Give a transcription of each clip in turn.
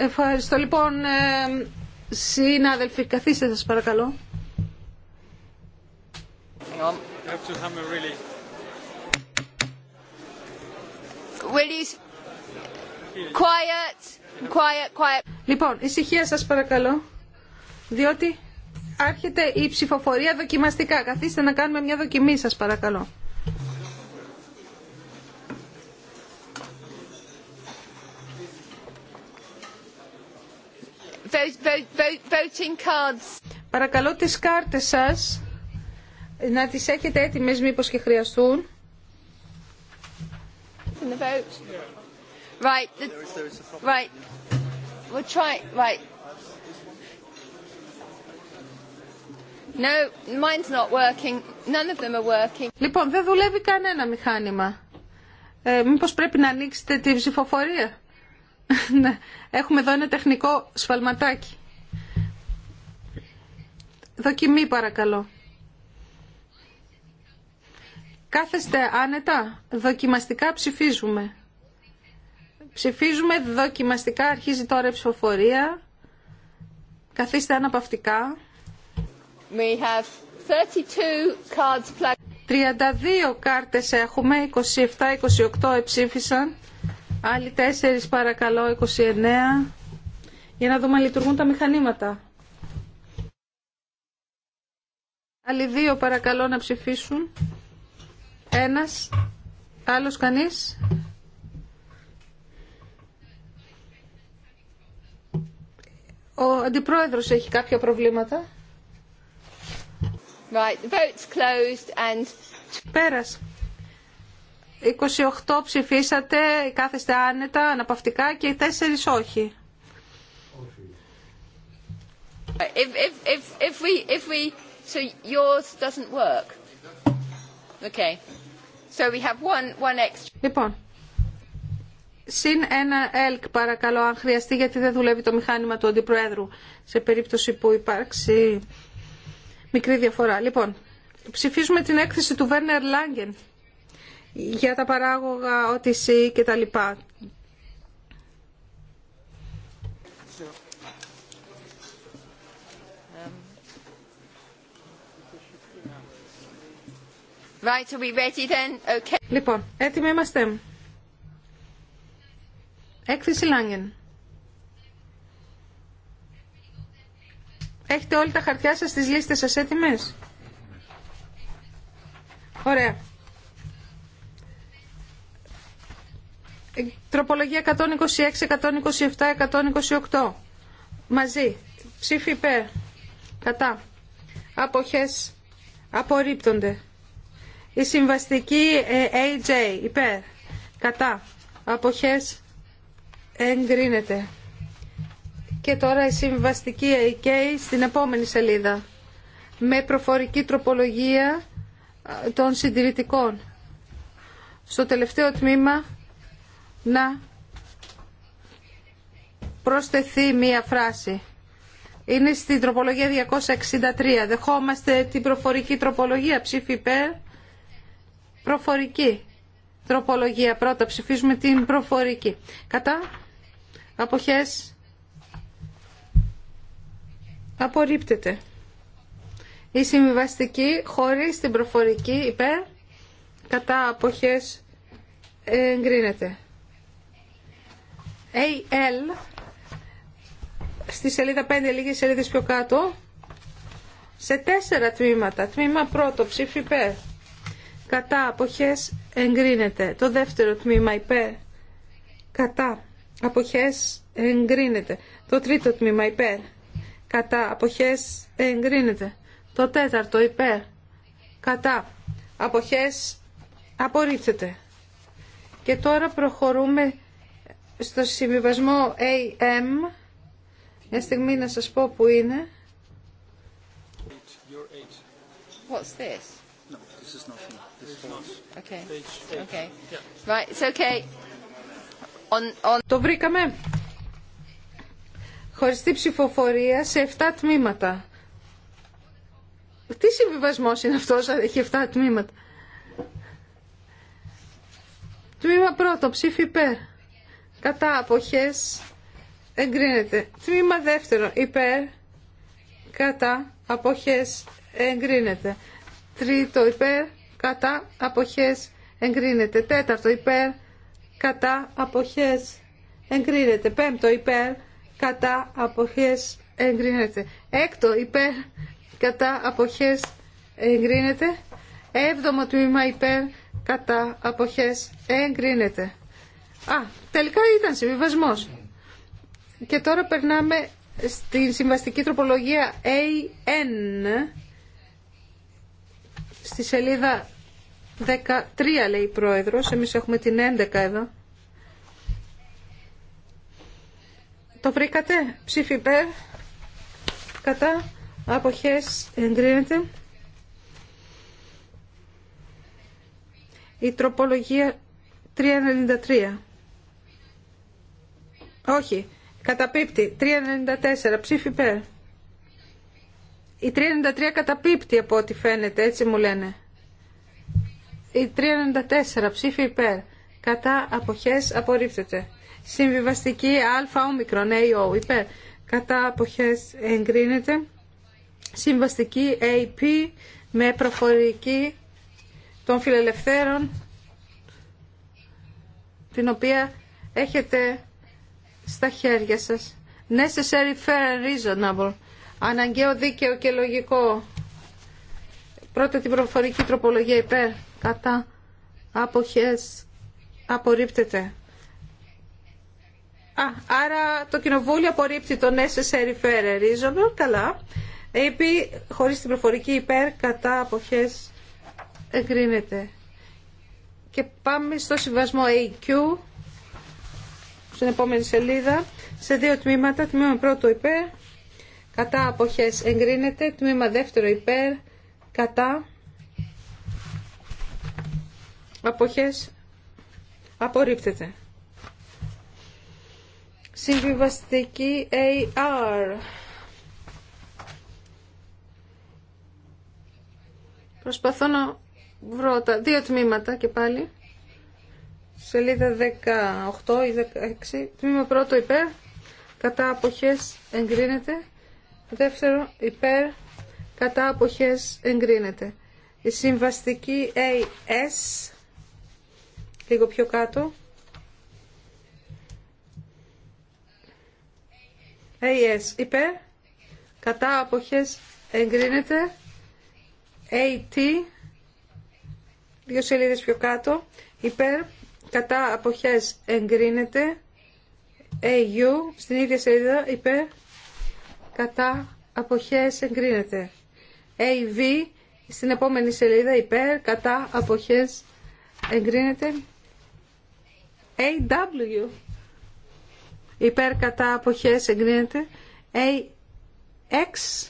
Ευχαριστώ. Λοιπόν, ε, συνάδελφοι, καθίστε σας παρακαλώ. Λοιπόν, ησυχία σας παρακαλώ, διότι άρχεται η ψηφοφορία δοκιμαστικά. Καθίστε να κάνουμε μια δοκιμή σας παρακαλώ. voting cards. Παρακαλώ τις κάρτες σας να τις έχετε έτοιμες μήπως και χρειαστούν. The vote. Right. The... Right. We'll try. Right. No, mine's not working. None of them are working. Λοιπόν, δεν δουλεύει κανένα μηχάνημα. Ε, μήπως πρέπει να ανοίξετε τη ψηφοφορία. Ναι, έχουμε εδώ ένα τεχνικό σφαλματάκι. Δοκιμή παρακαλώ. Κάθεστε άνετα. Δοκιμαστικά ψηφίζουμε. Ψηφίζουμε δοκιμαστικά. Αρχίζει τώρα η ψηφοφορία. Καθίστε αναπαυτικά. We have 32 cards 32 κάρτες έχουμε, 27-28 ψήφισαν. Άλλοι τέσσερις παρακαλώ, 29, για να δούμε αν λειτουργούν τα μηχανήματα. Άλλοι δύο παρακαλώ να ψηφίσουν. Ένας, άλλος κανείς. Ο αντιπρόεδρος έχει κάποια προβλήματα. Right, vote's closed and... 28 ψηφίσατε, κάθεστε άνετα, αναπαυτικά και 4 όχι. if, we, so yours doesn't work. Okay. So we have one, one extra. Λοιπόν, συν ένα ΕΛΚ παρακαλώ αν χρειαστεί γιατί δεν δουλεύει το μηχάνημα του Αντιπροέδρου σε περίπτωση που υπάρξει μικρή διαφορά. Λοιπόν, ψηφίζουμε την έκθεση του Βέρνερ Λάγκεν για τα παράγωγα, OTC και τα λοιπά. Right, we ready then? Okay. Λοιπόν, έτοιμοι είμαστε. Έκθεση Λάγγεν. Έχετε όλοι τα χαρτιά σας στις λίστες σας έτοιμες. Ωραία. Τροπολογία 126, 127, 128. Μαζί. Ψήφι υπέρ. Κατά. Αποχές. Απορρίπτονται. Η συμβαστική ε, AJ υπέρ. Κατά. Αποχές. Εγκρίνεται. Και τώρα η συμβαστική AK ε, στην επόμενη σελίδα. Με προφορική τροπολογία ε, των συντηρητικών. Στο τελευταίο τμήμα να προσθεθεί μία φράση. Είναι στην τροπολογία 263. Δεχόμαστε την προφορική τροπολογία. Ψήφι υπέρ. Προφορική τροπολογία. Πρώτα ψηφίζουμε την προφορική. Κατά. Αποχές. Απορρίπτεται. Η συμβιβαστική χωρίς την προφορική υπέρ. Κατά. Αποχές. Εγκρίνεται. AL στη σελίδα 5 λίγες σελίδες πιο κάτω σε τέσσερα τμήματα. Τμήμα πρώτο ψήφι Κατά αποχές εγκρίνεται. Το δεύτερο τμήμα υπέρ. Κατά αποχές εγκρίνεται. Το τρίτο τμήμα υπέρ. Κατά αποχές εγκρίνεται. Το τέταρτο υπέρ. Κατά αποχές απορρίπτεται. Και τώρα προχωρούμε στο συμβιβασμό AM, μια στιγμή να σας πω που είναι. What's this? Το βρήκαμε. Χωριστή ψηφοφορία σε 7 τμήματα. Τι συμβιβασμό είναι αν έχει 7 τμήματα. Τμήμα πρώτο, ψήφι υπέρ κατά αποχές εγκρίνεται. Τμήμα δεύτερο υπέρ κατά αποχές εγκρίνεται. Τρίτο υπέρ κατά αποχές εγκρίνεται. Τέταρτο υπέρ κατά αποχές εγκρίνεται. Πέμπτο υπέρ κατά αποχές εγκρίνεται. Έκτο υπέρ κατά αποχές εγκρίνεται. Έβδομο τμήμα υπέρ κατά αποχές εγκρίνεται. Α, τελικά ήταν συμβιβασμό. Και τώρα περνάμε στην συμβαστική τροπολογία AN στη σελίδα 13 λέει η πρόεδρος, εμείς έχουμε την 11 εδώ. Το βρήκατε, ψήφι υπέρ, κατά, αποχές, εγκρίνεται. Η τροπολογία 393. Όχι. Καταπίπτει. 394. Ψήφι υπέρ. Η 393 καταπίπτει από ό,τι φαίνεται. Έτσι μου λένε. Η 394. Ψήφι υπέρ. Κατά αποχές απορρίπτεται. Συμβιβαστική α όμικρον ο, υπέρ. Κατά αποχές εγκρίνεται. Συμβαστική AP με προφορική των φιλελευθέρων την οποία έχετε στα χέρια σας. Necessary, ναι, fair, reasonable. Αναγκαίο, δίκαιο και λογικό. Πρώτα την προφορική τροπολογία υπέρ. Κατά. Αποχές. Απορρίπτεται. Α, άρα το κοινοβούλιο απορρίπτει το necessary, ναι, fair, reasonable. Καλά. Επί, χωρίς την προφορική υπέρ, κατά, αποχές, εγκρίνεται. Και πάμε στο συμβασμό AQ στην επόμενη σελίδα σε δύο τμήματα. Τμήμα πρώτο υπέρ, κατά αποχές εγκρίνεται. Τμήμα δεύτερο υπέρ, κατά αποχές απορρίπτεται. Συμβιβαστική AR. Προσπαθώ να βρω τα δύο τμήματα και πάλι. Σελίδα 18 ή 16. Τμήμα πρώτο υπέρ. Κατά αποχές εγκρίνεται. Δεύτερο υπέρ. Κατά αποχές εγκρίνεται. Η συμβαστική AS. Λίγο πιο κάτω. AS υπέρ. Κατά αποχές εγκρίνεται. AT. Δύο σελίδες πιο κάτω. Υπέρ κατά αποχές εγκρίνεται AU στην ίδια σελίδα υπέρ κατά αποχές εγκρίνεται AV στην επόμενη σελίδα υπέρ κατά αποχές εγκρίνεται AW υπέρ κατά αποχές εγκρίνεται AX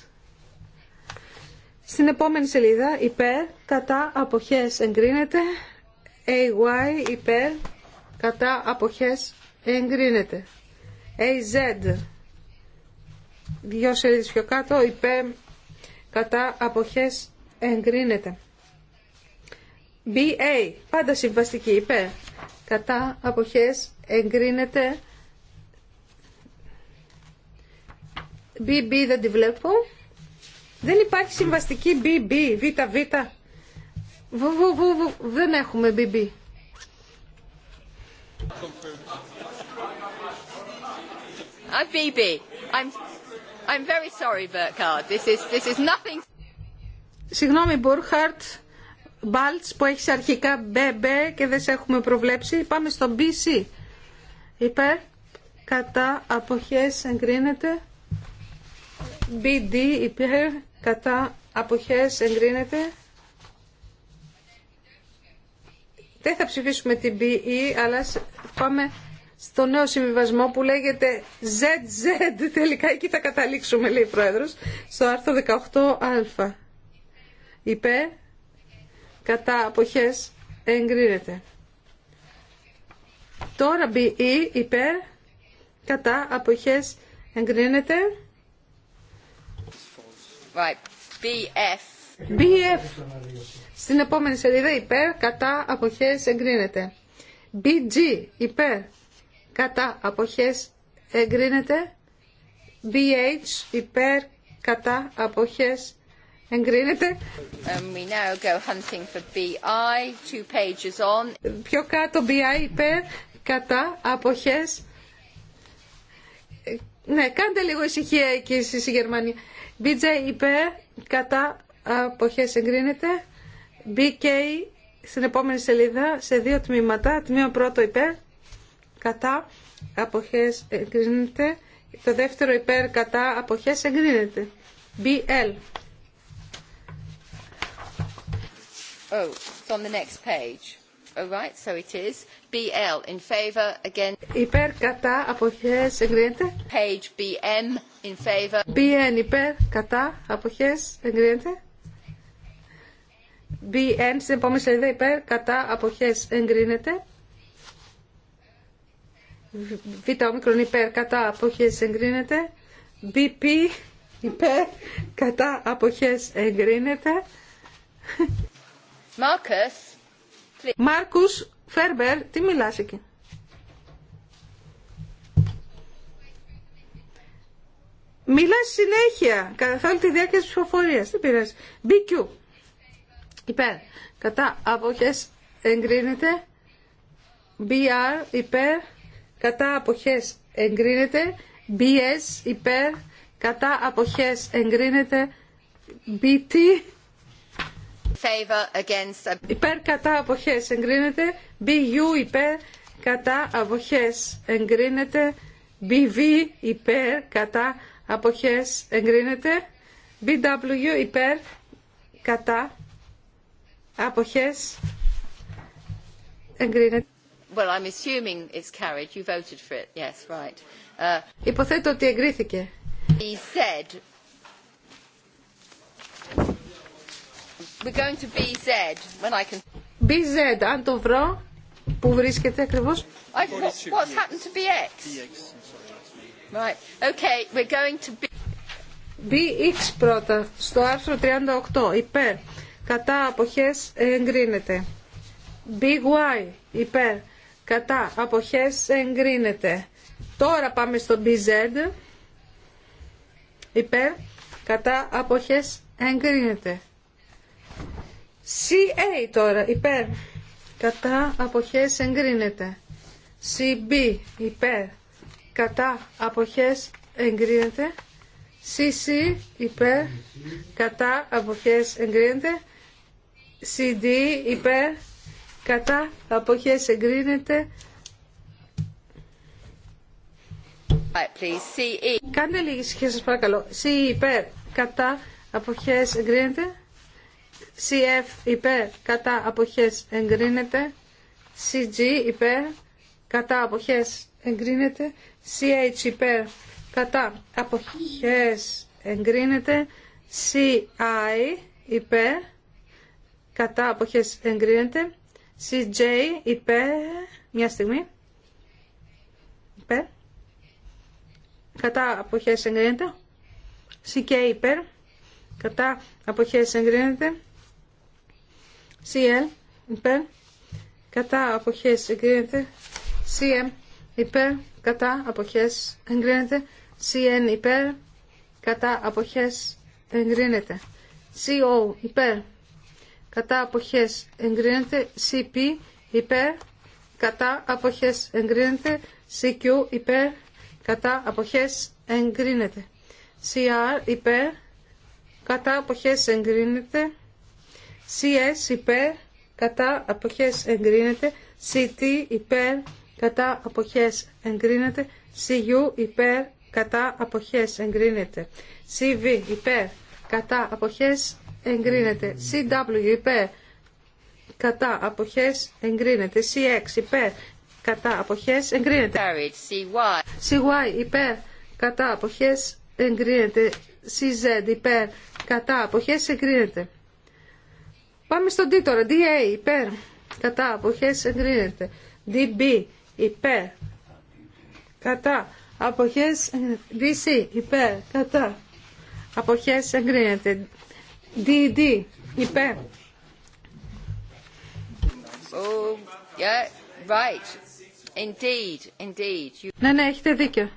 στην επόμενη σελίδα υπέρ κατά αποχές εγκρίνεται AY υπέρ κατά αποχές εγκρίνεται. AZ δυο σελίδες πιο κάτω υπέρ κατά αποχές εγκρίνεται. BA πάντα συμβαστική υπέρ κατά αποχές εγκρίνεται. BB δεν τη βλέπω. Δεν υπάρχει συμβαστική BB, ΒΒ. Δεν έχουμε BB. I'm BB. I'm, I'm very sorry, This is, this is nothing... Συγγνώμη, Μπουρχάρτ, Μπάλτς που έχεις αρχικά BB και δεν σε έχουμε προβλέψει. Πάμε στο BC. Υπέρ, κατά, αποχές, εγκρίνεται. BD, υπέρ, κατά, αποχές, εγκρίνεται. Δεν θα ψηφίσουμε την BE, αλλά πάμε στο νέο συμβιβασμό που λέγεται ZZ. Τελικά εκεί θα καταλήξουμε, λέει ο Προεδρο. στο άρθρο 18α. Υπέρ, κατά αποχές, εγκρίνεται. Τώρα BE, υπέρ, κατά αποχές, εγκρίνεται. Right. BF. BF. Στην επόμενη σελίδα υπέρ, κατά, αποχές, εγκρίνεται. BG υπέρ, κατά, αποχές, εγκρίνεται. BH υπέρ, κατά, αποχές, εγκρίνεται. Πιο κάτω BI υπέρ, κατά, αποχές, ναι, κάντε λίγο ησυχία εκεί στη Γερμανία. Γερμανοί. BJ υπέρ, κατά, αποχές εγκρίνεται. BK στην επόμενη σελίδα σε δύο τμήματα. Τμήμα πρώτο υπέρ, κατά, αποχές εγκρίνεται. Το δεύτερο υπέρ, κατά, αποχές εγκρίνεται. BL. Oh, it's on the next page. All oh, right, so it is. BL in favor again. Υπέρ κατά αποχές εγκρίνεται. Page BM in favor. BN υπέρ κατά αποχές εγκρίνεται. BN στην επόμενη σελίδα υπέρ κατά αποχές εγκρίνεται. Β' όμικρον υπέρ κατά αποχές εγκρίνεται. BP υπέρ κατά αποχές εγκρίνεται. Μάρκου Μάρκους Φέρμπερ, τι μιλάς εκεί. Μιλάς συνέχεια, καθ' τη διάρκεια της ψηφοφορίας. Δεν πειράζει. BQ υπέρ κατά αποχές εγκρίνεται BR υπέρ κατά αποχές εγκρίνεται BS υπέρ κατά αποχές εγκρίνεται BT Favor υπέρ κατά αποχές εγκρίνεται BU υπέρ κατά αποχές εγκρίνεται BV υπέρ κατά αποχές εγκρίνεται BW υπέρ κατά Αποχές. Εγκρίνεται. Well, I'm assuming it's carried. You voted for it. Yes, right. Uh, Υποθέτω ότι εγκρίθηκε. He said. We're going to BZ when I can. BZ, αν το βρω, που βρίσκεται ακριβώς. what's happened to BX? BX. Right. Okay, we're going to BX πρώτα, στο άρθρο 38, υπέρ κατά αποχές εγκρίνεται. BY υπέρ κατά αποχές εγκρίνεται. Τώρα πάμε στο BZ υπέρ κατά αποχές εγκρίνεται. CA τώρα υπέρ κατά αποχές εγκρίνεται. CB υπέρ κατά αποχές εγκρίνεται. CC υπέρ κατά αποχές εγκρίνεται. CD υπέρ κατά αποχές εγκρίνεται right, Κάντε λίγη ησυχία σας παρακαλώ CE υπέρ κατά αποχές εγκρίνεται CF υπέρ κατά αποχές εγκρίνεται CG υπέρ κατά αποχές εγκρίνεται CH υπέρ κατά αποχές εγκρίνεται CI υπέρ κατά αποχές εγκρίνεται. CJ υπέρ, μια στιγμή, υπέρ, κατά αποχές εγκρίνεται. CK υπέρ, κατά αποχές εγκρίνεται. CL υπέρ, κατά αποχές εγκρίνεται. CM υπέρ, κατά αποχές εγκρίνεται. CN υπέρ, κατά αποχές εγκρίνεται. CO υπέρ, κατά αποχές εγκρίνεται CP υπέρ κατά αποχές εγκρίνεται CQ υπέρ κατά αποχές εγκρίνεται CR υπέρ κατά αποχές εγκρίνεται CS υπέρ κατά αποχές εγκρίνεται CT υπέρ κατά αποχές εγκρίνεται CU υπέρ κατά αποχές εγκρίνεται CV υπέρ κατά αποχές εγκρίνεται. CW υπέρ κατά αποχές εγκρίνεται. CX υπέρ κατά αποχές εγκρίνεται. CY, CY υπέρ κατά αποχές εγκρίνεται. CZ υπέρ κατά αποχές εγκρίνεται. Πάμε στον D τώρα. DA υπέρ κατά αποχές εγκρίνεται. DB P κατά αποχές DC υπέρ κατά αποχές εγκρίνεται. DD. Υπέρ. Oh, yeah, right. Indeed, indeed. Ναι, ναι, έχετε δίκιο.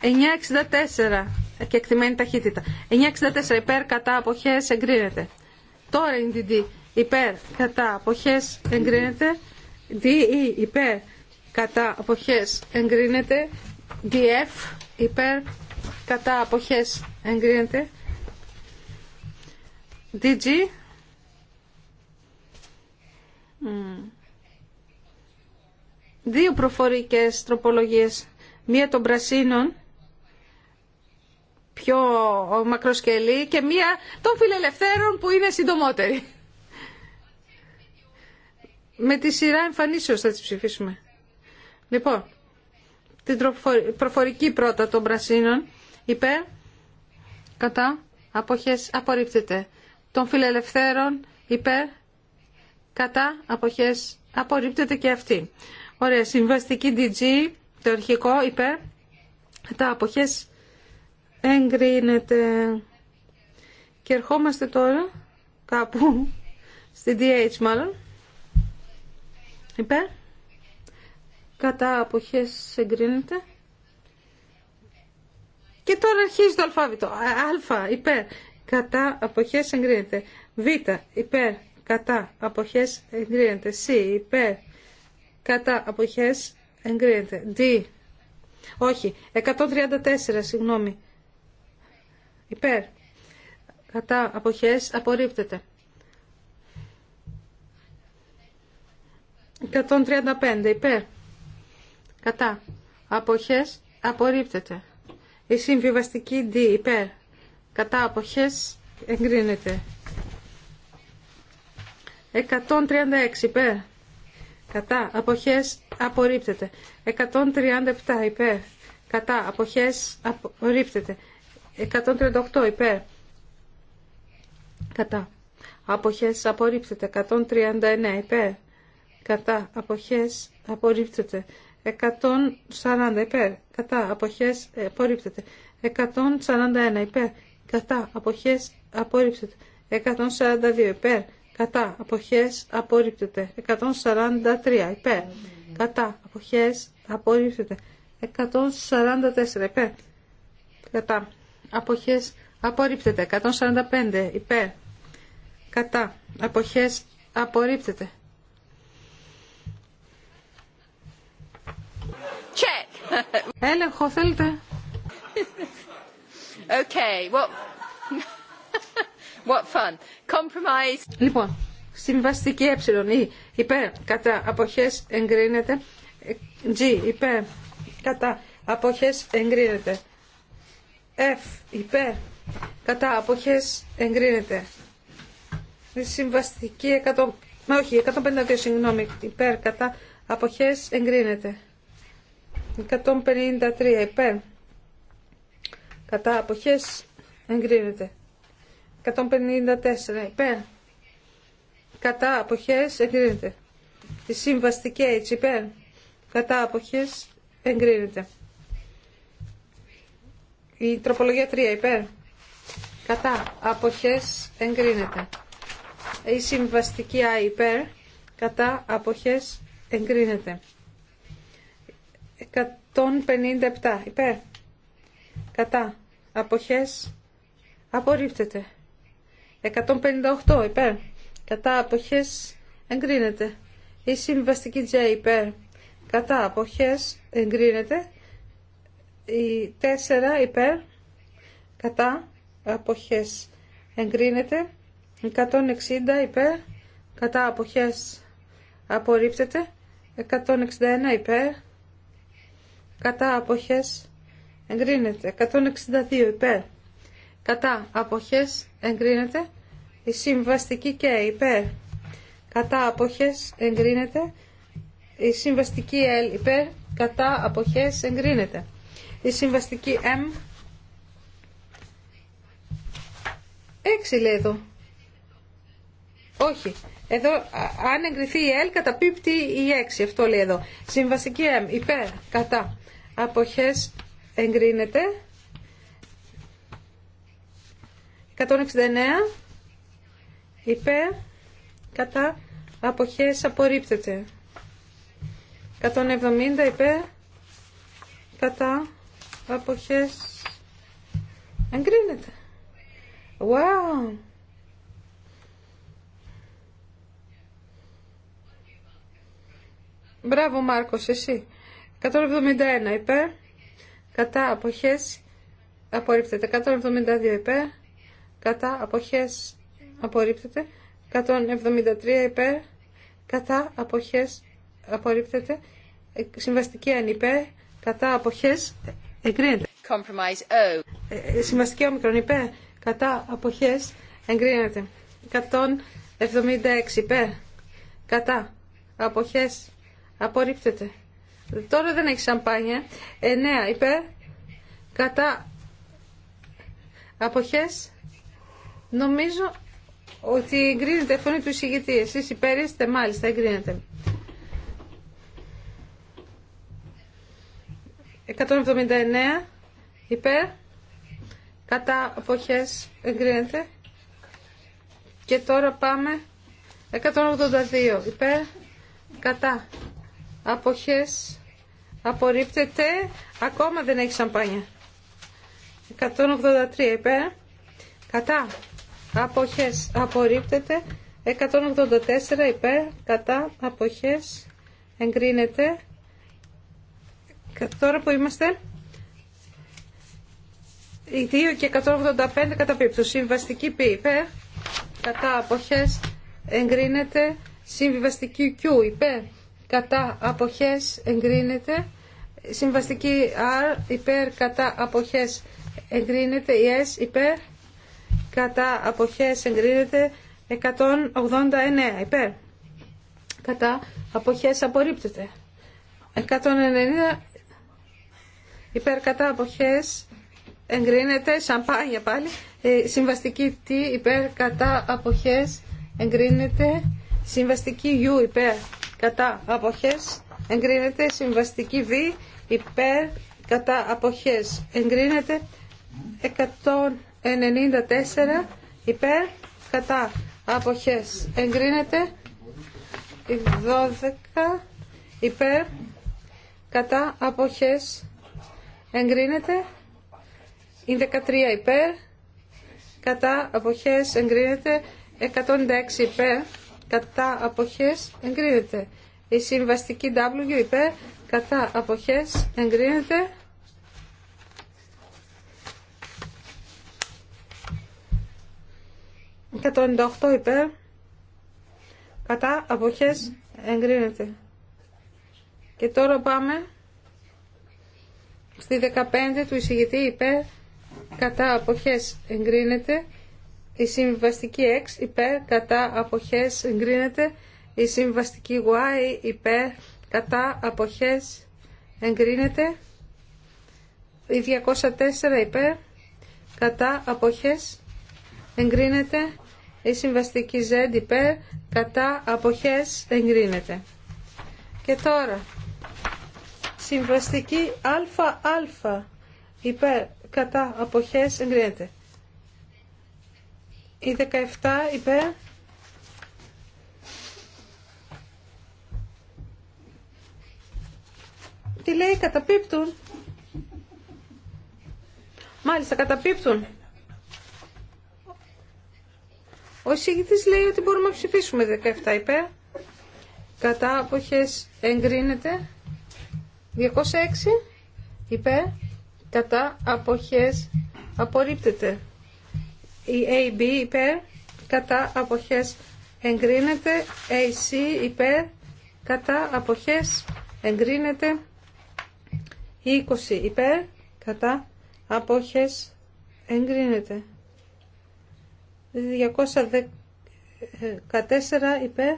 9.64 και εκτιμένη ταχύτητα. 9.64 υπέρ κατά αποχές εγκρίνεται. Τώρα είναι DD. Υπέρ κατά αποχές εγκρίνεται. DE υπέρ κατά αποχές εγκρίνεται. DF υπέρ κατά αποχές εγκρίνεται. DG. Δύο προφορικές τροπολογίες. Μία των πρασίνων, πιο μακροσκελή, και μία των φιλελευθέρων που είναι συντομότερη. Με τη σειρά εμφανίσεως θα τις ψηφίσουμε. Λοιπόν, την προφορική πρώτα των πρασίνων, υπέρ, κατά αποχές απορρίπτεται. Των φιλελευθέρων υπέρ κατά αποχές απορρίπτεται και αυτή. Ωραία, συμβαστική DG, το αρχικό υπέρ κατά αποχές εγκρίνεται. Και ερχόμαστε τώρα κάπου στη DH μάλλον. Υπέρ. Κατά αποχές εγκρίνεται. Και τώρα αρχίζει το αλφάβητο. Α, υπέρ, κατά, απόχέ εγκρίνεται. Β, υπέρ, κατά, απόχέ εγκρίνεται. Σ, υπέρ, κατά, απόχέ εγκρίνεται. Δ, όχι, 134, συγγνώμη. Υπέρ, κατά, αποχές, απορρίπτεται. 135, υπέρ, κατά, αποχές, απορρίπτεται. Η συμβιβαστική D υπέρ κατά αποχές εγκρίνεται. 136 υπέρ κατά αποχές απορρίπτεται. 137 υπέρ κατά αποχές απορρίπτεται. 138 υπέρ κατά αποχές απορρίπτεται. 139 υπέρ κατά αποχές απορρίπτεται. 140 υπέρ, κατά αποχές απορρίπτεται. 141 υπέρ, κατά αποχές απορρίπτεται. 142 υπέρ, κατά αποχές απορρίπτεται. 143 υπέρ, κατά αποχές απορρίπτεται. 144 υπέρ, κατά αποχές απορρίπτεται. 145 υπέρ, κατά αποχές απορρίπτεται. Έλεγχο θέλετε. Okay, what fun. Compromise. Λοιπόν, συμβαστική ε, υπέρ, κατά, αποχές, εγκρίνεται. G, υπέρ, κατά, αποχές, εγκρίνεται. F, υπέρ, κατά, αποχές, εγκρίνεται. Συμβαστική 100, όχι, 152, συγγνώμη, υπέρ, κατά, αποχές, εγκρίνεται. 153 υπέρ. Κατά αποχές εγκρίνεται. 154 υπέρ. Κατά αποχές εγκρίνεται. Τη συμβαστική έτσι υπέρ. Κατά αποχές εγκρίνεται. Η τροπολογία 3 υπέρ. Κατά αποχές εγκρίνεται. Η συμβαστική α υπέρ. Κατά αποχές εγκρίνεται. 157 υπέρ. Κατά. Αποχές. Απορρίπτεται. 158 υπέρ. Κατά αποχές εγκρίνεται. Η συμβαστική J υπέρ. Κατά αποχές εγκρίνεται. Η 4 υπέρ. Κατά αποχές εγκρίνεται. 160 υπέρ. Κατά αποχές απορρίπτεται. 161 υπέρ κατά αποχές εγκρίνεται 162 υπέρ κατά αποχές εγκρίνεται η συμβαστική και υπέρ κατά αποχές εγκρίνεται η συμβαστική L υπέρ κατά αποχές εγκρίνεται η συμβαστική M 6 λέει εδώ όχι εδώ αν εγκριθεί η L καταπίπτει η 6 αυτό λέει εδώ συμβαστική M υπέρ κατά αποχές εγκρίνεται. 169 Υπέ κατά αποχές απορρίπτεται. 170 Υπέ κατά αποχές εγκρίνεται. Wow! Μπράβο Μάρκος, εσύ. 171 υπέρ, κατά αποχές απορρίπτεται. 172 υπέρ, κατά αποχές απορρίπτεται. 173 υπέρ, κατά αποχές απορρίπτεται. Συμβαστική αν υπέρ, κατά αποχές εγκρίνεται. Compromise O. Ε, ε, συμβαστική όμικρον υπέρ, κατά αποχές εγκρίνεται. 176 υπέρ, κατά αποχές απορρίπτεται. Τώρα δεν έχει σαμπάνια. 9 υπέρ. Κατά αποχές. Νομίζω ότι εγκρίνεται φωνή του εισηγητή. Εσείς υπέρ είστε μάλιστα εγκρίνεται. 179 υπέρ. Κατά αποχές εγκρίνεται. Και τώρα πάμε 182 υπέρ. Κατά αποχές Απορρίπτεται. Ακόμα δεν έχει σαμπάνια. 183 υπέρ. Κατά. Αποχές. Απορρίπτεται. 184 υπέρ. Κατά. Αποχές. Εγκρίνεται. Τώρα που είμαστε. Οι 2 και 185 πίπτου Συμβαστική πι. υπέρ. Κατά. Αποχές. Εγκρίνεται. Συμβιβαστική κιου, υπέρ κατά αποχές εγκρίνεται. Συμβαστική R υπέρ κατά αποχές εγκρίνεται. Η S υπέρ κατά αποχές εγκρίνεται. 189 υπέρ κατά αποχές απορρίπτεται. 190 υπέρ κατά αποχές εγκρίνεται σαμπάνια πάλι ε, συμβαστική T υπέρ κατά αποχές εγκρίνεται συμβαστική U υπέρ κατά αποχές εγκρίνεται συμβαστική Β υπέρ κατά αποχές εγκρίνεται 194 υπέρ κατά αποχές εγκρίνεται 12 υπέρ κατά αποχές εγκρίνεται 13 υπέρ κατά αποχές εγκρίνεται 106 υπέρ κατά αποχές εγκρίνεται. Η συμβαστική W υπέρ κατά αποχές εγκρίνεται. 188 98 υπέρ κατά αποχές εγκρίνεται. Και τώρα πάμε στη 15 του εισηγητή υπέρ κατά αποχές εγκρίνεται η συμβαστική X υπέρ κατά αποχές εγκρίνεται. Η συμβαστική Y υπέρ κατά αποχές εγκρίνεται. Η 204 υπέρ κατά αποχές εγκρίνεται. Η συμβαστική Z υπέρ κατά αποχές εγκρίνεται. Και τώρα συμβαστική ΑΑ υπέρ κατά αποχές εγκρίνεται. Η 17 είπε. Τι λέει, καταπίπτουν. Μάλιστα, καταπίπτουν. Ο εισηγητής λέει ότι μπορούμε να ψηφίσουμε 17 υπέρ. Κατά αποχές εγκρίνεται. 206 υπέρ. Κατά αποχές απορρίπτεται. Η AB υπέρ κατά αποχές εγκρίνεται. AC υπέρ κατά αποχές εγκρίνεται. 20 υπέρ κατά αποχές εγκρίνεται. 214 υπέρ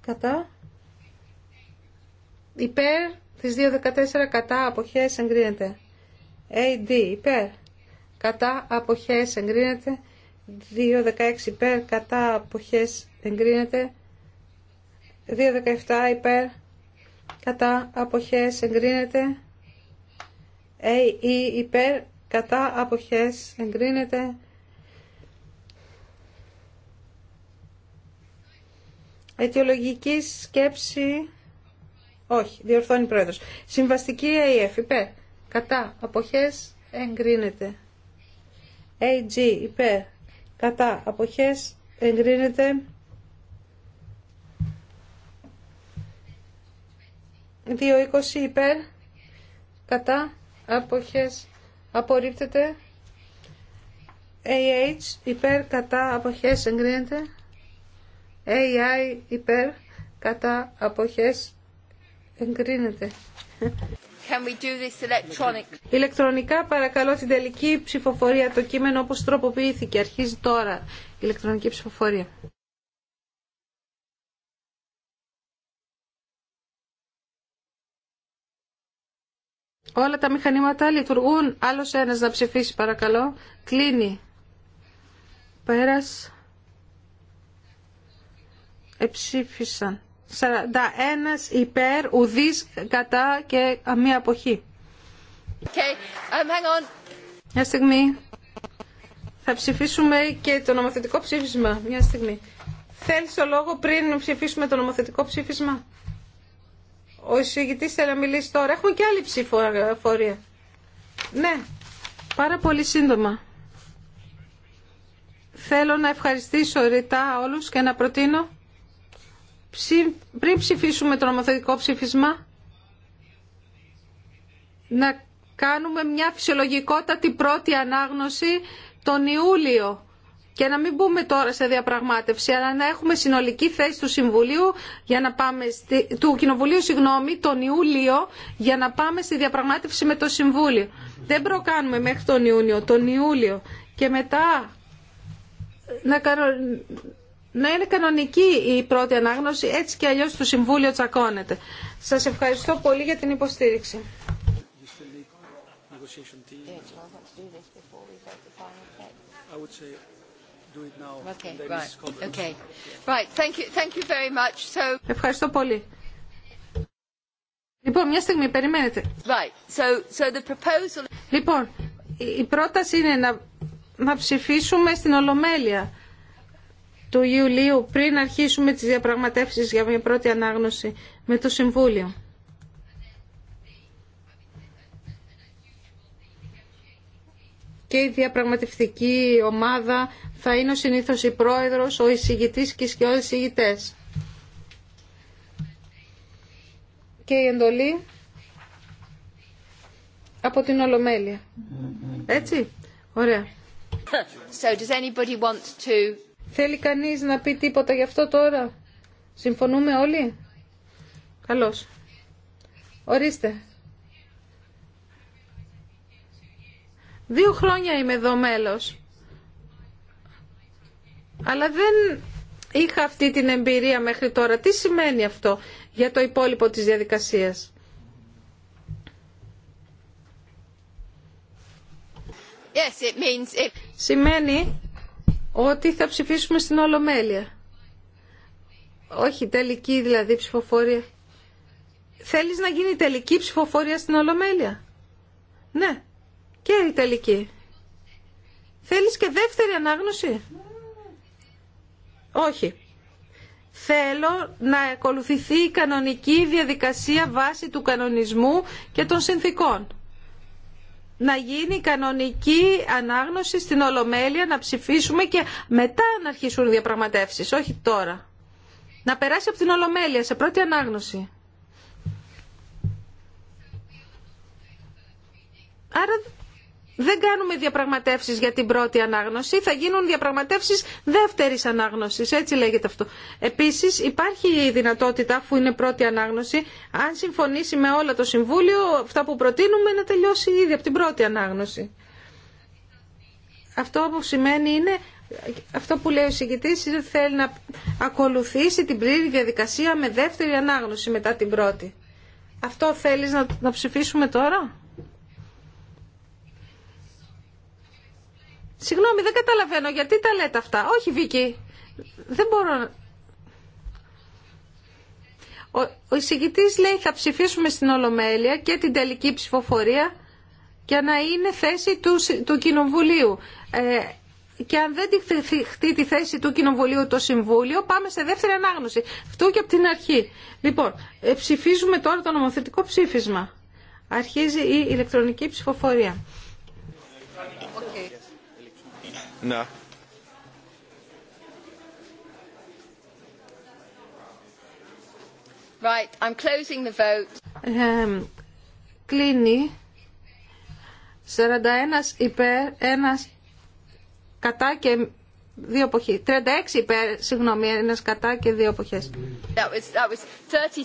κατά υπέρ τις 214 κατά αποχές εγκρίνεται AD υπέρ κατά αποχές εγκρίνεται 2.16 υπέρ κατά αποχές εγκρίνεται 2.17 υπέρ κατά αποχές εγκρίνεται ΑΕ υπέρ κατά αποχές εγκρίνεται αιτιολογική σκέψη όχι, διορθώνει πρόεδρος συμβαστική ΑΕΦ υπέρ κατά αποχές εγκρίνεται AG υπέρ κατά αποχές εγκρίνεται 2.20 υπέρ κατά αποχές απορρίπτεται AH υπέρ κατά αποχές εγκρίνεται AI υπέρ κατά αποχές εγκρίνεται Can we do this Ηλεκτρονικά παρακαλώ την τελική ψηφοφορία, το κείμενο όπως τροποποιήθηκε. Αρχίζει τώρα η ηλεκτρονική ψηφοφορία. Όλα τα μηχανήματα λειτουργούν. Άλλος ένας να ψηφίσει παρακαλώ. Κλείνει. Πέρας. Εψήφισαν. 41 υπέρ, ουδής κατά και μία αποχή. Okay. Um, hang on. Μια στιγμή. Θα ψηφίσουμε και το νομοθετικό ψήφισμα. Μια στιγμή. Θέλεις το λόγο πριν ψηφίσουμε το νομοθετικό ψήφισμα. Ο εισηγητής θέλει να μιλήσει τώρα. Έχουμε και άλλη ψηφοφορία. Ναι, πάρα πολύ σύντομα. Θέλω να ευχαριστήσω ρητά όλους και να προτείνω πριν ψηφίσουμε το νομοθετικό ψήφισμα, να κάνουμε μια φυσιολογικότατη πρώτη ανάγνωση τον Ιούλιο και να μην μπούμε τώρα σε διαπραγμάτευση, αλλά να έχουμε συνολική θέση του Συμβουλίου για να πάμε στη, του Κοινοβουλίου συγγνώμη, τον Ιούλιο για να πάμε στη διαπραγμάτευση με το Συμβούλιο. Δεν προκάνουμε μέχρι τον Ιούνιο, τον Ιούλιο. Και μετά να να είναι κανονική η πρώτη ανάγνωση, έτσι και αλλιώς το Συμβούλιο τσακώνεται. Σας ευχαριστώ πολύ για την υποστήριξη. Ευχαριστώ πολύ. Λοιπόν, μια στιγμή, περιμένετε. So, so the proposal... Λοιπόν, η πρόταση είναι να, να ψηφίσουμε στην Ολομέλεια του Ιουλίου πριν αρχίσουμε τις διαπραγματεύσεις για μια πρώτη ανάγνωση με το Συμβούλιο. Και η διαπραγματευτική ομάδα θα είναι ο συνήθως η πρόεδρος, ο εισηγητής και οι σκιώδες εισηγητές. Και η εντολή από την Ολομέλεια. Έτσι, ωραία. So does anybody want to Θέλει κανείς να πει τίποτα γι' αυτό τώρα. Συμφωνούμε όλοι. Καλώς. Ορίστε. Δύο χρόνια είμαι εδώ μέλος. Αλλά δεν είχα αυτή την εμπειρία μέχρι τώρα. Τι σημαίνει αυτό για το υπόλοιπο της διαδικασίας. Yes, it means it... Σημαίνει ότι θα ψηφίσουμε στην Ολομέλεια. Όχι τελική δηλαδή ψηφοφορία. Θέλεις να γίνει τελική ψηφοφορία στην Ολομέλεια. Ναι. Και η τελική. Θέλεις και δεύτερη ανάγνωση. Όχι. Θέλω να ακολουθηθεί η κανονική διαδικασία βάση του κανονισμού και των συνθήκων να γίνει κανονική ανάγνωση στην Ολομέλεια, να ψηφίσουμε και μετά να αρχίσουν οι διαπραγματεύσεις, όχι τώρα. Να περάσει από την Ολομέλεια σε πρώτη ανάγνωση. Άρα δεν κάνουμε διαπραγματεύσει για την πρώτη ανάγνωση, θα γίνουν διαπραγματεύσει δεύτερη ανάγνωση. Έτσι λέγεται αυτό. Επίση, υπάρχει η δυνατότητα, αφού είναι πρώτη ανάγνωση, αν συμφωνήσει με όλα το Συμβούλιο, αυτά που προτείνουμε να τελειώσει ήδη από την πρώτη ανάγνωση. Αυτό που σημαίνει είναι, αυτό που λέει ο συγκητή είναι ότι θέλει να ακολουθήσει την πλήρη διαδικασία με δεύτερη ανάγνωση μετά την πρώτη. Αυτό θέλεις να, να ψηφίσουμε τώρα. Συγγνώμη, δεν καταλαβαίνω γιατί τα λέτε αυτά. Όχι, Βίκυ, δεν μπορώ Ο, ο εισηγητής λέει θα ψηφίσουμε στην Ολομέλεια και την τελική ψηφοφορία για να είναι θέση του, του Κοινοβουλίου. Ε, και αν δεν χτεί τη θέση του Κοινοβουλίου το Συμβούλιο, πάμε σε δεύτερη ανάγνωση. Αυτό και από την αρχή. Λοιπόν, ε, ψηφίζουμε τώρα το νομοθετικό ψήφισμα. Αρχίζει η ηλεκτρονική ψηφοφορία. Να. Right, I'm closing the vote. Ε, κλείνει 41 υπέρ, 1 κατά και δύο εποχή. 36 υπέρ, συγγνώμη, ένας κατά και δύο εποχές. That was, that was 30...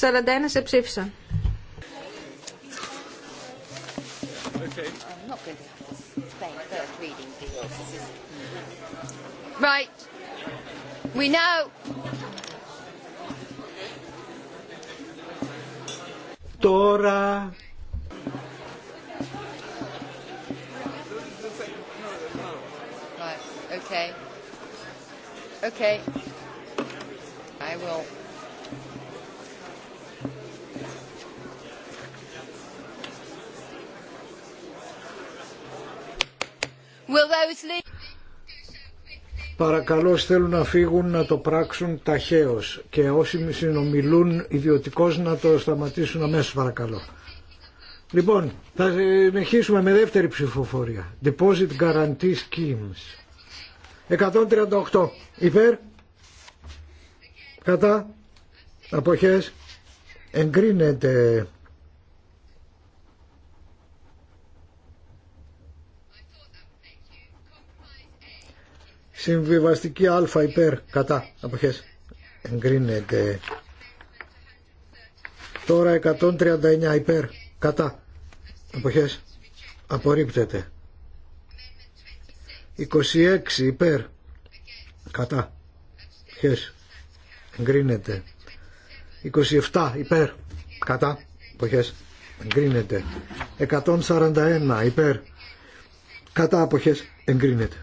41 σε ψήφισαν. Okay. I'm not Right. We know. Dora. Right. Okay. Okay. I will. Will those leave? παρακαλώ θέλουν να φύγουν να το πράξουν ταχαίως και όσοι συνομιλούν ιδιωτικώς να το σταματήσουν αμέσως παρακαλώ. Λοιπόν, θα συνεχίσουμε με δεύτερη ψηφοφορία. Deposit Guarantee Schemes. 138. Υπέρ. Κατά. Αποχές. Εγκρίνεται. Συμβιβαστική α υπέρ κατά αποχές εγκρίνεται. Τώρα 139 υπέρ κατά αποχές απορρίπτεται. 26 υπέρ κατά αποχές εγκρίνεται. 27 υπέρ κατά αποχές εγκρίνεται. 141 υπέρ κατά αποχές εγκρίνεται.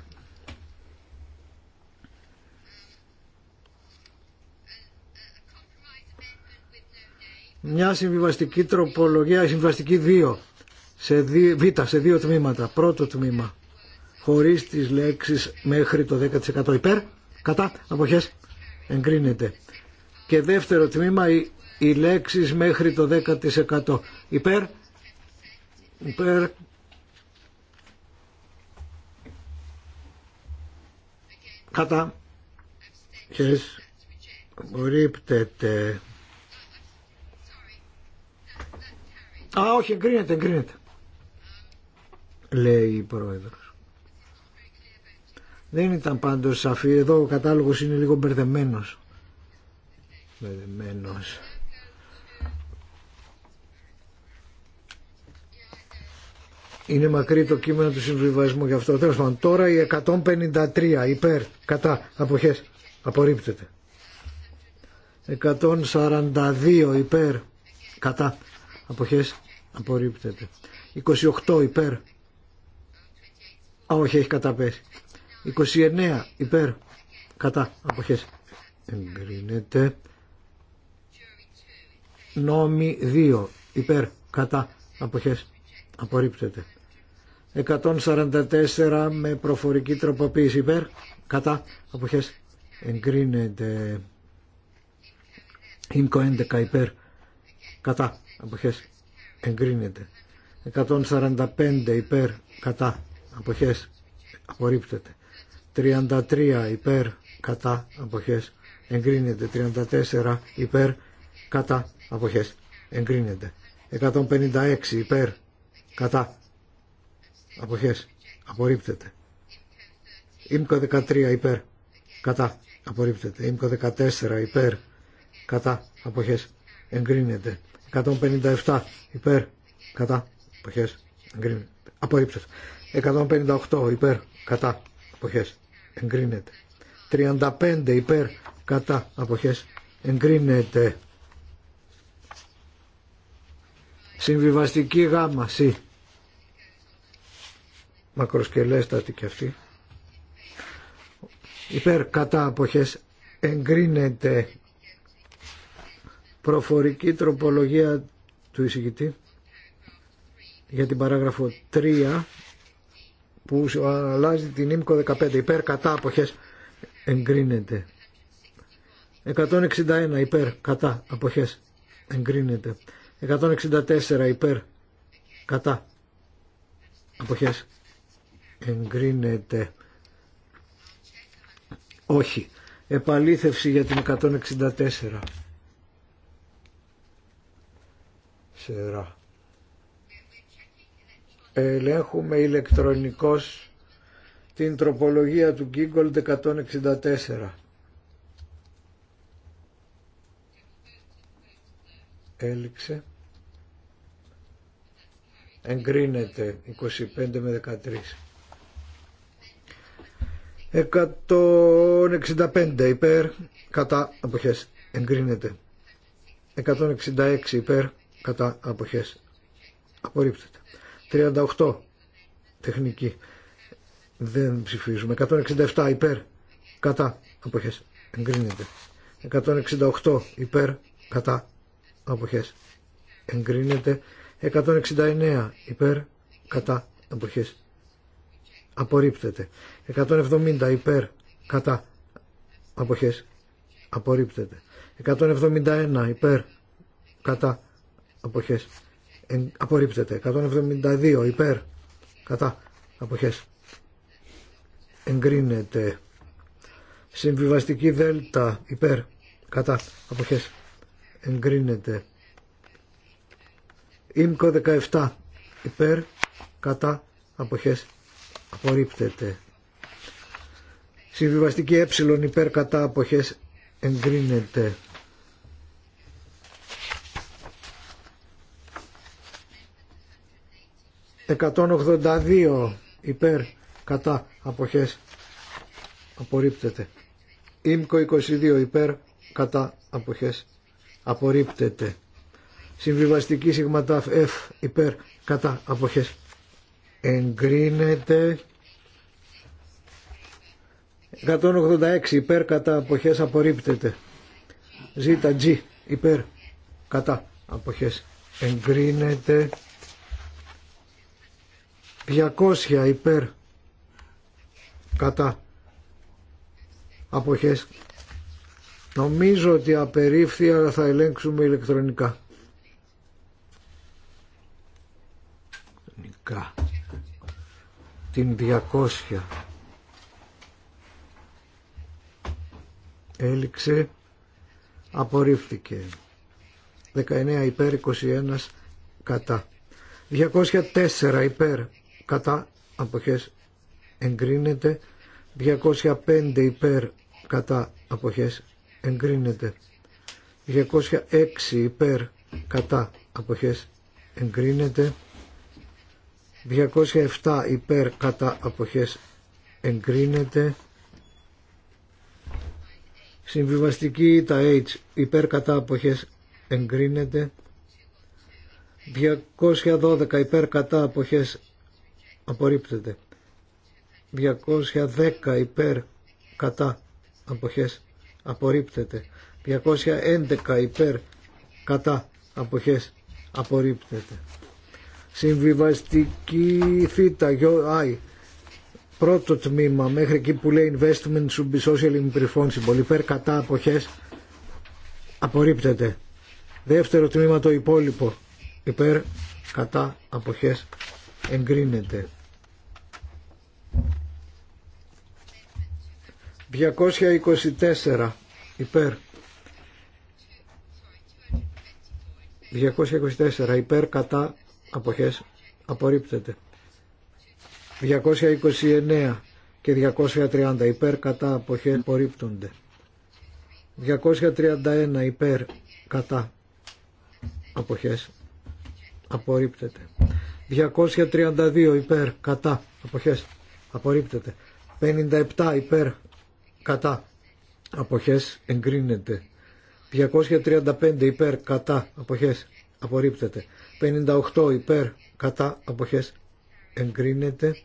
μια συμβιβαστική τροπολογία, συμβιβαστική 2, σε β, σε δύο τμήματα. Πρώτο τμήμα, χωρίς τις λέξεις μέχρι το 10% υπέρ, κατά, αποχές, εγκρίνεται. Και δεύτερο τμήμα, οι, οι λέξεις μέχρι το 10% υπέρ, υπέρ, κατά, χες, απορρίπτεται. Α, όχι, εγκρίνεται, εγκρίνεται. Λέει η πρόεδρος. Δεν ήταν πάντως σαφή. Εδώ ο κατάλογος είναι λίγο μπερδεμένος. Μπερδεμένος. Είναι μακρύ το κείμενο του συμβιβασμού γι' αυτό. Τέλος πάντων, τώρα η 153 υπέρ, κατά, αποχές, απορρίπτεται. 142 υπέρ, κατά, αποχές, Απορρίπτεται. 28 υπέρ. Α, όχι, έχει καταπέσει. 29 υπέρ. Κατά. Αποχές. Εγκρίνεται. Νόμι 2 υπέρ. Κατά. Αποχές. Απορρίπτεται. 144 με προφορική τροποποίηση υπέρ. Κατά. Αποχές. Εγκρίνεται. Ίμκο 11 υπέρ. Κατά. Αποχές εγκρίνεται 145 υπέρ κατά αποχές απορρίπτεται 33 υπέρ κατά αποχές εγκρίνεται 34 υπέρ κατά αποχές εγκρίνεται 156 υπέρ κατά αποχές απορρίπτεται Ήμκο 13 υπέρ κατά απορρίπτεται Ήμκο 14 υπέρ κατά αποχές εγκρίνεται 157 υπέρ κατά εποχές εγκρίνεται. Απορρίψες. 158 υπέρ κατά εποχές εγκρίνεται. 35 υπέρ κατά αποχές εγκρίνεται. Συμβιβαστική γάμα σι. Μακροσκελέστατη και αυτή. Υπέρ κατά αποχές εγκρίνεται προφορική τροπολογία του εισηγητή για την παράγραφο 3 που αλλάζει την ΙΜΚΟ 15 υπέρ κατά αποχές εγκρίνεται 161 υπέρ κατά αποχές εγκρίνεται 164 υπέρ κατά αποχές εγκρίνεται όχι επαλήθευση για την 164 Ελέγχουμε ηλεκτρονικός την τροπολογία του Γκίγκολ 164. Έληξε. Εγκρίνεται 25 με 13. 165 υπέρ, κατά αποχές, εγκρίνεται. 166 υπέρ, κατά αποχές απορρίπτεται 38 τεχνική δεν ψηφίζουμε 167 υπέρ κατά αποχές εγκρίνεται 168 υπέρ κατά αποχές εγκρίνεται 169 υπέρ κατά αποχές απορρίπτεται 170 υπέρ κατά αποχές απορρίπτεται 171 υπέρ κατά αποχές απορρίπτεται 172 υπέρ κατά αποχές εγκρίνεται συμβιβαστική δέλτα υπέρ κατά αποχές εγκρίνεται Ήμκο 17 υπέρ κατά αποχές απορρίπτεται συμβιβαστική ε υπέρ κατά αποχές εγκρίνεται 182 υπέρ κατά αποχές απορρίπτεται. Ήμκο 22 υπέρ κατά αποχές απορρίπτεται. Συμβιβαστική σιγματάφ F υπέρ κατά αποχές εγκρίνεται. 186 υπέρ κατά αποχές απορρίπτεται. Ζήτα G υπέρ κατά αποχές εγκρίνεται. 200 υπέρ κατά αποχές νομίζω ότι απερίφθη αλλά θα ελέγξουμε ηλεκτρονικά την 200 έληξε απορρίφθηκε 19 υπέρ 21 κατά 204 υπέρ κατά αποχές εγκρίνεται 205 υπέρ κατά αποχές εγκρίνεται 206 υπέρ κατά αποχές εγκρίνεται 207 υπέρ κατά αποχές εγκρίνεται συμβιβαστική τα H υπέρ κατά αποχές εγκρίνεται 212 υπέρ κατά αποχές απορρίπτεται 210 υπέρ κατά αποχές απορρίπτεται 211 υπέρ κατά αποχές απορρίπτεται συμβιβαστική θήτα πρώτο τμήμα μέχρι εκεί που λέει investment should be in responsible υπέρ κατά αποχές απορρίπτεται δεύτερο τμήμα το υπόλοιπο υπέρ κατά αποχές εγκρίνεται 224 υπέρ 224 υπέρ κατά αποχές απορρίπτεται 229 και 230 υπέρ κατά αποχές απορρίπτονται 231 υπέρ κατά αποχές απορρίπτεται 232 υπέρ κατά αποχές απορρίπτεται 57 υπέρ κατά αποχές εγκρίνεται 235 υπέρ κατά αποχές απορρίπτεται 58 υπέρ κατά αποχές εγκρίνεται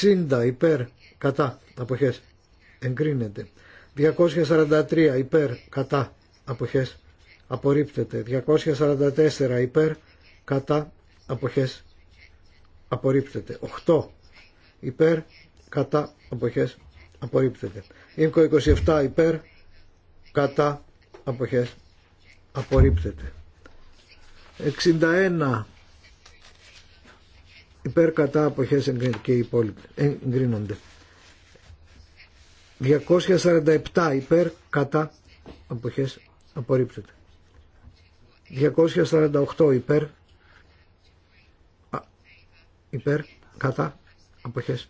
60 υπέρ κατά αποχές εγκρίνεται 243 υπέρ κατά αποχές απορρίπτεται 244 υπέρ κατά αποχές απορρίπτεται 8 υπέρ κατά αποχές απορρίπτεται Ήμκο 27 υπέρ κατά αποχές απορρίπτεται. 61 υπέρ κατά αποχές και εγκρίνονται. 247 υπέρ κατά αποχές απορρίπτεται. 248 υπέρ υπέρ κατά αποχές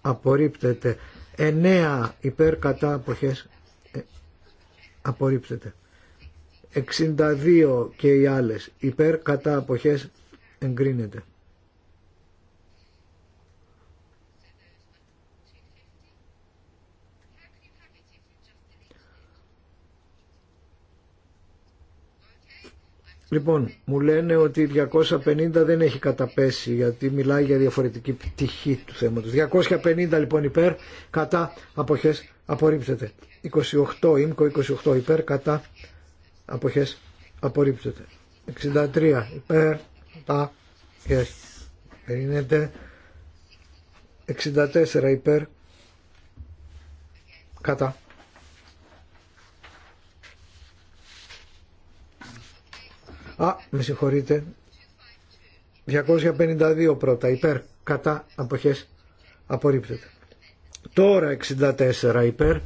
απορρίπτεται 9 υπέρ κατά αποχές ε, απορρίπτεται. 62 και οι άλλες υπέρ κατά αποχές εγκρίνεται. Λοιπόν, μου λένε ότι 250 δεν έχει καταπέσει γιατί μιλάει για διαφορετική πτυχή του θέματος. 250 λοιπόν υπέρ, κατά, αποχές, απορρίπτεται. 28, ΙΜΚΟ 28 υπέρ, κατά, αποχές, απορρίπτεται. 63 υπέρ, κατά, αποχές, περίνεται. 64 υπέρ, κατά, Α, με συγχωρείτε. 252 πρώτα υπέρ κατά αποχές απορρίπτεται. Τώρα 64 υπέρ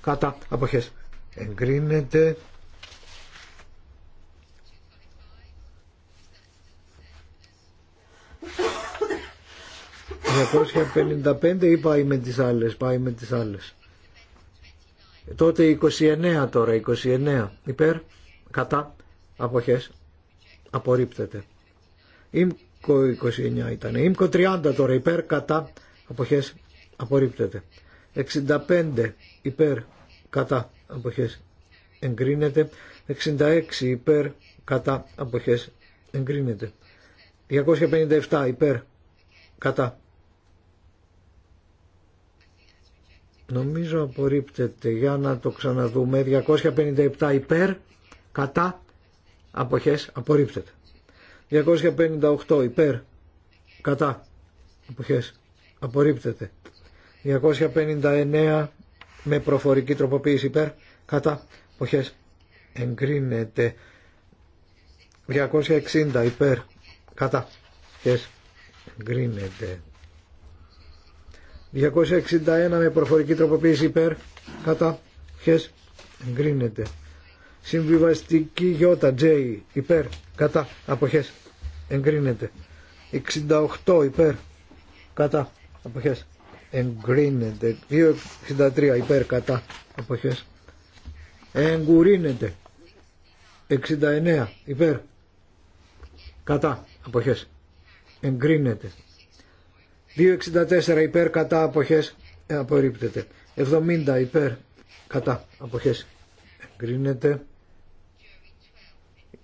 κατά αποχές εγκρίνεται. 255 ή πάει με τις άλλες, πάει με τις άλλες. Τότε 29 τώρα, 29 υπέρ, κατά, αποχές, απορρίπτεται. Ήμκο 29 ήταν. Ήμκο 30 τώρα υπέρ κατά αποχές απορρίπτεται. 65 υπέρ κατά αποχές εγκρίνεται. 66 υπέρ κατά αποχές εγκρίνεται. 257 υπέρ κατά. Νομίζω απορρίπτεται. Για να το ξαναδούμε. 257 υπέρ κατά αποχές απορρίπτεται. 258 υπέρ κατά αποχές απορρίπτεται. 259 με προφορική τροποποίηση υπέρ κατά αποχές εγκρίνεται. 260 υπέρ κατά αποχές εγκρίνεται. 261 με προφορική τροποποίηση υπέρ κατά αποχές εγκρίνεται. Συμβιβαστική γιώτα J, υπέρ, κατά, αποχές, εγκρίνεται. 68 υπέρ, κατά, αποχές, εγκρίνεται. 263 υπέρ, κατά, αποχές, εγκουρίνεται. 69 υπέρ, κατά, αποχές, εγκρίνεται. 264 υπέρ, κατά, αποχές, απορρίπτεται. 70 υπέρ, κατά, αποχές, Εγκρίνεται.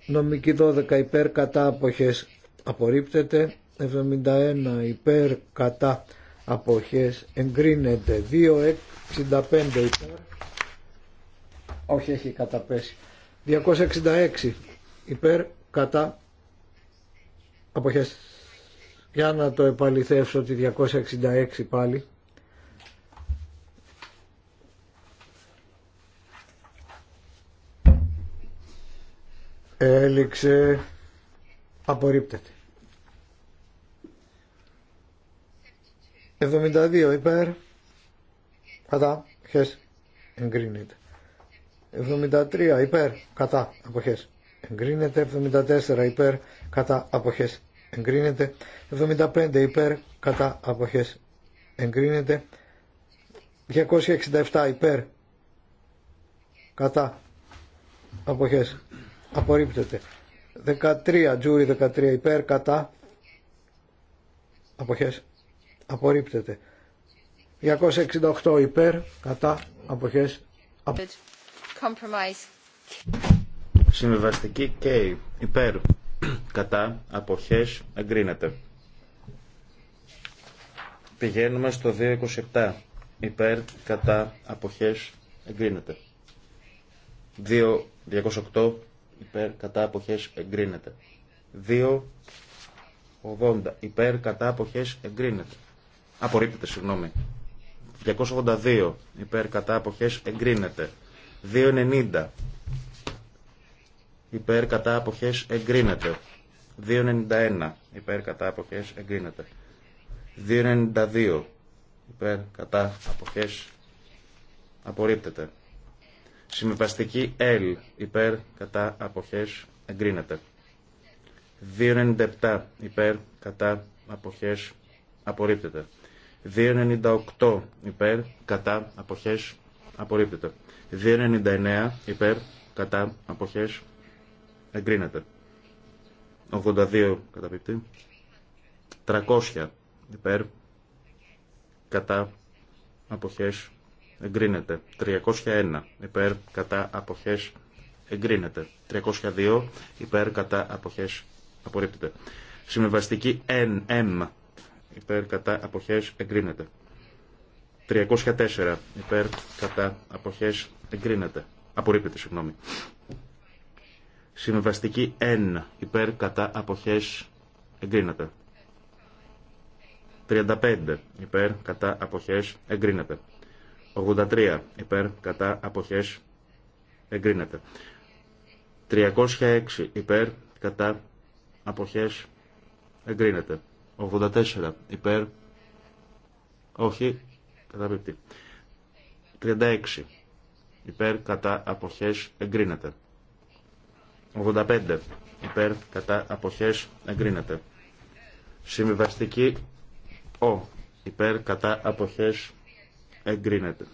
Νομική 12 υπέρ κατά αποχές απορρίπτεται. 71 υπέρ κατά αποχές εγκρίνεται. 265 υπέρ. Όχι, έχει καταπέσει. 266 υπέρ κατά αποχές. Για να το επαληθεύσω τη 266 πάλι. Έληξε. Απορρίπτεται. 72 υπέρ. Κατά. Χες. Εγκρίνεται. 73 υπέρ. Κατά. Αποχές. Εγκρίνεται. 74 υπέρ. Κατά. Αποχές. Εγκρίνεται. 75 υπέρ. Κατά. Αποχές. Εγκρίνεται. 267 υπέρ. Κατά. Αποχές απορρίπτεται 13 τζούρι 13 υπέρ κατά αποχές απορρίπτεται 268 υπέρ κατά αποχές απο... Συμβιβαστική και υπέρ κατά αποχές εγκρίνεται Πηγαίνουμε στο 227 υπέρ κατά αποχές εγκρίνεται 2, 208 υπέρ κατά αποχές εγκρίνεται. 80. υπέρ κατά αποχές εγκρίνεται. Απορρίπτεται, συγγνώμη. 282 υπέρ κατά αποχές εγκρίνεται. 2.90 υπέρ κατά αποχές εγκρίνεται. 2.91 υπέρ κατά αποχές εγκρίνεται. 2.92 υπέρ κατά αποχές απορρίπτεται συμβαστικη L υπέρ κατά αποχές εγκρίνεται. 2.97 υπέρ κατά αποχές απορρίπτεται. 2.98 υπέρ κατά αποχές απορρίπτεται. 2.99 υπέρ κατά αποχές εγκρίνεται. 82 πίπτη. 300 υπέρ κατά αποχές εγκρίνεται. 301 υπέρ κατά αποχές εγκρίνεται. 302 υπέρ κατά αποχές απορρίπτεται. Συμβαστική NM υπέρ κατά αποχές εγκρίνεται. 304 υπέρ κατά αποχές εγκρίνεται. Απορρίπτεται, συγγνώμη. Συμβαστική N υπέρ κατά αποχές εγκρίνεται. 35 υπέρ κατά αποχές εγκρίνεται. 83 υπέρ κατά αποχές εγκρίνεται. 306 υπέρ κατά αποχές εγκρίνεται. 84 υπέρ όχι καταπίπτει. 36 υπέρ κατά αποχές εγκρίνεται. 85 υπέρ κατά αποχές εγκρίνεται. Συμβιβαστική ο υπέρ κατά αποχές εγκρίνεται εγκρίνεται.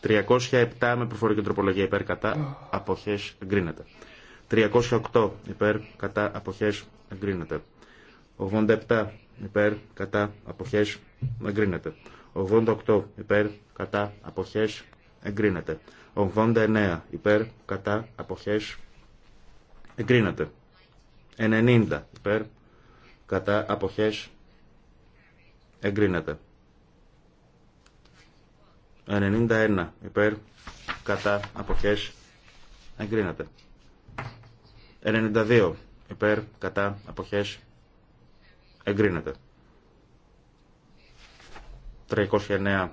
307 με προφορική τροπολογία υπέρ κατά αποχές εγκρίνεται. 308 υπέρ κατά αποχές εγκρίνεται. 87 υπέρ κατά αποχές εγκρίνεται. 88 υπέρ κατά αποχές εγκρίνεται. 89 υπέρ κατά αποχές εγκρίνεται. 90 υπέρ κατά αποχές εγκρίνεται. 91 υπέρ κατά αποχές εγκρίνεται. 92 υπέρ κατά αποχές εγκρίνεται. 309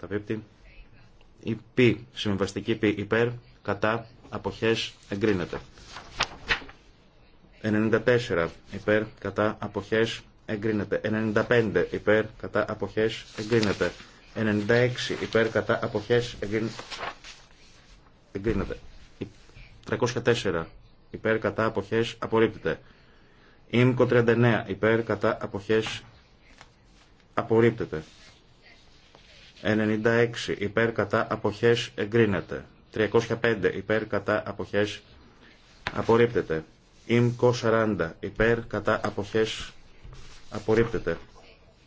τα πίπτει. Η π, συμβαστική π υπέρ κατά αποχές εγκρίνεται. 94 υπέρ κατά αποχές εγκρίνεται. 95 υπέρ κατά αποχές εγκρίνεται. 96 υπέρ κατά αποχές εγκρίνεται. 304 υπέρ κατά αποχές απορρίπτεται. Ήμκο 39 υπέρ κατά αποχές απορρίπτεται. 96 υπέρ κατά αποχές εγκρίνεται. 305 υπέρ κατά αποχές απορρίπτεται. Ήμκο 40 υπέρ κατά αποχές απορρίπτεται.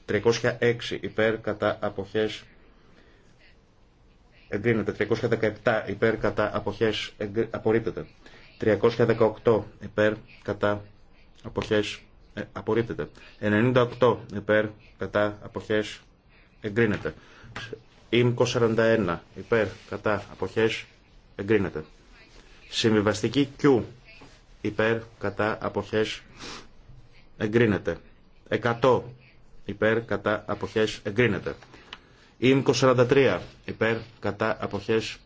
306 υπέρ κατά αποχές εγκρίνεται. 317 υπέρ κατά αποχές απορρίπτεται. 318 υπέρ κατά αποχές ε, απορρίπτεται. 98 υπέρ κατά αποχές εγκρίνεται. ΙΜΚΟ 41 υπέρ κατά αποχές εγκρίνεται. Συμβιβαστική Q υπέρ κατά αποχές εγκρίνεται. 100 υπέρ κατά αποχές εγκρίνεται. ΙΜΚΟ 43 υπέρ κατά αποχές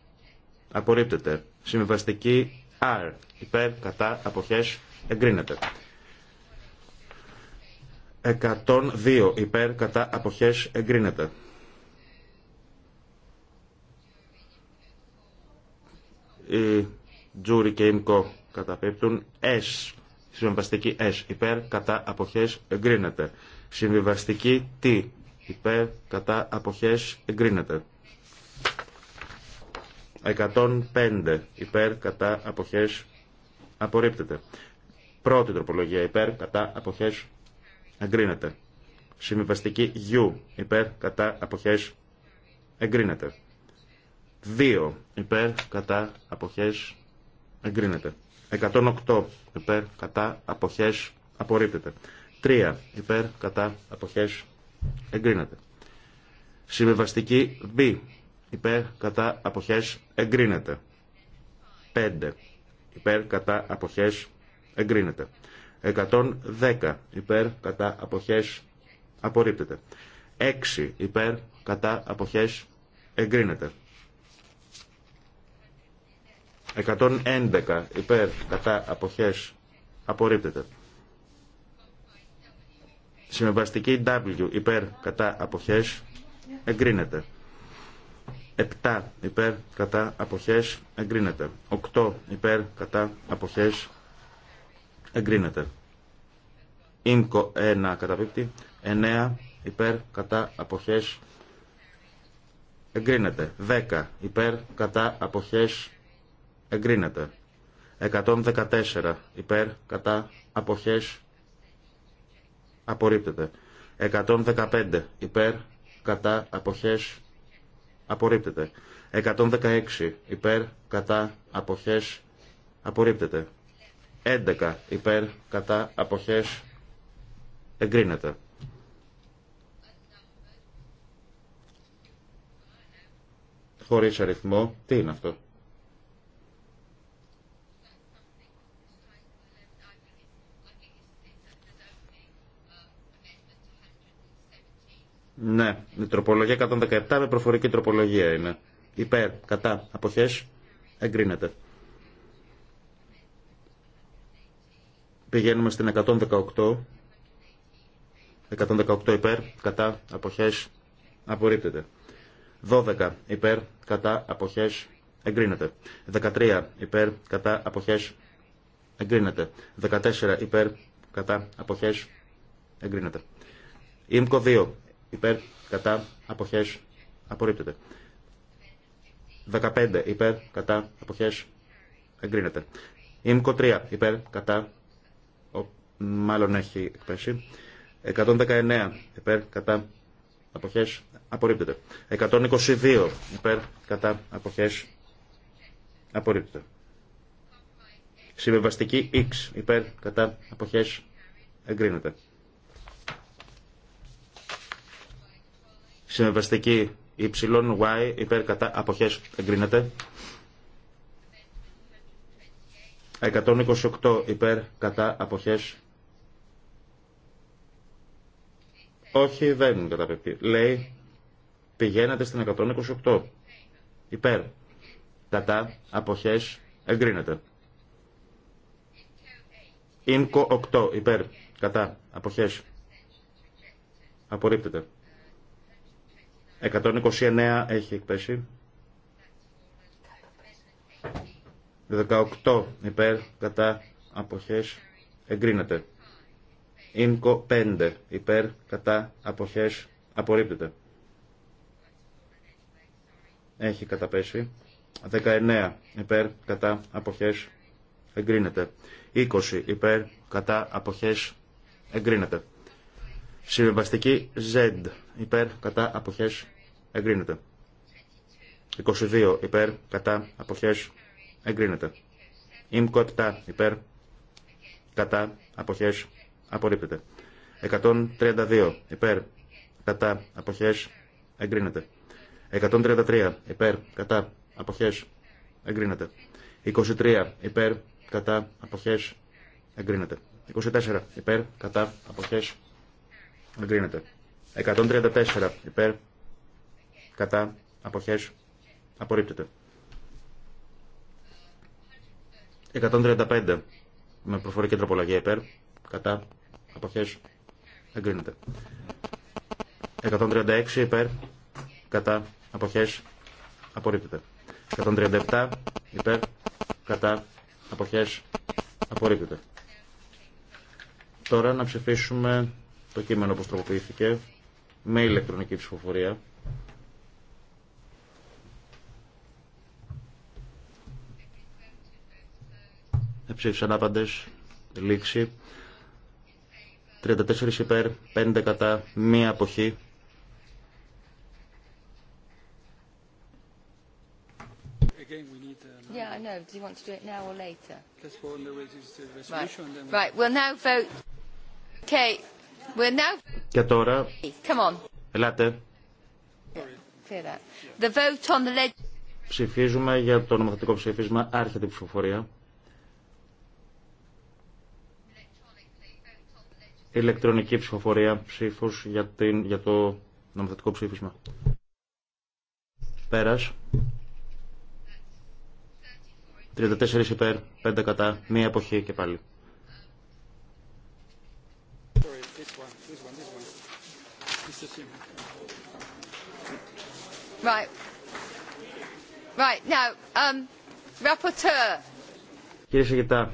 απορρίπτεται. Συμβιβαστική R υπέρ κατά αποχές εγκρίνεται. 102 υπέρ κατά αποχές εγκρίνεται. Η Τζούρι και Ιμκο καταπίπτουν S. Συμβαστική S υπέρ κατά αποχές εγκρίνεται. Συμβιβαστική T υπέρ κατά αποχές εγκρίνεται. 105 υπέρ κατά αποχές απορρίπτεται. Πρώτη τροπολογία υπέρ κατά αποχές εγκρίνεται. Συμβιβαστική U υπέρ κατά αποχές εγκρίνεται. 2 υπέρ κατά αποχές εγκρίνεται. 108 υπέρ κατά αποχές απορρίπτεται. 3 υπέρ κατά αποχές εγκρίνεται. Συμβεβαστική B υπέρ κατά αποχές εγκρίνεται. 5 υπέρ κατά αποχές εγκρίνεται. 110 υπέρ κατά αποχές απορρίπτεται. 6 υπέρ κατά αποχές εγκρίνεται. 111 υπέρ κατά αποχές απορρίπτεται. Συμβαστική W υπέρ κατά αποχές εγκρίνεται. 7 υπέρ κατά αποχές εγκρίνεται. 8 υπέρ κατά αποχές εγκρίνεται. Ήμκο 1 καταπίπτει. 9 υπέρ κατά αποχές εγκρίνεται. 10 υπέρ κατά αποχές εγκρίνεται. 114 υπέρ κατά αποχές εγκρίνεται απορρίπτεται. 115 υπέρ, κατά, αποχές, απορρίπτεται. 116 υπέρ, κατά, αποχές, απορρίπτεται. 11 υπέρ, κατά, αποχές, εγκρίνεται. Χωρίς αριθμό, τι είναι αυτό. Ναι, η τροπολογία 117 με προφορική τροπολογία είναι. Υπέρ, κατά, αποχές, εγκρίνεται. Πηγαίνουμε στην 118. 118 υπέρ, κατά, αποχές, απορρίπτεται. 12 υπέρ, κατά, αποχές, εγκρίνεται. 13 υπέρ, κατά, αποχές, εγκρίνεται. 14 υπέρ, κατά, αποχές, εγκρίνεται. Ήμκο 2 υπέρ, κατά, αποχές, απορρίπτεται. 15 υπέρ, κατά, αποχές, εγκρίνεται. Ήμκο 3 υπέρ, κατά, μάλλον έχει εκπέσει. 119 υπέρ, κατά, αποχές, απορρίπτεται. 122 υπέρ, κατά, αποχές, απορρίπτεται. Συμβεβαστική X υπέρ, κατά, αποχές, εγκρίνεται. Συμβεβαστική υψηλών Y υπέρ κατά αποχές εγκρίνεται. 128 υπέρ κατά αποχές. Όχι δεν καταπεπτεί. Λέει πηγαίνατε στην 128 υπέρ κατά αποχές εγκρίνεται. Ινκο 8 υπέρ κατά αποχές. Απορρίπτεται. 129 έχει εκπέσει. 18 υπέρ κατά αποχές εγκρίνεται. Ίνκο 5 υπέρ κατά αποχές απορρίπτεται. Έχει καταπέσει. 19 υπέρ κατά αποχές εγκρίνεται. 20 υπέρ κατά αποχές εγκρίνεται. Συμβιβαστική Z. Υπέρ, κατά, αποχές, εγκρίνεται. 22. Υπέρ, κατά, αποχές, εγκρίνεται. Ήμκο 7. Υπέρ, κατά, αποχές, απορρίπτεται. 132. Υπέρ, κατά, αποχές, εγκρίνεται. 133. Υπέρ, κατά, αποχές, εγκρίνεται. 23. Υπέρ, κατά, αποχές, εγκρίνεται. 24. Υπέρ, κατά, αποχές, Εγκρίνεται. 134 υπέρ. Κατά. Αποχές. Απορρίπτεται. 135 με προφορική τροπολογία υπέρ. Κατά. Αποχές. Εγκρίνεται. 136 υπέρ. Κατά. Αποχές. Απορρίπτεται. 137 υπέρ. Κατά. Αποχές. Απορρίπτεται. Τώρα να ψηφίσουμε το κείμενο όπως τροποποιήθηκε με ηλεκτρονική ψηφοφορία. Εψήφισαν άπαντες, λήξη. 34 υπέρ, 5 κατά, μία αποχή. Yeah, I know. Do you want to do it now or later? Let's go on the resolution. Right. Then right. We'll now vote. Okay. Και τώρα... Ελάτε. Ψηφίζουμε για το νομοθετικό ψήφισμα. Άρχεται η ψηφοφορία. Ηλεκτρονική ψηφοφορία ψήφους για, την, για το νομοθετικό ψήφισμα. Πέρας. 34 υπέρ, 5 κατά, μία εποχή και πάλι. Right. Right. Now, um, rapporteur. Κύριε Σεγητά.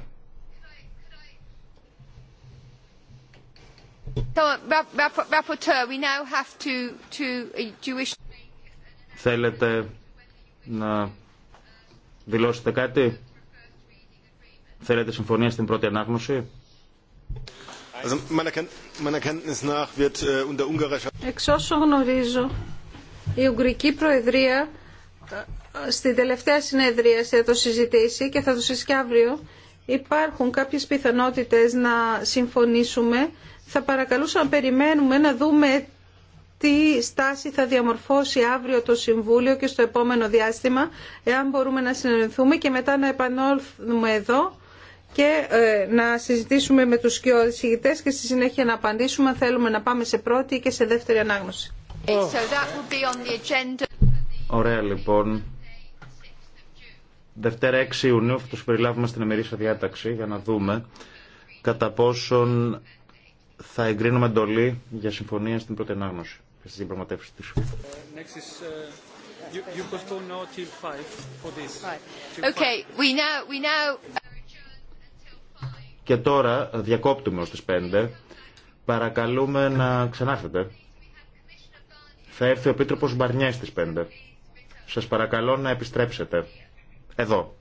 Rapporteur, we now have to, to, uh, do you Θέλετε να δηλώσετε κάτι? Θέλετε συμφωνία στην πρώτη ανάγνωση? Äh, Εξ όσων γνωρίζω, η Ουγγρική Προεδρία ε, στην τελευταία συνέδρια θα το συζητήσει και θα το συζητήσει αύριο. Υπάρχουν κάποιες πιθανότητες να συμφωνήσουμε. Θα παρακαλούσα να περιμένουμε να δούμε τι στάση θα διαμορφώσει αύριο το Συμβούλιο και στο επόμενο διάστημα, εάν μπορούμε να συνεννοηθούμε και μετά να επανόλθουμε εδώ και ε, να συζητήσουμε με τους σκιώδησηγητές και στη συνέχεια να απαντήσουμε αν θέλουμε να πάμε σε πρώτη και σε δεύτερη ανάγνωση. Ε, Ωραία λοιπόν. Δευτέρα 6 Ιουνίου θα τους περιλάβουμε στην εμερήσια διάταξη για να δούμε κατά πόσον θα εγκρίνουμε εντολή για συμφωνία στην πρώτη ανάγνωση και στις διαπραγματεύσεις της. Ε, okay, we now, we now... Και τώρα διακόπτουμε ως τις 5. Παρακαλούμε να ξανάρθετε. Θα έρθει ο Επίτροπος Μπαρνιές στις 5. Σας παρακαλώ να επιστρέψετε. Εδώ.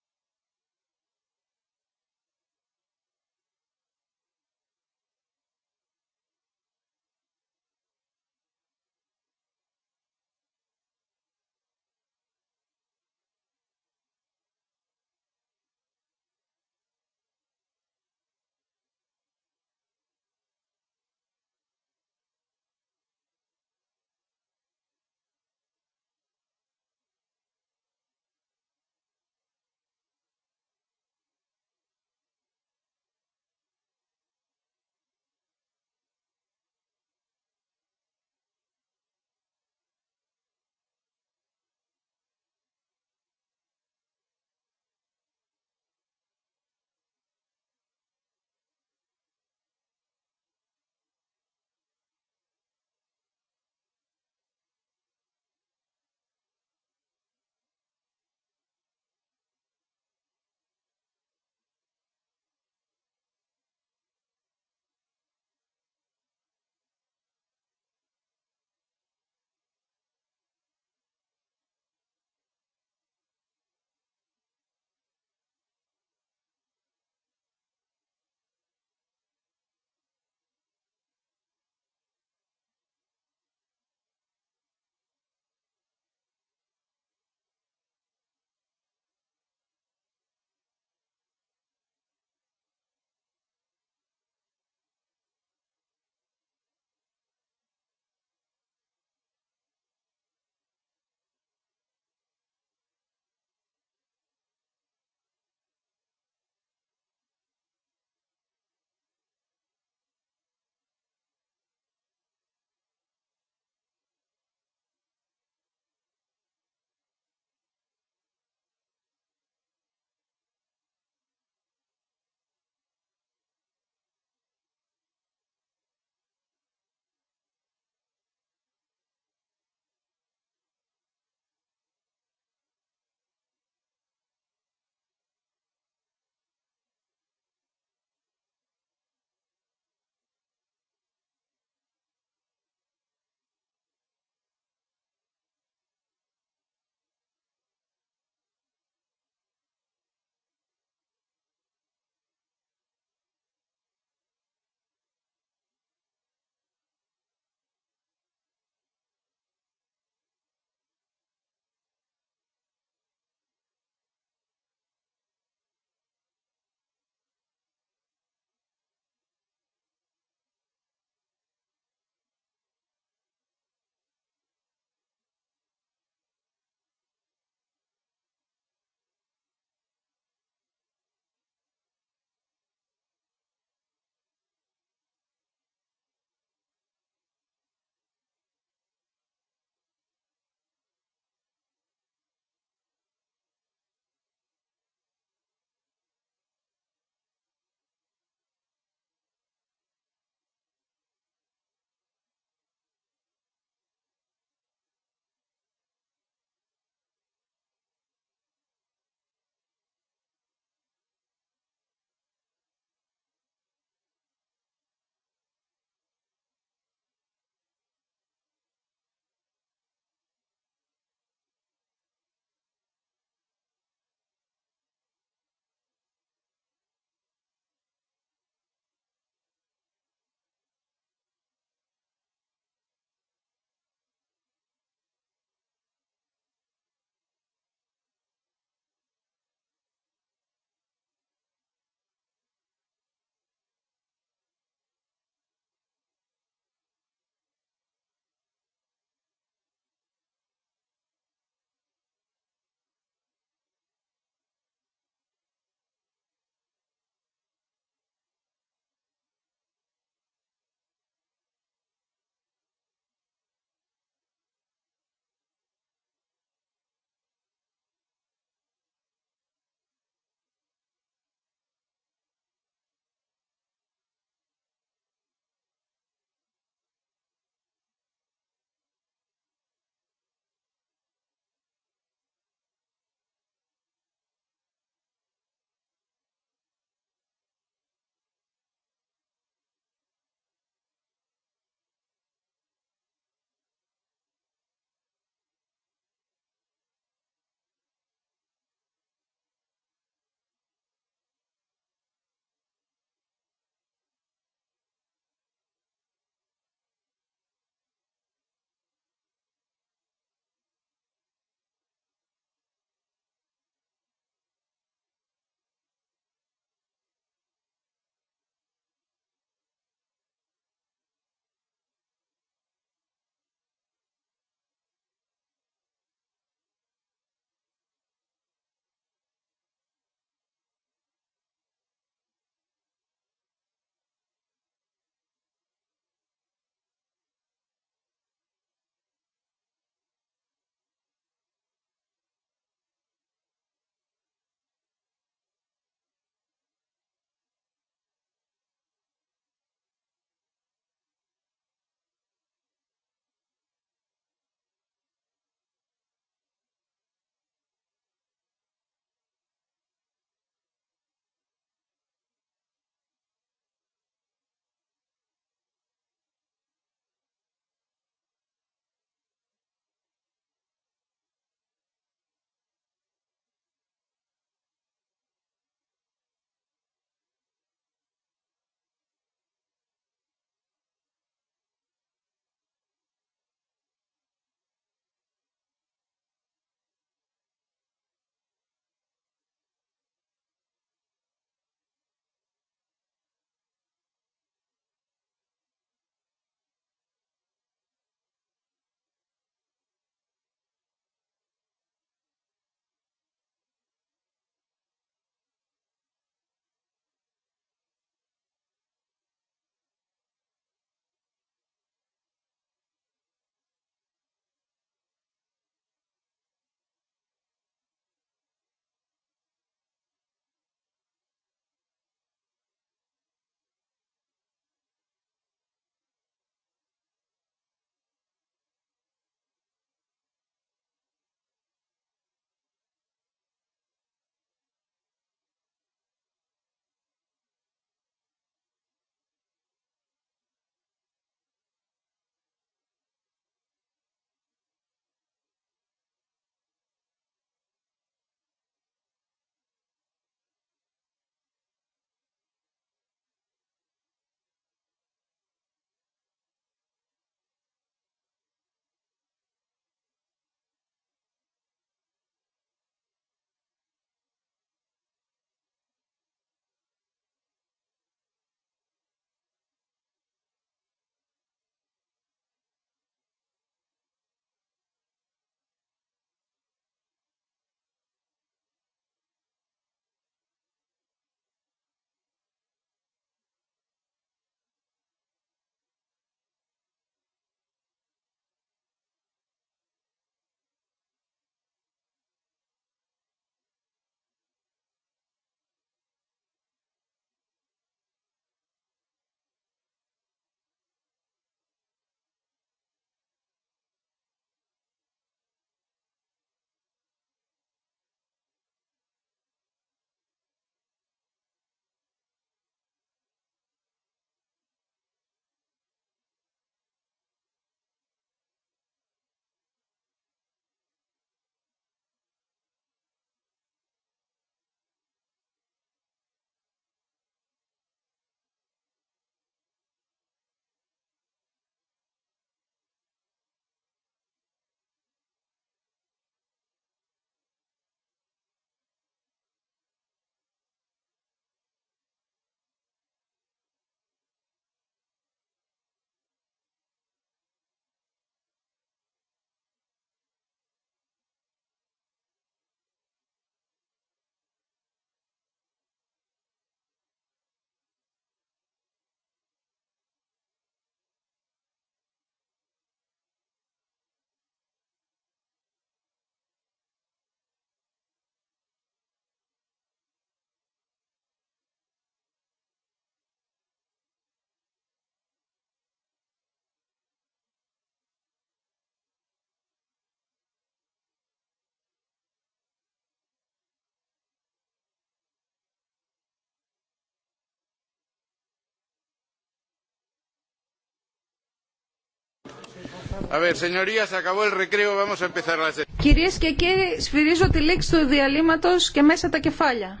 Κυρίε και κύριοι, σφυρίζω τη λήξη του διαλύματο και μέσα τα κεφάλια.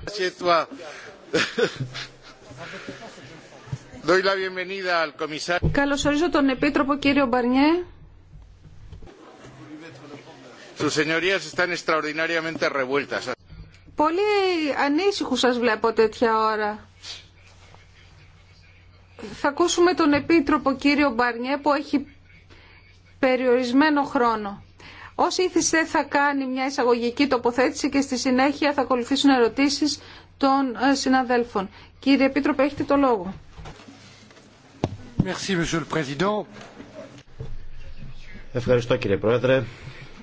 Καλωσορίζω τον Επίτροπο κύριο Μπαρνιέ. Πολύ ανήσυχου σας βλέπω τέτοια ώρα. Θα ακούσουμε τον Επίτροπο κύριο Μπαρνιέ που έχει περιορισμένο χρόνο. Όσοι ήθιστε θα κάνει μια εισαγωγική τοποθέτηση και στη συνέχεια θα ακολουθήσουν ερωτήσεις των ε, συναδέλφων. Κύριε Επίτροπε, έχετε το λόγο. Ευχαριστώ κύριε Πρόεδρε.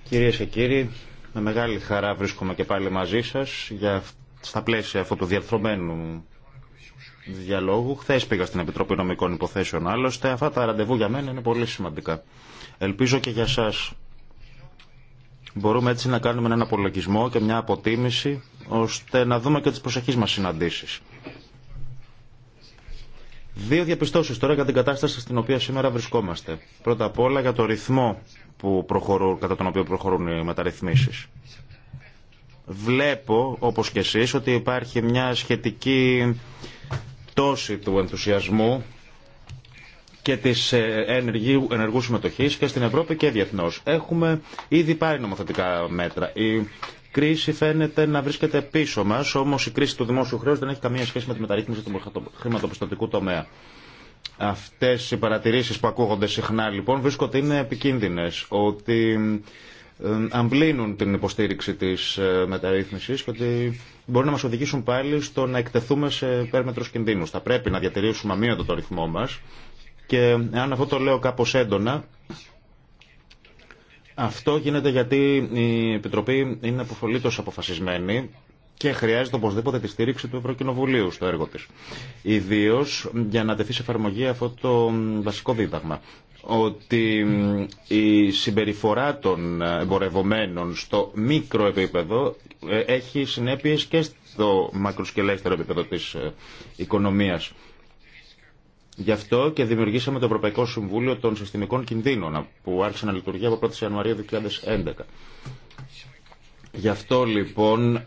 Κυρίες και κύριοι, με μεγάλη χαρά βρίσκομαι και πάλι μαζί σας για, στα πλαίσια αυτού του διαρθρωμένου διαλόγου. Χθε πήγα στην Επιτροπή Νομικών Υποθέσεων άλλωστε. Αυτά τα ραντεβού για μένα είναι πολύ σημαντικά. Ελπίζω και για σας. Μπορούμε έτσι να κάνουμε έναν απολογισμό και μια αποτίμηση, ώστε να δούμε και τις προσεχείς μας συναντήσεις. Δύο διαπιστώσεις τώρα για την κατάσταση στην οποία σήμερα βρισκόμαστε. Πρώτα απ' όλα για το ρυθμό που προχωρούν, κατά τον οποίο προχωρούν οι μεταρρυθμίσεις. Βλέπω, όπως και εσείς, ότι υπάρχει μια σχετική τόση του ενθουσιασμού και τη ε, ενεργού συμμετοχή και στην Ευρώπη και διεθνώ. Έχουμε ήδη πάρει νομοθετικά μέτρα. Η κρίση φαίνεται να βρίσκεται πίσω μα, όμω η κρίση του δημόσιου χρέου δεν έχει καμία σχέση με τη μεταρρύθμιση του χρηματοπιστωτικού τομέα. Αυτέ οι παρατηρήσει που ακούγονται συχνά λοιπόν βρίσκονται ότι είναι επικίνδυνε. Ότι ε, αμβλύνουν την υποστήριξη τη ε, μεταρρύθμιση και ότι μπορεί να μα οδηγήσουν πάλι στο να εκτεθούμε σε υπέρμετρου κινδύνου. Θα πρέπει να διατηρήσουμε αμύωτο το ρυθμό μα και αν αυτό το λέω κάπως έντονα, αυτό γίνεται γιατί η Επιτροπή είναι αποφολήτως αποφασισμένη και χρειάζεται οπωσδήποτε τη στήριξη του Ευρωκοινοβουλίου στο έργο της. Ιδίω για να τεθεί σε εφαρμογή αυτό το βασικό δίδαγμα ότι η συμπεριφορά των εμπορευομένων στο μικρό επίπεδο ε, έχει συνέπειες και στο μακροσκελέστερο επίπεδο της ε, οικονομίας. Γι' αυτό και δημιουργήσαμε το Ευρωπαϊκό Συμβούλιο των Συστημικών Κινδύνων, που άρχισε να λειτουργεί από 1η Ιανουαρίου 2011. Γι' αυτό λοιπόν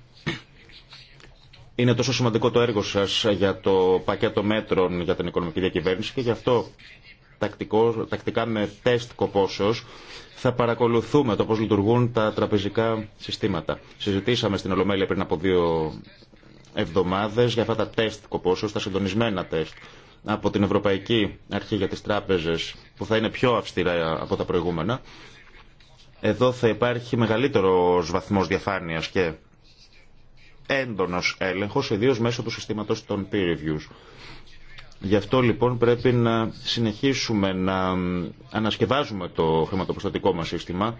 είναι τόσο σημαντικό το έργο σα για το πακέτο μέτρων για την οικονομική διακυβέρνηση και γι' αυτό τακτικά με τεστ κοπόσεω θα παρακολουθούμε το πώ λειτουργούν τα τραπεζικά συστήματα. Συζητήσαμε στην Ολομέλεια πριν από δύο εβδομάδες για αυτά τα τεστ κοπόσεως, τα συντονισμένα τεστ από την Ευρωπαϊκή Αρχή για τις Τράπεζες που θα είναι πιο αυστηρά από τα προηγούμενα. Εδώ θα υπάρχει μεγαλύτερος βαθμός διαφάνειας και έντονος έλεγχος, ιδίω μέσω του συστήματος των peer reviews. Γι' αυτό λοιπόν πρέπει να συνεχίσουμε να ανασκευάζουμε το χρηματοπιστωτικό μας σύστημα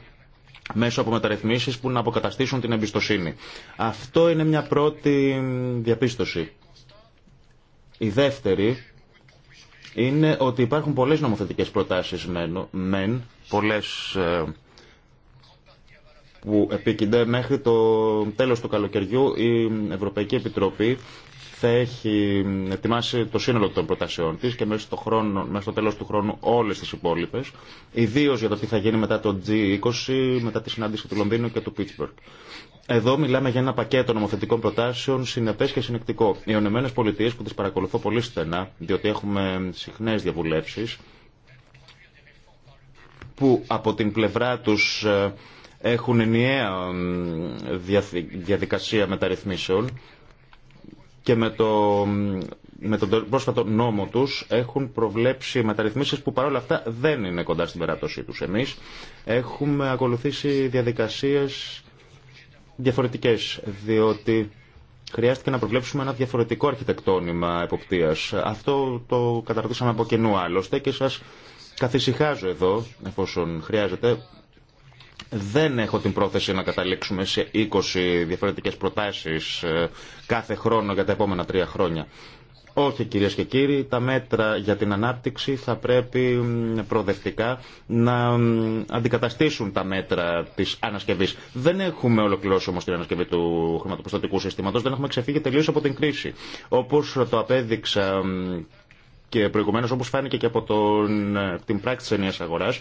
μέσω από μεταρρυθμίσεις που να αποκαταστήσουν την εμπιστοσύνη. Αυτό είναι μια πρώτη διαπίστωση. Η δεύτερη είναι ότι υπάρχουν πολλές νομοθετικές προτάσεις μεν, πολλές ε, που επίκυνται μέχρι το τέλος του καλοκαιριού η Ευρωπαϊκή Επιτροπή θα έχει ετοιμάσει το σύνολο των προτάσεών της και μέσα στο, χρόνο, μέσα στο τέλος του χρόνου όλες τις υπόλοιπες, ιδίως για το τι θα γίνει μετά το G20, μετά τη συνάντηση του Λονδίνου και του Πίτσμπεργκ. Εδώ μιλάμε για ένα πακέτο νομοθετικών προτάσεων συνεπέ και συνεκτικό. Οι Ηνωμένε Πολιτείε, που τι παρακολουθώ πολύ στενά, διότι έχουμε συχνέ διαβουλεύσει, που από την πλευρά του ε, έχουν ενιαία διαδικασία μεταρρυθμίσεων και με, το, με τον πρόσφατο νόμο τους έχουν προβλέψει μεταρρυθμίσεις που παρόλα αυτά δεν είναι κοντά στην περάτωσή τους. Εμείς έχουμε ακολουθήσει διαδικασίες Διαφορετικέ, διότι χρειάστηκε να προβλέψουμε ένα διαφορετικό αρχιτεκτόνημα εποπτείας. Αυτό το καταρτήσαμε από κενού άλλωστε και σα καθησυχάζω εδώ, εφόσον χρειάζεται. Δεν έχω την πρόθεση να καταλήξουμε σε 20 διαφορετικές προτάσεις ε, κάθε χρόνο για τα επόμενα τρία χρόνια. Όχι κυρίες και κύριοι, τα μέτρα για την ανάπτυξη θα πρέπει προοδευτικά να αντικαταστήσουν τα μέτρα της ανασκευής. Δεν έχουμε ολοκληρώσει όμως την ανασκευή του χρηματοπιστωτικού συστήματος, δεν έχουμε ξεφύγει τελείως από την κρίση. Όπως το απέδειξα και προηγουμένως, όπως φάνηκε και από τον, ε, την πράξη της ενιαία αγορά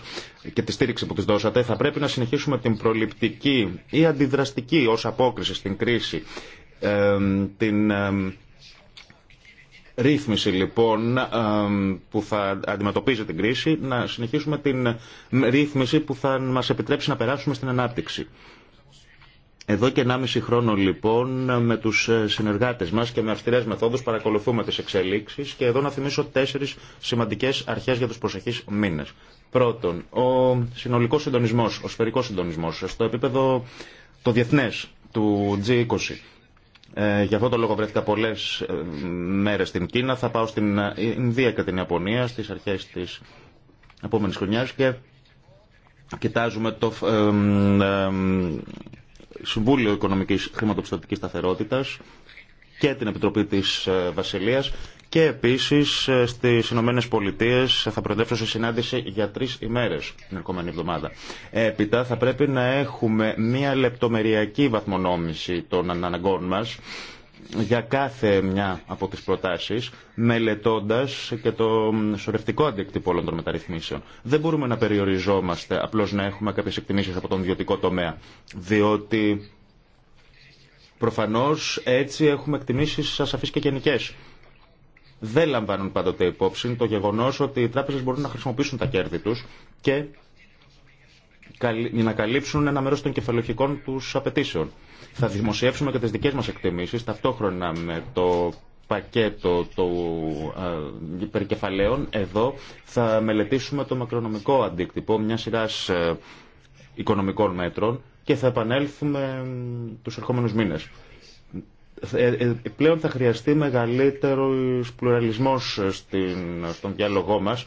και τη στήριξη που τη δώσατε, θα πρέπει να συνεχίσουμε την προληπτική ή αντιδραστική ως απόκριση στην κρίση, ε, την ε, ρύθμιση λοιπόν που θα αντιμετωπίζει την κρίση, να συνεχίσουμε την ρύθμιση που θα μας επιτρέψει να περάσουμε στην ανάπτυξη. Εδώ και 1,5 χρόνο λοιπόν με τους ε, συνεργάτες μας και με αυστηρές μεθόδους παρακολουθούμε τις εξελίξεις και εδώ να θυμίσω τέσσερις σημαντικές αρχές για τους προσεχείς μήνες. Πρώτον, ο συνολικός συντονισμός, ο σφαιρικός συντονισμός στο επίπεδο το διεθνές του G20 για ε, γι' αυτό το λόγο βρέθηκα πολλέ ε, μέρε στην Κίνα. Θα πάω στην ε, Ινδία και την Ιαπωνία στι αρχέ τη επόμενη χρονιά και κοιτάζουμε το Συμβούλιο Οικονομικής Χρηματοπιστωτική σταθερότητα και την Επιτροπή της Βασιλείας και επίση ε, στι Ηνωμένε Πολιτείε θα προεδρεύσω σε συνάντηση για τρει ημέρε την ερχόμενη εβδομάδα. Έπειτα θα πρέπει να έχουμε μια λεπτομεριακή βαθμονόμηση των αναγκών μα για κάθε μια από τις προτάσεις, μελετώντας και το σωρευτικό αντίκτυπο όλων των μεταρρυθμίσεων. Δεν μπορούμε να περιοριζόμαστε απλώς να έχουμε κάποιες εκτιμήσεις από τον ιδιωτικό τομέα, διότι προφανώς έτσι έχουμε εκτιμήσεις ασαφείς και γενικέ δεν λαμβάνουν πάντοτε υπόψη το γεγονό ότι οι τράπεζε μπορούν να χρησιμοποιήσουν τα κέρδη του και να καλύψουν ένα μέρο των κεφαλαιοχικών του απαιτήσεων. Θα δημοσιεύσουμε και τι δικέ μα εκτιμήσει ταυτόχρονα με το πακέτο του υπερκεφαλαίων. Εδώ θα μελετήσουμε το μακρονομικό αντίκτυπο μια σειρά ε, οικονομικών μέτρων και θα επανέλθουμε τους ερχόμενους μήνες. Ε, ε, πλέον θα χρειαστεί μεγαλύτερο πλουραλισμό στον διάλογό μας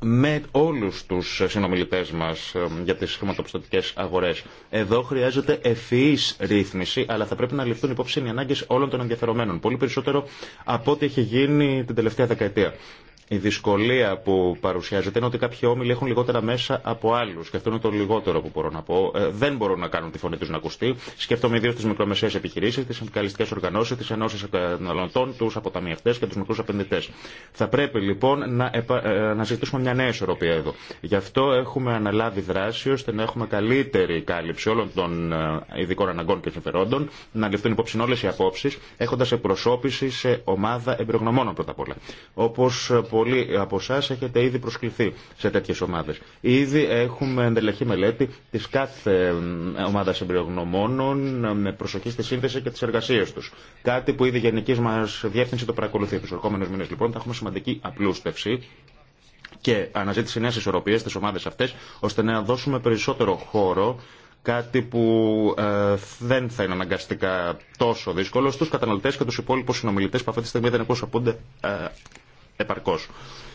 με όλους τους συνομιλητές μας ε, για τις χρηματοπιστωτικές αγορές. Εδώ χρειάζεται ευφυής ρύθμιση, αλλά θα πρέπει να ληφθούν υπόψη οι ανάγκες όλων των ενδιαφερομένων, πολύ περισσότερο από ό,τι έχει γίνει την τελευταία δεκαετία. Η δυσκολία που παρουσιάζεται είναι ότι κάποιοι όμιλοι έχουν λιγότερα μέσα από άλλου. Και αυτό είναι το λιγότερο που μπορώ να πω. Ε, δεν μπορούν να κάνουν τη φωνή του να ακουστεί. Σκέφτομαι ιδίω τι μικρομεσαίε επιχειρήσει, τι συνδικαλιστικέ οργανώσει, τι ενώσει καταναλωτών, του αποταμιευτέ και του μικρού επενδυτέ. Θα πρέπει λοιπόν να, ε, να ζητήσουμε μια νέα ισορροπία εδώ. Γι' αυτό έχουμε αναλάβει δράση ώστε να έχουμε καλύτερη κάλυψη όλων των ε, ειδικών αναγκών και συμφερόντων, να ληφθούν υπόψη όλε οι απόψει, έχοντα εκπροσώπηση σε ομάδα εμπειρογνωμόνων πρώτα απ' όλα πολλοί από εσά έχετε ήδη προσκληθεί σε τέτοιε ομάδε. Ήδη έχουμε εντελεχή μελέτη τη κάθε ε, ομάδα εμπειρογνωμόνων ε, με προσοχή στη σύνθεση και τι εργασίε του. Κάτι που ήδη η γενική μα διεύθυνση το παρακολουθεί. Του ερχόμενου μήνε λοιπόν θα έχουμε σημαντική απλούστευση και αναζήτηση νέα ισορροπία στι ομάδε αυτέ, ώστε να δώσουμε περισσότερο χώρο κάτι που ε, δεν θα είναι αναγκαστικά τόσο δύσκολο στους καταναλωτές και τους υπόλοιπου συνομιλητές που αυτή τη στιγμή δεν εκπροσωπούνται επαρκώ.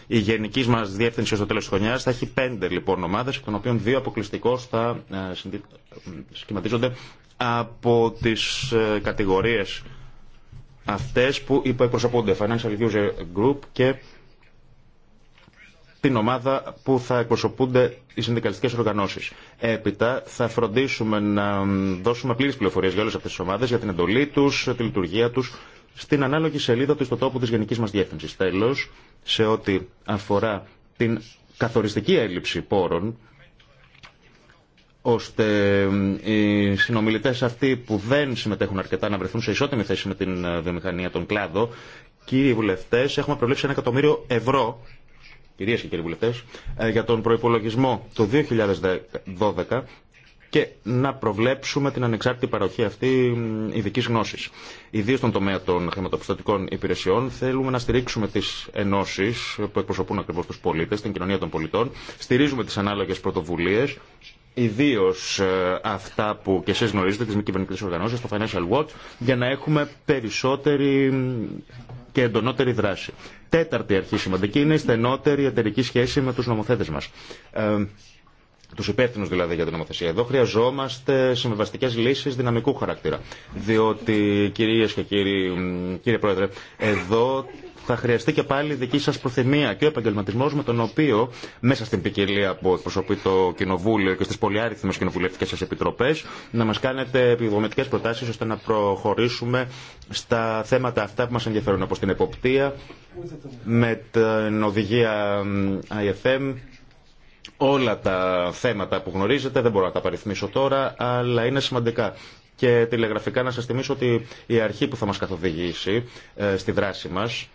Η γενική μα διεύθυνση στο τέλο τη χρονιά θα έχει πέντε λοιπόν ομάδε, εκ των οποίων δύο αποκλειστικώ θα ε, ε, σχηματίζονται από τι ε, κατηγορίε αυτέ που υποεκπροσωπούνται. Financial User Group και την ομάδα που θα εκπροσωπούνται οι συνδικαλιστικέ οργανώσει. Έπειτα θα φροντίσουμε να δώσουμε πλήρε πληροφορίε για όλε αυτέ τι ομάδε, για την εντολή του, τη λειτουργία του στην ανάλογη σελίδα του στο τόπο της Γενικής μας Διεύθυνσης. Τέλος, σε ό,τι αφορά την καθοριστική έλλειψη πόρων, ώστε οι συνομιλητές αυτοί που δεν συμμετέχουν αρκετά να βρεθούν σε ισότιμη θέση με την ε, βιομηχανία, των κλάδο, κύριοι βουλευτές, έχουμε προβλέψει ένα εκατομμύριο ευρώ κυρίες και κύριοι βουλευτές, ε, για τον προπολογισμό του 2012 και να προβλέψουμε την ανεξάρτητη παροχή αυτή ειδική γνώση. Ιδίω στον τομέα των χρηματοπιστωτικών υπηρεσιών, θέλουμε να στηρίξουμε τι ενώσει που εκπροσωπούν ακριβώ του πολίτε, την κοινωνία των πολιτών. Στηρίζουμε τι ανάλογε πρωτοβουλίε, ιδίω ε, αυτά που και εσεί γνωρίζετε, τι μη κυβερνητικέ οργανώσει, το Financial Watch, για να έχουμε περισσότερη και εντονότερη δράση. Τέταρτη αρχή σημαντική είναι η στενότερη εταιρική σχέση με του νομοθέτε μα. Ε, του υπεύθυνου δηλαδή για την νομοθεσία. Εδώ χρειαζόμαστε συμβιβαστικέ λύσει δυναμικού χαρακτήρα. Διότι, κυρίε και κύριοι, κύριε Πρόεδρε, εδώ θα χρειαστεί και πάλι δική σα προθυμία και ο επαγγελματισμό με τον οποίο μέσα στην ποικιλία που εκπροσωπεί το Κοινοβούλιο και στι πολυάριθμε κοινοβουλευτικέ σα επιτροπέ να μα κάνετε επιδομητικέ προτάσει ώστε να προχωρήσουμε στα θέματα αυτά που μα ενδιαφέρουν, όπω την εποπτεία, με την οδηγία IFM όλα τα θέματα που γνωρίζετε, δεν μπορώ να τα παριθμίσω τώρα, αλλά είναι σημαντικά. Και τηλεγραφικά να σας θυμίσω ότι η αρχή που θα μας καθοδηγήσει ε, στη δράση μας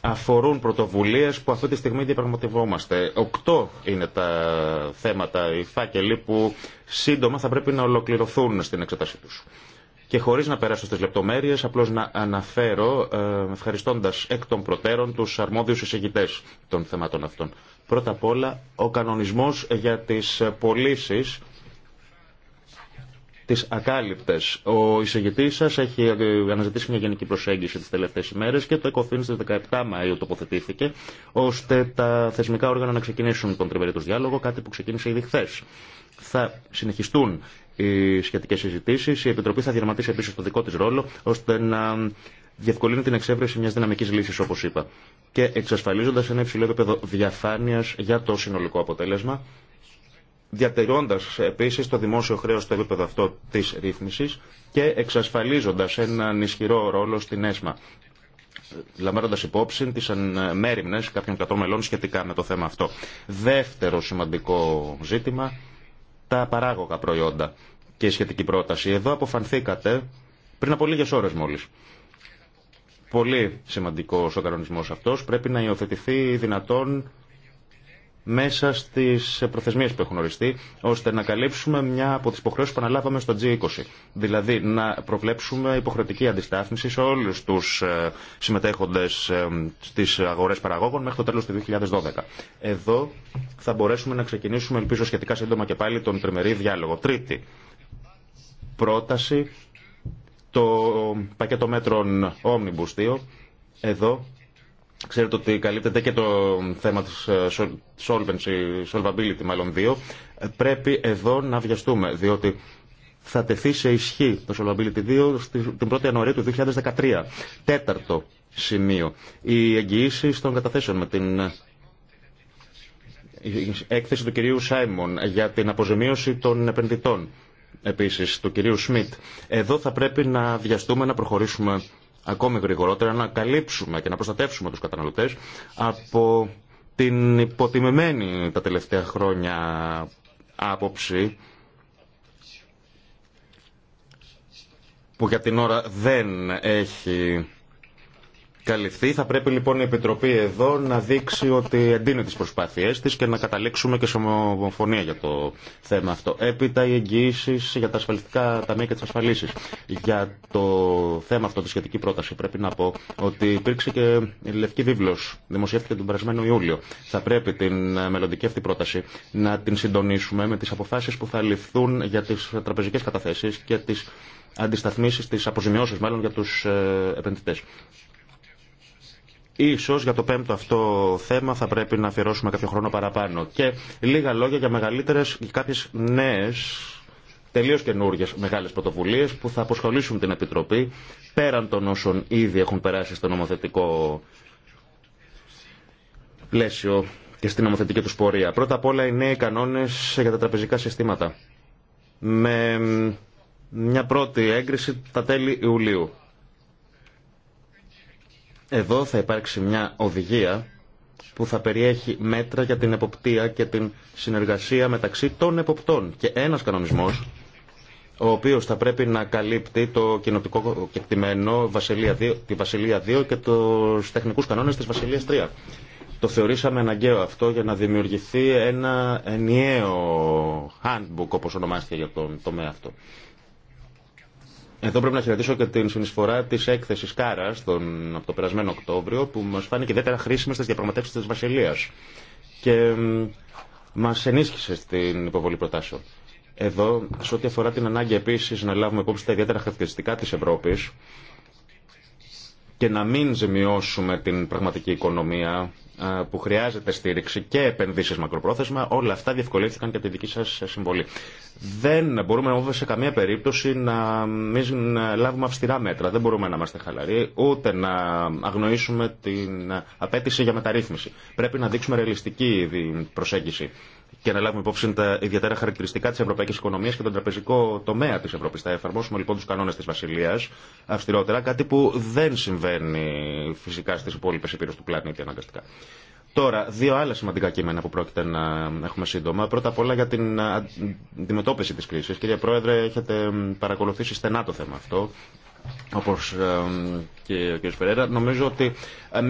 αφορούν πρωτοβουλίες που αυτή τη στιγμή διαπραγματευόμαστε. Οκτώ είναι τα θέματα, οι φάκελοι που σύντομα θα πρέπει να ολοκληρωθούν στην εξετασή τους. Και χωρί να περάσω στι λεπτομέρειε, απλώ να αναφέρω, ε, ευχαριστώντα εκ των προτέρων του αρμόδιου εισηγητέ των θεμάτων αυτών. Πρώτα απ' όλα, ο κανονισμό για τι πωλήσει τις ακάλυπτες. Ο εισηγητής σας έχει αναζητήσει μια γενική προσέγγιση τις τελευταίες ημέρες και το ΕΚΟΦΗΝ στις 17 Μαΐου τοποθετήθηκε ώστε τα θεσμικά όργανα να ξεκινήσουν τον του διάλογο, κάτι που ξεκίνησε ήδη χθε. Θα συνεχιστούν οι σχετικέ συζητήσει. Η Επιτροπή θα διαρματίσει επίση το δικό τη ρόλο ώστε να διευκολύνει την εξέβρεση μια δυναμική λύση, όπω είπα, και εξασφαλίζοντα ένα υψηλό επίπεδο διαφάνεια για το συνολικό αποτέλεσμα διατηρώντας επίσης το δημόσιο χρέος στο επίπεδο αυτό της ρύθμισης και εξασφαλίζοντας έναν ισχυρό ρόλο στην ΕΣΜΑ λαμβάνοντα υπόψη τι μέρημνε κάποιων κρατών σχετικά με το θέμα αυτό. Δεύτερο σημαντικό ζήτημα, τα παράγωγα προϊόντα και η σχετική πρόταση. Εδώ αποφανθήκατε πριν από λίγε ώρε μόλι. Πολύ σημαντικό ο κανονισμό αυτό. Πρέπει να υιοθετηθεί δυνατόν μέσα στι προθεσμίε που έχουν οριστεί, ώστε να καλύψουμε μια από τι υποχρεώσει που αναλάβαμε στο G20. Δηλαδή να προβλέψουμε υποχρεωτική αντιστάθμιση σε όλου του ε, συμμετέχοντε ε, στι αγορέ παραγόγων μέχρι το τέλο του 2012. Εδώ θα μπορέσουμε να ξεκινήσουμε, ελπίζω σχετικά σύντομα και πάλι, τον τριμερή διάλογο. Τρίτη πρόταση, το πακέτο μέτρων Omnibus 2. Εδώ Ξέρετε ότι καλύπτεται και το θέμα της ε, solvency, solvability μάλλον 2. Ε, πρέπει εδώ να βιαστούμε, διότι θα τεθεί σε ισχύ το Solvability 2 την 1η Ιανουαρίου του 2013. Τέταρτο σημείο, οι εγγυήσει των καταθέσεων με την ε, έκθεση του κυρίου Σάιμον για την αποζημίωση των επενδυτών, επίσης του κυρίου Σμιτ. Εδώ θα πρέπει να βιαστούμε να προχωρήσουμε ακόμη γρηγορότερα να καλύψουμε και να προστατεύσουμε τους καταναλωτές από την υποτιμημένη τα τελευταία χρόνια άποψη που για την ώρα δεν έχει καλυφθεί. Θα πρέπει λοιπόν η Επιτροπή εδώ να δείξει ότι εντείνει τι προσπάθειε τη και να καταλήξουμε και σε ομοφωνία για το θέμα αυτό. Έπειτα οι εγγυήσει για τα ασφαλιστικά ταμεία και τι ασφαλίσει. Για το θέμα αυτό, τη σχετική πρόταση, πρέπει να πω ότι υπήρξε και η Λευκή βίβλο. δημοσιεύτηκε τον περασμένο Ιούλιο. Θα πρέπει την μελλοντική αυτή πρόταση να την συντονίσουμε με τι αποφάσει που θα ληφθούν για τι τραπεζικέ καταθέσει και τι αντισταθμίσεις, τι αποζημιώσεις μάλλον για τους ε, επενδυτές. Ίσως για το πέμπτο αυτό θέμα θα πρέπει να αφιερώσουμε κάποιο χρόνο παραπάνω. Και λίγα λόγια για μεγαλύτερες και κάποιες νέες, τελείως καινούργιες μεγάλες πρωτοβουλίες που θα αποσχολήσουν την Επιτροπή πέραν των όσων ήδη έχουν περάσει στο νομοθετικό πλαίσιο και στην νομοθετική του πορεία. Πρώτα απ' όλα οι νέοι κανόνες για τα τραπεζικά συστήματα. Με μια πρώτη έγκριση τα τέλη Ιουλίου. Εδώ θα υπάρξει μια οδηγία που θα περιέχει μέτρα για την εποπτεία και την συνεργασία μεταξύ των εποπτών και ένας κανονισμός ο οποίος θα πρέπει να καλύπτει το κοινοτικό κεκτημένο Βασιλεία 2, τη Βασιλεία 2 και τους τεχνικούς κανόνες της Βασιλείας 3. Το θεωρήσαμε αναγκαίο αυτό για να δημιουργηθεί ένα ενιαίο handbook όπως ονομάστηκε για τον τομέα αυτό. Εδώ πρέπει να χαιρετήσω και την συνεισφορά τη έκθεση Κάρα από το περασμένο Οκτώβριο, που μα φάνηκε ιδιαίτερα χρήσιμη στι διαπραγματεύσει τη Βασιλεία. Και μα ενίσχυσε στην υποβολή προτάσεων. Εδώ, σε ό,τι αφορά την ανάγκη επίση να λάβουμε υπόψη τα ιδιαίτερα χαρακτηριστικά τη Ευρώπη, και να μην ζημιώσουμε την πραγματική οικονομία ε, που χρειάζεται στήριξη και επενδύσει μακροπρόθεσμα, όλα αυτά διευκολύνθηκαν και από τη δική σα συμβολή. Δεν μπορούμε όμω σε καμία περίπτωση να μην λάβουμε αυστηρά μέτρα. Δεν μπορούμε να είμαστε χαλαροί, ούτε να αγνοήσουμε την απέτηση για μεταρρύθμιση. Πρέπει να δείξουμε ρεαλιστική προσέγγιση και να λάβουμε υπόψη τα ιδιαίτερα χαρακτηριστικά τη ευρωπαϊκή οικονομία και τον τραπεζικό τομέα τη Ευρώπη. Θα εφαρμόσουμε λοιπόν του κανόνε τη Βασιλεία αυστηρότερα, κάτι που δεν συμβαίνει φυσικά στι υπόλοιπε επίρρε του πλανήτη αναγκαστικά. Τώρα, δύο άλλα σημαντικά κείμενα που πρόκειται να έχουμε σύντομα. Πρώτα απ' όλα για την αντιμετώπιση τη κρίση. Κύριε Πρόεδρε, έχετε παρακολουθήσει στενά το θέμα αυτό όπως και ο κ. Φερέρα, νομίζω ότι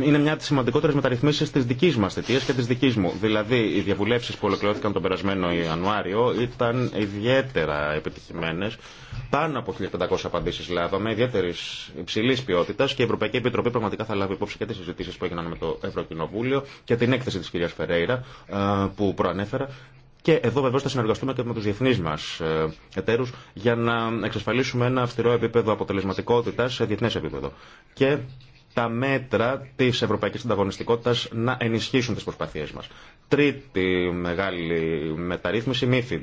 είναι μια από τι σημαντικότερε μεταρρυθμίσει τη δική μα θητεία και τη δική μου. Δηλαδή, οι διαβουλεύσει που ολοκληρώθηκαν τον περασμένο Ιανουάριο ήταν ιδιαίτερα επιτυχημένε. Πάνω από 1.500 απαντήσει λάβαμε, ιδιαίτερη υψηλή ποιότητα και η Ευρωπαϊκή Επιτροπή πραγματικά θα λάβει υπόψη και τι συζητήσει που έγιναν με το Ευρωκοινοβούλιο και την έκθεση τη κ. Φερέιρα ε, που προανέφερα και εδώ βεβαίω θα συνεργαστούμε και με του διεθνεί μα ε, εταίρου για να εξασφαλίσουμε ένα αυστηρό επίπεδο αποτελεσματικότητα σε διεθνέ επίπεδο. Και τα μέτρα τη ευρωπαϊκή ανταγωνιστικότητα να ενισχύσουν τι προσπαθίε μα. Τρίτη μεγάλη μεταρρύθμιση, MIFID.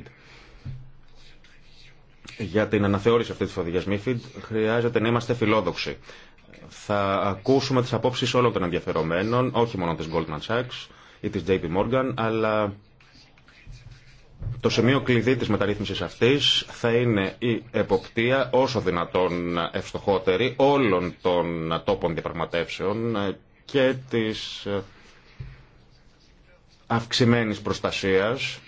Για την αναθεώρηση αυτή τη οδηγία MIFID χρειάζεται να είμαστε φιλόδοξοι. Θα ακούσουμε τι απόψει όλων των ενδιαφερομένων, όχι μόνο τη Goldman Sachs ή τη JP Morgan, αλλά το σημείο κλειδί της μεταρρύθμισης αυτής θα είναι η εποπτεία όσο δυνατόν ευστοχότερη όλων των τόπων διαπραγματεύσεων και της ε, αυξημένης προστασίας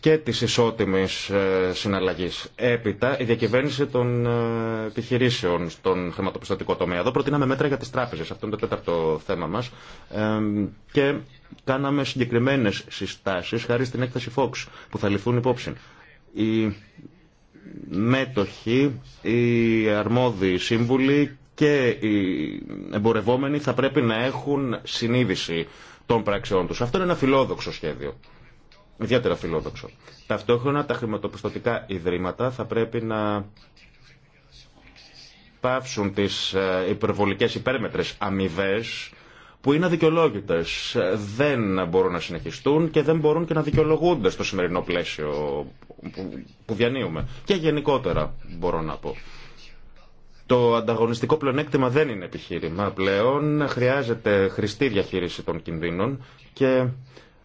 και της ισότιμης ε, συναλλαγής. Έπειτα, η διακυβέρνηση των ε, επιχειρήσεων στον χρηματοπιστωτικό τομέα. Εδώ προτείναμε μέτρα για τις τράπεζες. Αυτό είναι το τέταρτο θέμα μας. Και κάναμε συγκεκριμένε συστάσει χάρη στην έκθεση Fox που θα ληφθούν υπόψη. Οι μέτοχοι, οι αρμόδιοι σύμβουλοι και οι εμπορευόμενοι θα πρέπει να έχουν συνείδηση των πράξεών τους. Αυτό είναι ένα φιλόδοξο σχέδιο. Ιδιαίτερα φιλόδοξο. Ταυτόχρονα τα χρηματοπιστωτικά ιδρύματα θα πρέπει να πάψουν τις ε, υπερβολικές υπέρμετρες αμοιβέ που είναι αδικαιολόγητε. Ε, δεν μπορούν να συνεχιστούν και δεν μπορούν και να δικαιολογούνται στο σημερινό πλαίσιο που διανύουμε. Και γενικότερα μπορώ να πω. Το ανταγωνιστικό πλεονέκτημα δεν είναι επιχείρημα πλέον. Χρειάζεται χρηστή διαχείριση των κινδύνων και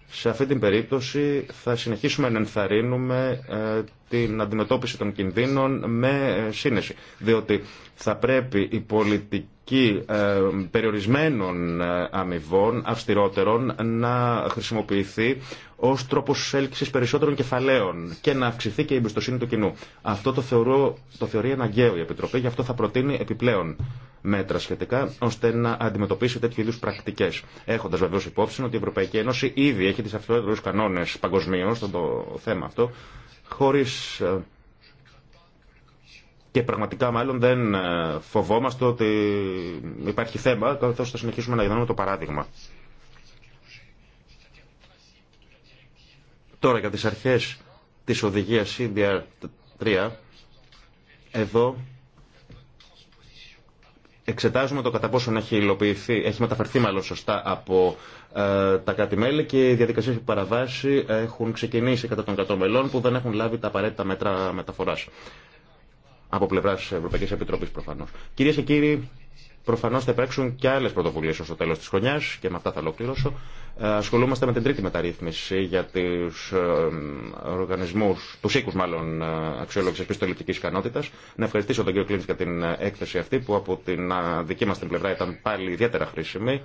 σε αυτή την περίπτωση θα συνεχίσουμε να ενθαρρύνουμε ε, την αντιμετώπιση των κινδύνων με ε, σύνεση. Διότι θα πρέπει η πολιτική και ε, περιορισμένων ε, αμοιβών, αυστηρότερων, να χρησιμοποιηθεί ω τρόπο έλξη περισσότερων κεφαλαίων και να αυξηθεί και η εμπιστοσύνη του κοινού. Αυτό το, θεωρώ, το θεωρεί αναγκαίο η Επιτροπή, γι' αυτό θα προτείνει επιπλέον μέτρα σχετικά, ώστε να αντιμετωπίσει τέτοιου είδου πρακτικέ. Έχοντα βεβαίω υπόψη ότι η Ευρωπαϊκή Ένωση ήδη έχει τι κανόνε παγκοσμίω στο θέμα αυτό, χωρί ε, και πραγματικά μάλλον δεν ε, φοβόμαστε ότι υπάρχει θέμα, καθώς θα συνεχίσουμε να γινώνουμε το παράδειγμα. Τώρα για τις αρχές της οδηγίας CDR3, εδώ εξετάζουμε το κατά πόσον έχει υλοποιηθεί, έχει μεταφερθεί μάλλον σωστά από ε, τα κάτι μέλη και οι διαδικασίες που παραβάσει έχουν ξεκινήσει κατά των 100 μελών που δεν έχουν λάβει τα απαραίτητα μέτρα μεταφοράς από πλευρά τη Ευρωπαϊκή Επιτροπή προφανώ. Κυρίε και κύριοι, προφανώ θα υπάρξουν και άλλε πρωτοβουλίε ω το τέλο τη χρονιά και με αυτά θα ολοκληρώσω. Ε, ασχολούμαστε με την τρίτη μεταρρύθμιση για του ε, οργανισμού, του οίκου μάλλον ε, αξιολόγηση πιστοληπτική ικανότητα. Να ευχαριστήσω τον κύριο Κλίντ για την έκθεση αυτή που από την δική μα την πλευρά ήταν πάλι ιδιαίτερα χρήσιμη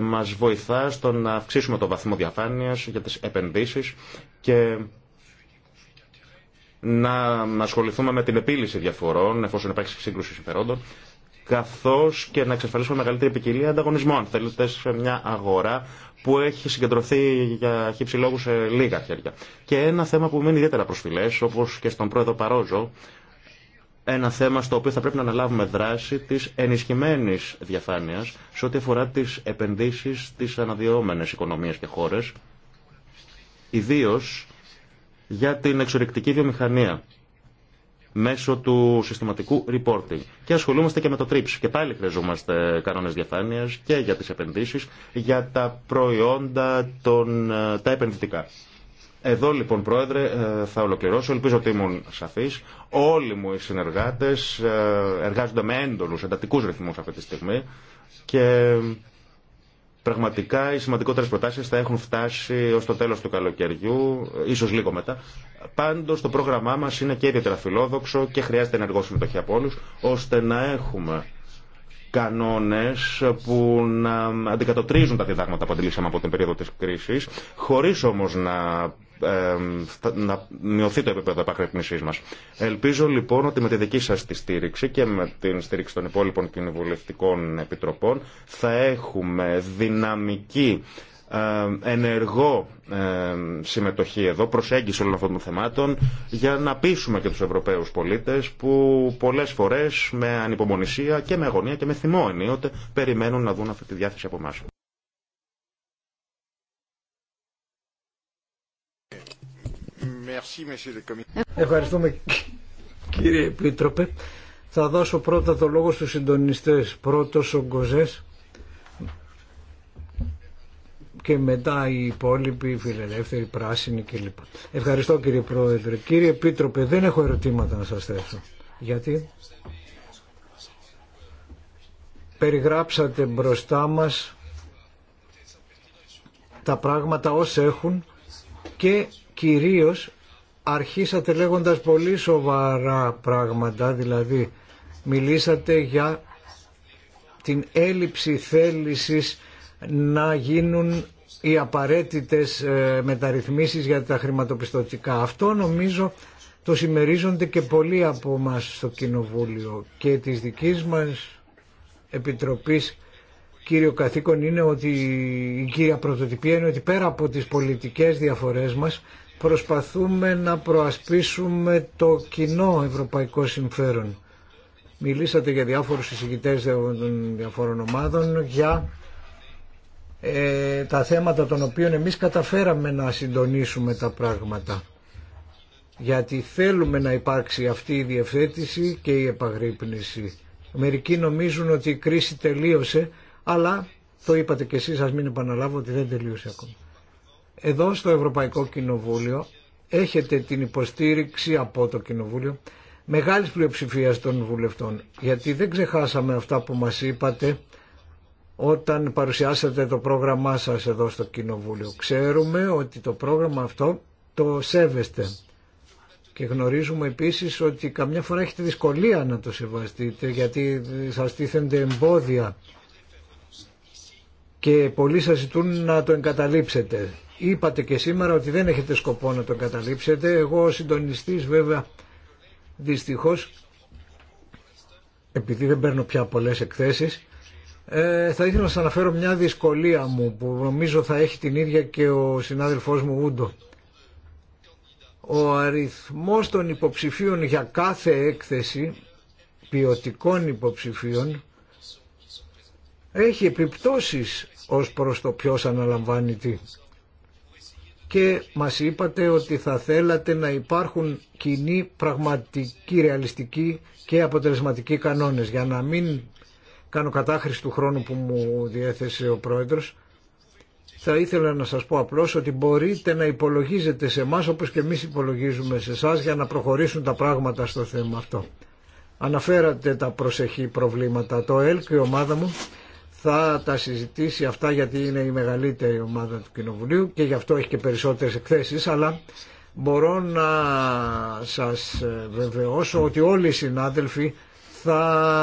Μα βοηθά στο να αυξήσουμε το βαθμό διαφάνεια, για τι επενδύσει και να ασχοληθούμε με την επίλυση διαφορών, εφόσον υπάρχει σύγκρουση συμφερόντων, καθώ και να εξασφαλίσουμε μεγαλύτερη ποικιλία ανταγωνισμών. Αν θέλετε, σε μια αγορά που έχει συγκεντρωθεί για χύψη λόγου σε λίγα χέρια. Και ένα θέμα που μείνει ιδιαίτερα προσφυλέ, όπω και στον πρόεδρο Παρόζο, ένα θέμα στο οποίο θα πρέπει να αναλάβουμε δράση τη ενισχυμένη διαφάνεια σε ό,τι αφορά τι επενδύσει στι αναδυόμενε οικονομίε και χώρε, ιδίω για την εξορρυκτική βιομηχανία μέσω του συστηματικού reporting. Και ασχολούμαστε και με το TRIPS. Και πάλι χρειαζόμαστε κανόνε διαφάνεια και για τι επενδύσει, για τα προϊόντα, των, ε, τα επενδυτικά. Εδώ λοιπόν, Πρόεδρε, ε, θα ολοκληρώσω. Ελπίζω ότι ήμουν σαφή. Όλοι μου οι συνεργάτε ε, εργάζονται με έντονου, εντατικού ρυθμού αυτή τη στιγμή. Και Πραγματικά οι σημαντικότερε προτάσει θα έχουν φτάσει ω το τέλο του καλοκαιριού, ίσω λίγο μετά. Πάντω το πρόγραμμά μα είναι και ιδιαίτερα φιλόδοξο και χρειάζεται ενεργό συμμετοχή από όλου, ώστε να έχουμε κανόνες που να αντικατοπτρίζουν τα διδάγματα που αντιλήσαμε από την περίοδο της κρίσης, χωρίς όμως να να μειωθεί το επίπεδο επακρεπνήσής μας. Ελπίζω λοιπόν ότι με τη δική σας τη στήριξη και με τη στήριξη των υπόλοιπων κοινοβουλευτικών επιτροπών θα έχουμε δυναμική ενεργό συμμετοχή εδώ, προσέγγιση όλων αυτών των θεμάτων για να πείσουμε και τους Ευρωπαίους πολίτες που πολλές φορές με ανυπομονησία και με αγωνία και με θυμό ενίοτε περιμένουν να δουν αυτή τη διάθεση από εμάς. Ευχαριστούμε κύριε Επίτροπε. Θα δώσω πρώτα το λόγο στους συντονιστές. Πρώτος ο Γκοζές και μετά οι υπόλοιποι, φιλελεύθεροι, πράσινοι κλπ. Ευχαριστώ κύριε Πρόεδρε. Κύριε Επίτροπε, δεν έχω ερωτήματα να σας θέσω. Γιατί περιγράψατε μπροστά μας τα πράγματα όσα έχουν και κυρίως αρχίσατε λέγοντας πολύ σοβαρά πράγματα, δηλαδή μιλήσατε για την έλλειψη θέλησης να γίνουν οι απαραίτητες ε, μεταρρυθμίσεις για τα χρηματοπιστωτικά. Αυτό νομίζω το συμμερίζονται και πολλοί από μας στο Κοινοβούλιο και της δικής μας Επιτροπής κύριο καθήκον είναι ότι η κύρια πρωτοτυπία είναι ότι πέρα από τις πολιτικές διαφορές μας προσπαθούμε να προασπίσουμε το κοινό ευρωπαϊκό συμφέρον. Μιλήσατε για διάφορους συζητητές των διαφόρων ομάδων για ε, τα θέματα των οποίων εμείς καταφέραμε να συντονίσουμε τα πράγματα. Γιατί θέλουμε να υπάρξει αυτή η διευθέτηση και η επαγρύπνηση. Μερικοί νομίζουν ότι η κρίση τελείωσε, αλλά το είπατε κι εσείς, ας μην επαναλάβω ότι δεν τελείωσε ακόμα εδώ στο Ευρωπαϊκό Κοινοβούλιο έχετε την υποστήριξη από το Κοινοβούλιο μεγάλης πλειοψηφίας των βουλευτών γιατί δεν ξεχάσαμε αυτά που μας είπατε όταν παρουσιάσατε το πρόγραμμά σας εδώ στο Κοινοβούλιο. Ξέρουμε ότι το πρόγραμμα αυτό το σέβεστε και γνωρίζουμε επίσης ότι καμιά φορά έχετε δυσκολία να το σεβαστείτε γιατί σας τίθενται εμπόδια και πολλοί σας ζητούν να το εγκαταλείψετε είπατε και σήμερα ότι δεν έχετε σκοπό να τον καταλήψετε. Εγώ ο συντονιστής βέβαια δυστυχώς επειδή δεν παίρνω πια πολλές εκθέσεις ε, θα ήθελα να σας αναφέρω μια δυσκολία μου που νομίζω θα έχει την ίδια και ο συνάδελφός μου Ούντο. Ο αριθμός των υποψηφίων για κάθε έκθεση ποιοτικών υποψηφίων έχει επιπτώσεις ως προς το ποιος αναλαμβάνει τι και μας είπατε ότι θα θέλατε να υπάρχουν κοινοί πραγματικοί, ρεαλιστικοί και αποτελεσματικοί κανόνες. Για να μην κάνω κατάχρηση του χρόνου που μου διέθεσε ο Πρόεδρος, θα ήθελα να σας πω απλώς ότι μπορείτε να υπολογίζετε σε εμά όπως και εμείς υπολογίζουμε σε εσά για να προχωρήσουν τα πράγματα στο θέμα αυτό. Αναφέρατε τα προσεχή προβλήματα. Το ΕΛ η ομάδα μου θα τα συζητήσει αυτά γιατί είναι η μεγαλύτερη ομάδα του Κοινοβουλίου και γι' αυτό έχει και περισσότερες εκθέσεις αλλά μπορώ να σας βεβαιώσω ότι όλοι οι συνάδελφοι θα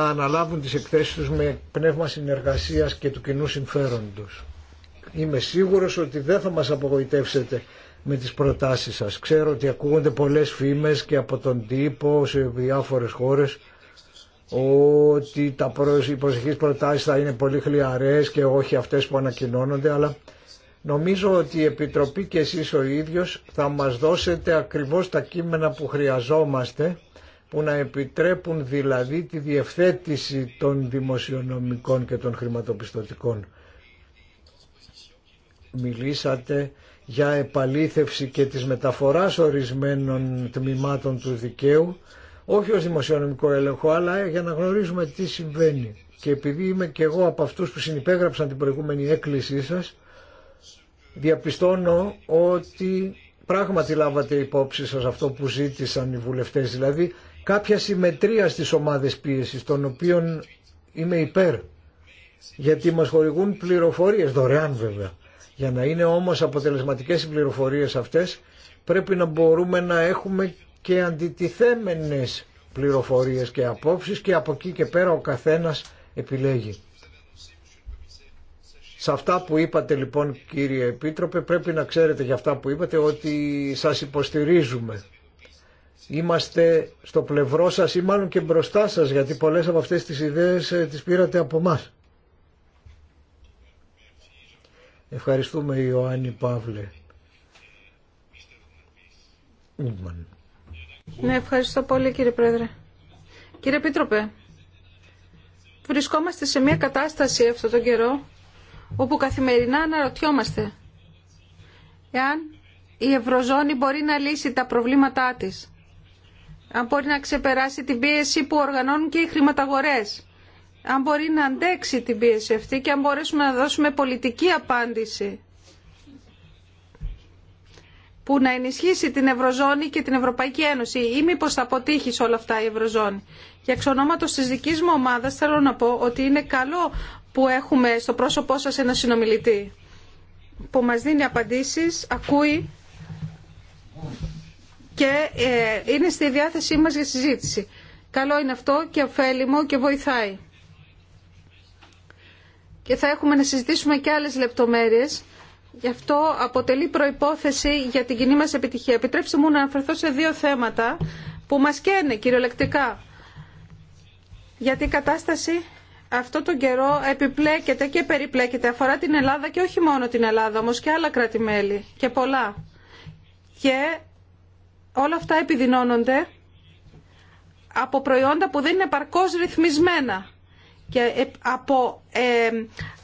αναλάβουν τις εκθέσεις τους με πνεύμα συνεργασίας και του κοινού συμφέροντος. Είμαι σίγουρος ότι δεν θα μας απογοητεύσετε με τις προτάσεις σας. Ξέρω ότι ακούγονται πολλές φήμες και από τον τύπο σε διάφορες χώρες ότι τα προσ... οι προσεχείς προτάσεις θα είναι πολύ χλιαρές και όχι αυτές που ανακοινώνονται, αλλά νομίζω ότι η Επιτροπή και εσείς ο ίδιος θα μας δώσετε ακριβώς τα κείμενα που χρειαζόμαστε, που να επιτρέπουν δηλαδή τη διευθέτηση των δημοσιονομικών και των χρηματοπιστωτικών. Μιλήσατε για επαλήθευση και της μεταφοράς ορισμένων τμήματων του δικαίου, όχι ως δημοσιονομικό έλεγχο, αλλά για να γνωρίζουμε τι συμβαίνει. Και επειδή είμαι και εγώ από αυτούς που συνυπέγραψαν την προηγούμενη έκκλησή σας, διαπιστώνω ότι πράγματι λάβατε υπόψη σας αυτό που ζήτησαν οι βουλευτές, δηλαδή κάποια συμμετρία στις ομάδες πίεσης, των οποίων είμαι υπέρ, γιατί μας χορηγούν πληροφορίες, δωρεάν βέβαια. Για να είναι όμως αποτελεσματικές οι πληροφορίες αυτές, πρέπει να μπορούμε να έχουμε και αντιτιθέμενες πληροφορίες και απόψεις και από εκεί και πέρα ο καθένας επιλέγει. Σε αυτά που είπατε λοιπόν κύριε Επίτροπε πρέπει να ξέρετε για αυτά που είπατε ότι σας υποστηρίζουμε. Είμαστε στο πλευρό σας ή μάλλον και μπροστά σας γιατί πολλές από αυτές τις ιδέες ε, τις πήρατε από μας. Ευχαριστούμε Ιωάννη Παύλε. Ναι, ευχαριστώ πολύ κύριε Πρόεδρε. Κύριε Πίτροπε, βρισκόμαστε σε μια κατάσταση αυτόν τον καιρό όπου καθημερινά αναρωτιόμαστε εάν η Ευρωζώνη μπορεί να λύσει τα προβλήματά της, αν μπορεί να ξεπεράσει την πίεση που οργανώνουν και οι χρηματαγορές, αν μπορεί να αντέξει την πίεση αυτή και αν μπορέσουμε να δώσουμε πολιτική απάντηση που να ενισχύσει την Ευρωζώνη και την Ευρωπαϊκή Ένωση ή μήπω θα αποτύχει σε όλα αυτά η Ευρωζώνη. Για εξ ονόματο της δική μου ομάδα, θέλω να πω ότι είναι καλό που έχουμε στο πρόσωπό σας ένα συνομιλητή που μας δίνει απαντήσεις, ακούει και ε, είναι στη διάθεσή μας για συζήτηση. Καλό είναι αυτό και ωφέλιμο και βοηθάει. Και θα έχουμε να συζητήσουμε και άλλες λεπτομέρειες Γι' αυτό αποτελεί προϋπόθεση για την κοινή μας επιτυχία. Επιτρέψτε μου να αναφερθώ σε δύο θέματα που μας καίνε κυριολεκτικά. Γιατί η κατάσταση αυτό τον καιρό επιπλέκεται και περιπλέκεται. Αφορά την Ελλάδα και όχι μόνο την Ελλάδα, όμως και άλλα κράτη-μέλη και πολλά. Και όλα αυτά επιδεινώνονται από προϊόντα που δεν είναι παρκώς ρυθμισμένα και ε, από ε,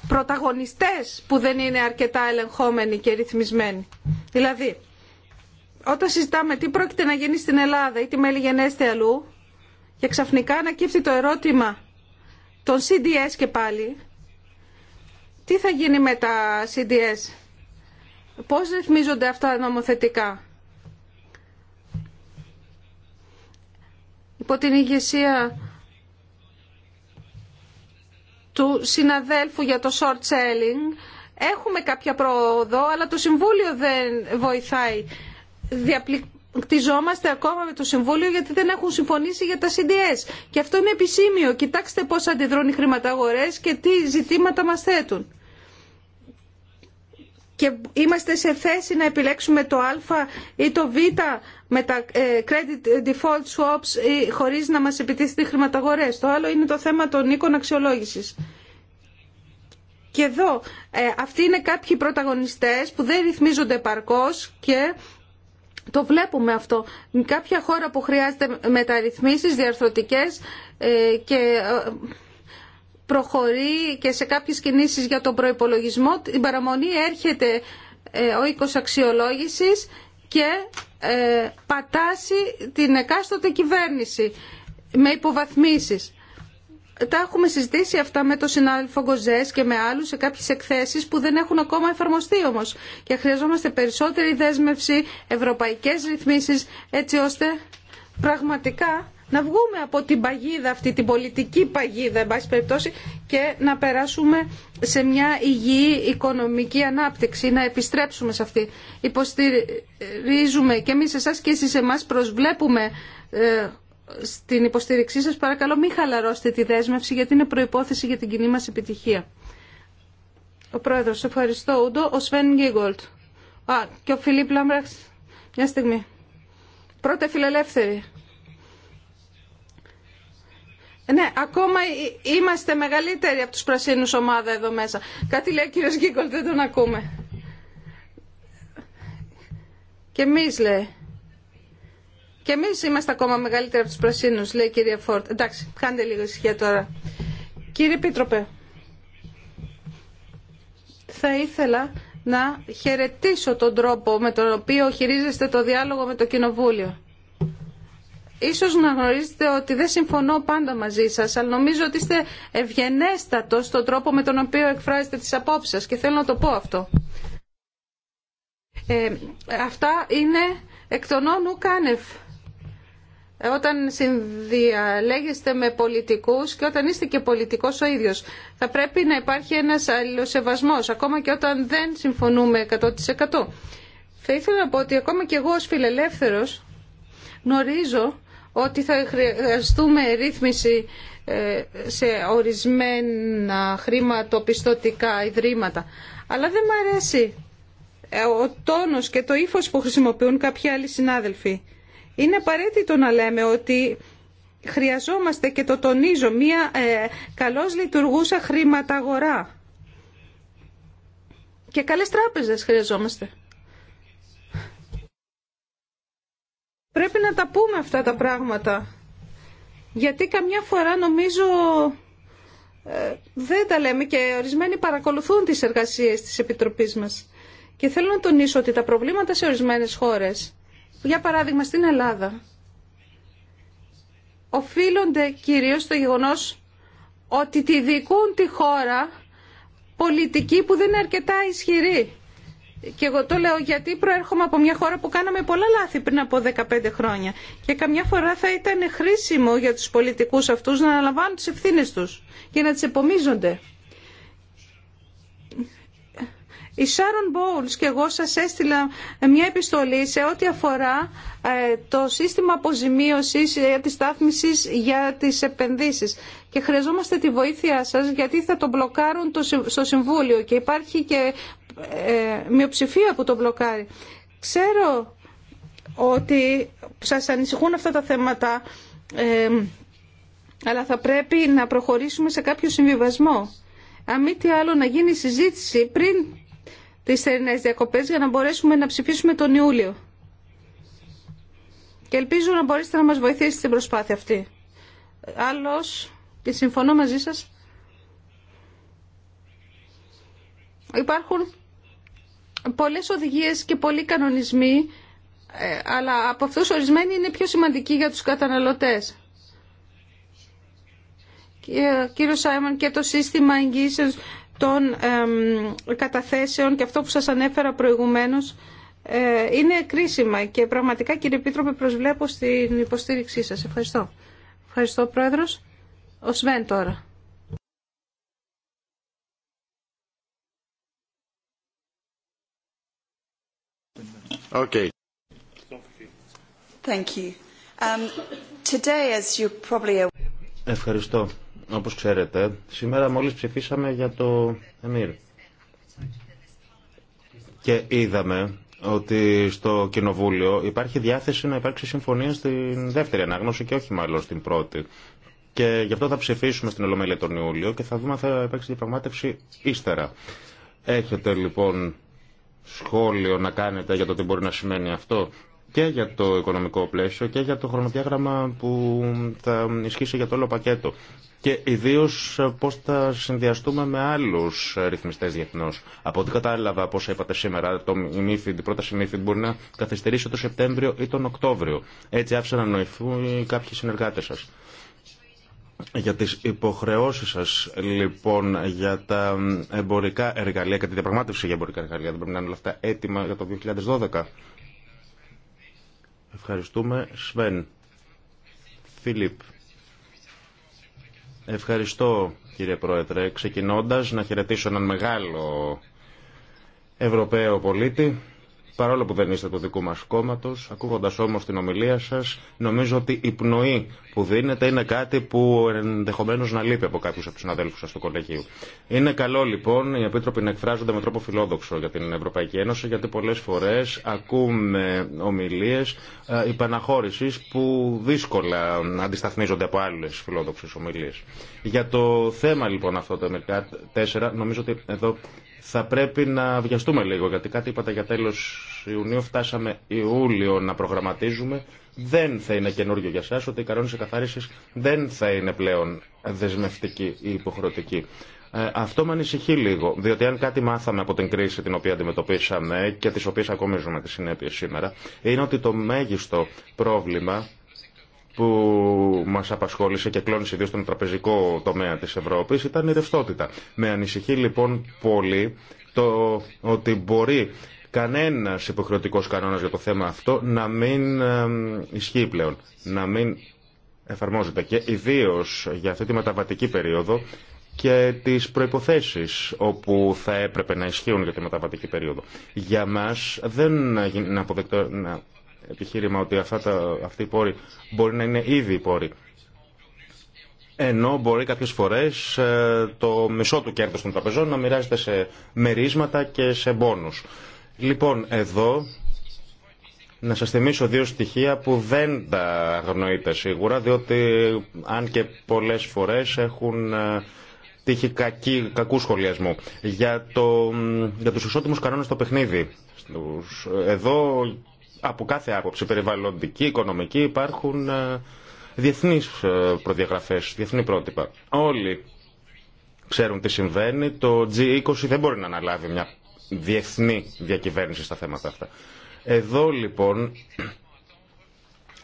πρωταγωνιστές που δεν είναι αρκετά ελεγχόμενοι και ρυθμισμένοι. Δηλαδή, όταν συζητάμε τι πρόκειται να γίνει στην Ελλάδα ή τι μέλη γενέστε αλλού και ξαφνικά ανακύφτει το ερώτημα των CDS και πάλι, τι θα γίνει με τα CDS, πώς ρυθμίζονται αυτά νομοθετικά. Υπό την ηγεσία του συναδέλφου για το short selling έχουμε κάποια πρόοδο, αλλά το Συμβούλιο δεν βοηθάει. Διαπληκτιζόμαστε ακόμα με το Συμβούλιο γιατί δεν έχουν συμφωνήσει για τα CDS. Και αυτό είναι επισήμιο. Κοιτάξτε πώς αντιδρώνει οι χρηματαγορές και τι ζητήματα μας θέτουν και είμαστε σε θέση να επιλέξουμε το α ή το β με τα ε, credit default swaps ή χωρίς να μας επιτίθεται χρηματαγορές. Το άλλο είναι το θέμα των οίκων αξιολόγησης. Και εδώ ε, αυτοί είναι κάποιοι πρωταγωνιστές που δεν ρυθμίζονται παρκώς και το βλέπουμε αυτό. Κάποια χώρα που χρειάζεται μεταρρυθμίσεις διαρθρωτικές ε, και προχωρεί και σε κάποιες κινήσεις για τον προϋπολογισμό. Την παραμονή έρχεται ε, ο οίκος αξιολόγησης και ε, πατάσει την εκάστοτε κυβέρνηση με υποβαθμίσεις. Τα έχουμε συζητήσει αυτά με τον συνάδελφο Γκοζές και με άλλους σε κάποιες εκθέσεις που δεν έχουν ακόμα εφαρμοστεί όμως. Και χρειαζόμαστε περισσότερη δέσμευση, ευρωπαϊκές ρυθμίσεις έτσι ώστε πραγματικά να βγούμε από την παγίδα αυτή, την πολιτική παγίδα, εν πάση περιπτώσει, και να περάσουμε σε μια υγιή οικονομική ανάπτυξη, να επιστρέψουμε σε αυτή. Υποστηρίζουμε και εμείς εσάς και εσείς εμάς προσβλέπουμε ε, στην υποστήριξή σας. Παρακαλώ μην χαλαρώσετε τη δέσμευση γιατί είναι προϋπόθεση για την κοινή μας επιτυχία. Ο Πρόεδρος, ευχαριστώ Ούντο. Ο Σβέν Γκίγκολτ. Α, και ο Φιλίπ Λαμπράξ. Μια στιγμή. Πρώτα φιλελεύθερη. Ναι, ακόμα είμαστε μεγαλύτεροι από τους πρασίνους ομάδα εδώ μέσα. Κάτι λέει ο κύριος Γκίγκολ, δεν τον ακούμε. Και εμείς λέει. Και εμείς είμαστε ακόμα μεγαλύτεροι από τους πρασίνους, λέει η κυρία Φόρτ. Εντάξει, κάντε λίγο ησυχία τώρα. Κύριε Πίτροπε, θα ήθελα να χαιρετήσω τον τρόπο με τον οποίο χειρίζεστε το διάλογο με το Κοινοβούλιο. Ίσως να γνωρίζετε ότι δεν συμφωνώ πάντα μαζί σας, αλλά νομίζω ότι είστε ευγενέστατος στον τρόπο με τον οποίο εκφράζετε τις απόψεις σας και θέλω να το πω αυτό. Ε, αυτά είναι εκ των όνου κάνευ. Ε, όταν συνδιαλέγεστε με πολιτικούς και όταν είστε και πολιτικός ο ίδιος, θα πρέπει να υπάρχει ένας αλληλοσεβασμός, ακόμα και όταν δεν συμφωνούμε 100%. Θα ήθελα να πω ότι ακόμα και εγώ ως φιλελεύθερος γνωρίζω ότι θα χρειαστούμε ρύθμιση ε, σε ορισμένα χρηματοπιστωτικά ιδρύματα. Αλλά δεν μου αρέσει ε, ο τόνος και το ύφος που χρησιμοποιούν κάποιοι άλλοι συνάδελφοι. Είναι απαραίτητο να λέμε ότι χρειαζόμαστε και το τονίζω μία ε, καλώς λειτουργούσα χρηματαγορά. Και καλές τράπεζες χρειαζόμαστε. Πρέπει να τα πούμε αυτά τα πράγματα. Γιατί καμιά φορά νομίζω ε, δεν τα λέμε και ορισμένοι παρακολουθούν τις εργασίες της Επιτροπής μας. Και θέλω να τονίσω ότι τα προβλήματα σε ορισμένες χώρες, για παράδειγμα στην Ελλάδα, οφείλονται κυρίως στο γεγονός ότι τη δικούν τη χώρα πολιτική που δεν είναι αρκετά ισχυρή. Και εγώ το λέω γιατί προέρχομαι από μια χώρα που κάναμε πολλά λάθη πριν από 15 χρόνια. Και καμιά φορά θα ήταν χρήσιμο για τους πολιτικούς αυτούς να αναλαμβάνουν τις ευθύνες τους και να τις επομίζονται. Η Sharon Bowles και εγώ σας έστειλα μια επιστολή σε ό,τι αφορά ε, το σύστημα αποζημίωσης ε, της στάθμισης για τις επενδύσεις. Και χρειαζόμαστε τη βοήθειά σας γιατί θα το μπλοκάρουν στο Συμβούλιο και υπάρχει και ε, μειοψηφία που το μπλοκάρει. Ξέρω ότι σας ανησυχούν αυτά τα θέματα, αλλά θα πρέπει να προχωρήσουμε σε κάποιο συμβιβασμό αν μη τι άλλο να γίνει συζήτηση πριν τις θερινές διακοπές για να μπορέσουμε να ψηφίσουμε τον Ιούλιο. Και ελπίζω να μπορέσετε να μας βοηθήσετε στην προσπάθεια αυτή. Άλλος, και συμφωνώ μαζί σας, υπάρχουν πολλές οδηγίες και πολλοί κανονισμοί, ε, αλλά από αυτούς ορισμένοι είναι πιο σημαντικοί για τους καταναλωτές. Κύριο Σάιμον, και το σύστημα εγγύησεως των καταθέσεων και αυτό που σας ανέφερα προηγουμένως ε, είναι κρίσιμα και πραγματικά κύριε Επίτροπε προσβλέπω στην υποστήριξή σας. Ευχαριστώ. Ευχαριστώ Πρόεδρος. Ο Σβέν τώρα. Okay. Thank you. Um, today, as you probably... Ευχαριστώ. Όπως ξέρετε, σήμερα μόλις ψηφίσαμε για το ΕΜΙΡ. Και είδαμε ότι στο Κοινοβούλιο υπάρχει διάθεση να υπάρξει συμφωνία στην δεύτερη ανάγνωση και όχι μάλλον στην πρώτη. Και γι' αυτό θα ψηφίσουμε στην Ολομέλεια τον Ιούλιο και θα δούμε αν θα υπάρξει διαπραγμάτευση ύστερα. Έχετε λοιπόν σχόλιο να κάνετε για το τι μπορεί να σημαίνει αυτό και για το οικονομικό πλαίσιο και για το χρονοδιάγραμμα που θα ισχύσει για το όλο πακέτο. Και ιδίω πώ θα συνδυαστούμε με άλλου ρυθμιστέ διεθνώ. Από ό,τι κατάλαβα, όπω είπατε σήμερα, το MIFID, η πρόταση MIFID μπορεί να καθυστερήσει το Σεπτέμβριο ή τον Οκτώβριο. Έτσι άφησαν να νοηθούν κάποιοι συνεργάτε σα. Για τις υποχρεώσεις σας, λοιπόν, για τα εμπορικά εργαλεία και τη διαπραγμάτευση για εμπορικά εργαλεία, δεν πρέπει να είναι όλα αυτά έτοιμα για το 2012. Ευχαριστούμε. Σβέν. Φίλιπ. Ευχαριστώ κύριε Πρόεδρε. Ξεκινώντας να χαιρετήσω έναν μεγάλο Ευρωπαίο πολίτη παρόλο που δεν είστε του δικού μας κόμματος, ακούγοντας όμως την ομιλία σας, νομίζω ότι η πνοή που δίνετε είναι κάτι που ενδεχομένως να λείπει από κάποιους από τους συναδέλφους σας του κολεγίου. Είναι καλό λοιπόν οι επίτροποι να εκφράζονται με τρόπο φιλόδοξο για την Ευρωπαϊκή Ένωση, γιατί πολλές φορές ακούμε ομιλίες ε, υπαναχώρησης που δύσκολα αντισταθμίζονται από άλλες φιλόδοξες ομιλίες. Για το θέμα λοιπόν αυτό το ΕΜΕΚΑΤ 4, νομίζω ότι εδώ θα πρέπει να βιαστούμε λίγο, γιατί κάτι είπατε για τέλος Ιουνίου, φτάσαμε Ιούλιο να προγραμματίζουμε. Δεν θα είναι καινούριο για σας ότι οι κανόνες εκαθάρισης δεν θα είναι πλέον δεσμευτική ή υποχρεωτικοί. Ε, αυτό με ανησυχεί λίγο, διότι αν κάτι μάθαμε από την κρίση την οποία αντιμετωπίσαμε και τις οποίες ακόμη ζούμε τις συνέπειες σήμερα, είναι ότι το μέγιστο πρόβλημα που μα απασχόλησε και κλώνησε ιδίω στον τραπεζικό τομέα της Ευρώπης ήταν η ρευστότητα. Με ανησυχεί λοιπόν πολύ το ότι μπορεί κανένα υποχρεωτικό κανόνας για το θέμα αυτό να μην ισχύει πλέον, να μην εφαρμόζεται και ιδίω για αυτή τη μεταβατική περίοδο και τις προϋποθέσεις όπου θα έπρεπε να ισχύουν για τη μεταβατική περίοδο. Για μας δεν είναι αποδεκτό να επιχείρημα ότι αυτά τα, αυτοί οι μπορεί να είναι ήδη πόροι. Ενώ μπορεί κάποιες φορές ε, το μισό του κέρδος των τραπεζών να μοιράζεται σε μερίσματα και σε μπόνους. Λοιπόν, εδώ να σας θυμίσω δύο στοιχεία που δεν τα αγνοείτε σίγουρα, διότι αν και πολλές φορές έχουν ε, τύχει κακή, κακού σχολιασμού. Για, το, για τους ισότιμους κανόνες στο παιχνίδι. Ε, εδώ από κάθε άποψη, περιβαλλοντική, οικονομική, υπάρχουν ε, διεθνεί ε, προδιαγραφέ, διεθνή πρότυπα. Όλοι ξέρουν τι συμβαίνει. Το G20 δεν μπορεί να αναλάβει μια διεθνή διακυβέρνηση στα θέματα αυτά. Εδώ λοιπόν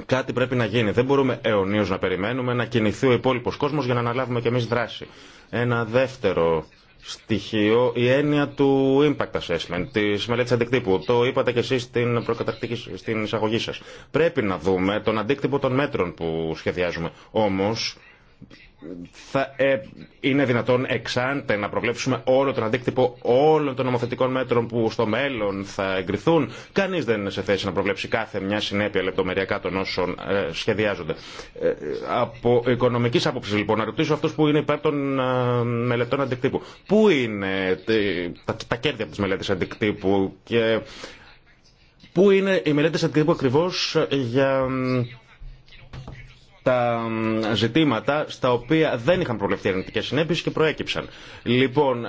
κάτι πρέπει να γίνει. Δεν μπορούμε αιωνίως να περιμένουμε να κινηθεί ο υπόλοιπο κόσμος για να αναλάβουμε κι εμείς δράση. Ένα δεύτερο στοιχείο η έννοια του impact assessment, τη μελέτη αντικτύπου. Το είπατε και εσεί στην προκαταρκτική στην εισαγωγή σα. Πρέπει να δούμε τον αντίκτυπο των μέτρων που σχεδιάζουμε. Όμω, θα ε, είναι δυνατόν εξάντε να προβλέψουμε όλο τον αντίκτυπο όλων των νομοθετικών μέτρων που στο μέλλον θα εγκριθούν. Κανεί δεν είναι σε θέση να προβλέψει κάθε μια συνέπεια λεπτομεριακά των όσων ε, σχεδιάζονται. Ε, από οικονομική άποψη, λοιπόν, να ρωτήσω αυτού που είναι υπέρ των μελετών αντικτύπου. Πού είναι τα, τα κέρδη από τι μελέτε αντικτύπου και πού είναι οι μελέτε αντικτύπου ακριβώ για τα ζητήματα στα οποία δεν είχαν προβλεφθεί αρνητικέ συνέπειε και προέκυψαν. Λοιπόν,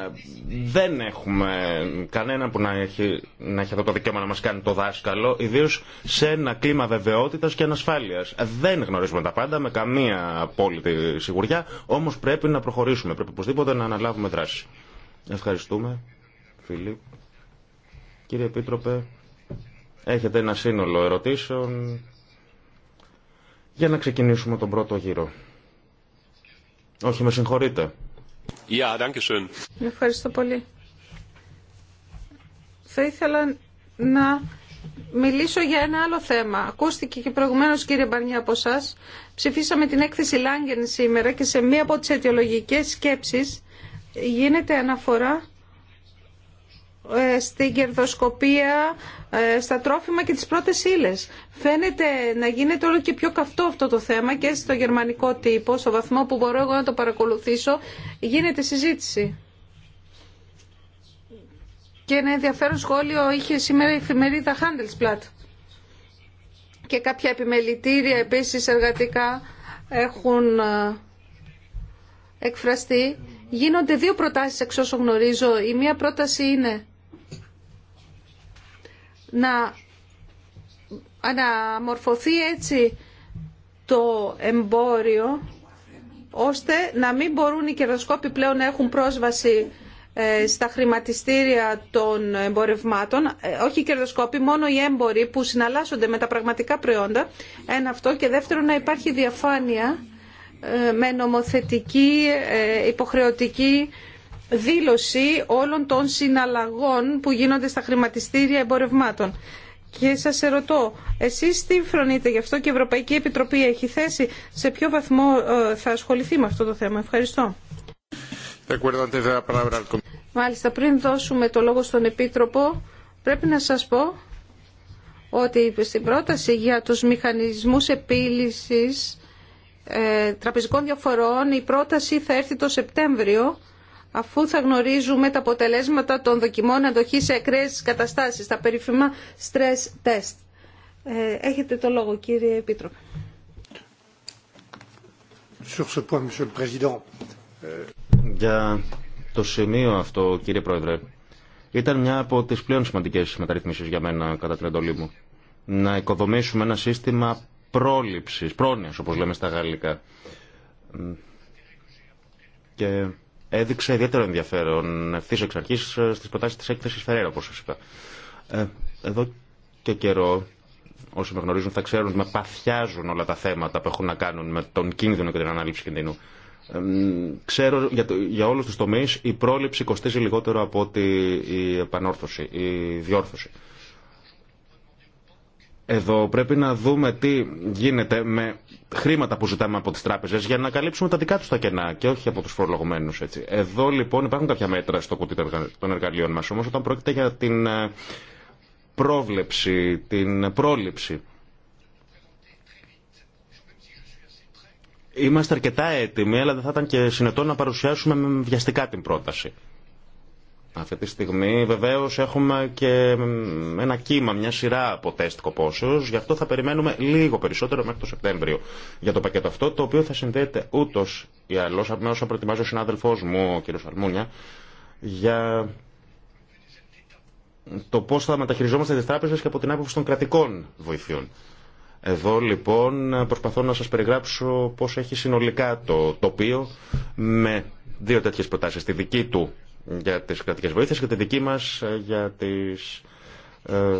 δεν έχουμε κανέναν που να έχει, να έχει αυτό το δικαίωμα να μα κάνει το δάσκαλο, ιδίω σε ένα κλίμα βεβαιότητα και ανασφάλεια. Δεν γνωρίζουμε τα πάντα με καμία απόλυτη σιγουριά, όμω πρέπει να προχωρήσουμε. Πρέπει οπωσδήποτε να αναλάβουμε δράση. Ευχαριστούμε, Φίλιπ. Κύριε Επίτροπε, έχετε ένα σύνολο ερωτήσεων για να ξεκινήσουμε τον πρώτο γύρο. Όχι, με συγχωρείτε. danke schön. Ευχαριστώ πολύ. Θα ήθελα να μιλήσω για ένα άλλο θέμα. Ακούστηκε και προηγουμένως κύριε Μπαρνιά από εσά. Ψηφίσαμε την έκθεση Λάγκεν σήμερα και σε μία από τις αιτιολογικές σκέψεις γίνεται αναφορά ε, στην κερδοσκοπία, ε, στα τρόφιμα και τις πρώτες ύλε. Φαίνεται να γίνεται όλο και πιο καυτό αυτό το θέμα και στο γερμανικό τύπο, στο βαθμό που μπορώ εγώ να το παρακολουθήσω, γίνεται συζήτηση. Και ένα ενδιαφέρον σχόλιο είχε σήμερα η εφημερίδα Handelsblatt. Και κάποια επιμελητήρια επίσης εργατικά έχουν ε, εκφραστεί. Γίνονται δύο προτάσεις εξ όσων γνωρίζω. Η μία πρόταση είναι να αναμορφωθεί έτσι το εμπόριο ώστε να μην μπορούν οι κερδοσκόποι πλέον να έχουν πρόσβαση ε, στα χρηματιστήρια των εμπορευμάτων, ε, όχι οι κερδοσκόποι, μόνο οι έμποροι που συναλλάσσονται με τα πραγματικά προϊόντα. Ένα αυτό και δεύτερο να υπάρχει διαφάνεια ε, με νομοθετική, υποχρεωτική δήλωση όλων των συναλλαγών που γίνονται στα χρηματιστήρια εμπορευμάτων. Και σας ερωτώ, εσείς τι φρονείτε γι' αυτό και η Ευρωπαϊκή Επιτροπή έχει θέση, σε ποιο βαθμό ε, θα ασχοληθεί με αυτό το θέμα. Ευχαριστώ. Μάλιστα, πριν δώσουμε το λόγο στον Επίτροπο, πρέπει να σας πω ότι στην πρόταση για τους μηχανισμούς επίλυσης ε, τραπεζικών διαφορών η πρόταση θα έρθει το Σεπτέμβριο αφού θα γνωρίζουμε τα αποτελέσματα των δοκιμών αντοχής σε ακραίες καταστάσεις, τα περίφημα stress test. Ε, έχετε το λόγο κύριε Επίτροπε. Ε, για το σημείο αυτό κύριε Πρόεδρε, ήταν μια από τις πλέον σημαντικές μεταρρυθμίσεις για μένα κατά την εντολή μου. Να οικοδομήσουμε ένα σύστημα πρόληψης, πρόνοιας όπως λέμε στα γαλλικά έδειξε ιδιαίτερο ενδιαφέρον ευθύ εξ αρχή ε, στι προτάσει τη έκθεση Φεραίρα, όπω σα είπα. Ε, εδώ και καιρό, όσοι με γνωρίζουν θα ξέρουν ότι με παθιάζουν όλα τα θέματα που έχουν να κάνουν με τον κίνδυνο και την ανάληψη κινδύνου. Ε, ξέρω για, το, για όλους τους τομείς η πρόληψη κοστίζει λιγότερο από ότι η επανόρθωση, η διόρθωση. Εδώ πρέπει να δούμε τι γίνεται με χρήματα που ζητάμε από τι τράπεζε για να καλύψουμε τα δικά του τα κενά και όχι από του φορολογουμένου. Εδώ λοιπόν υπάρχουν κάποια μέτρα στο κουτί των εργαλείων μα. Όμω όταν πρόκειται για την ε, πρόβλεψη, την πρόληψη. Είμαστε αρκετά έτοιμοι, αλλά δεν θα ήταν και συνετό να παρουσιάσουμε βιαστικά την πρόταση. Αυτή τη στιγμή βεβαίω έχουμε και ένα κύμα, μια σειρά από τεστ κοπόσεω. Γι' αυτό θα περιμένουμε λίγο περισσότερο μέχρι το Σεπτέμβριο για το πακέτο αυτό, το οποίο θα συνδέεται ούτω ή άλλω με όσα προετοιμάζει ο συνάδελφό μου, ο κ. Αρμούνια, για το πώ θα μεταχειριζόμαστε τι τράπεζε και από την άποψη των κρατικών βοηθειών. Εδώ λοιπόν προσπαθώ να σας περιγράψω πώς έχει συνολικά το τοπίο με δύο τέτοιες προτάσει Τη δική του για τις κρατικές βοήθειες και τη δική μας ε, για τις ε,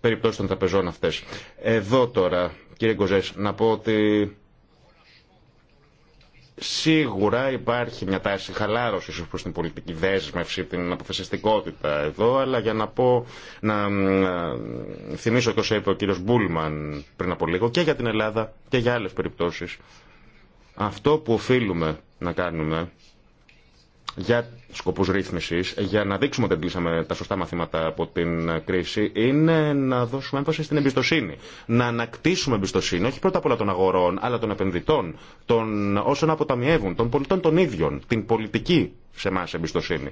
περιπτώσεις των τραπεζών αυτές. Εδώ τώρα, κύριε Γκοζές, να πω ότι σίγουρα υπάρχει μια τάση χαλάρωσης προς την πολιτική δέσμευση, την αποφασιστικότητα εδώ, αλλά για να πω, να, να ε, θυμίσω και όσο είπε ο κύριος Μπούλμαν πριν από λίγο και για την Ελλάδα και για άλλες περιπτώσεις αυτό που οφείλουμε να κάνουμε για σκοπούς ρύθμισης, για να δείξουμε ότι αντλήσαμε τα σωστά μαθήματα από την κρίση, είναι να δώσουμε έμφαση στην εμπιστοσύνη. Να ανακτήσουμε εμπιστοσύνη, όχι πρώτα απ' όλα των αγορών, αλλά των επενδυτών, των όσων αποταμιεύουν, των πολιτών των ίδιων, την πολιτική σε εμά εμπιστοσύνη.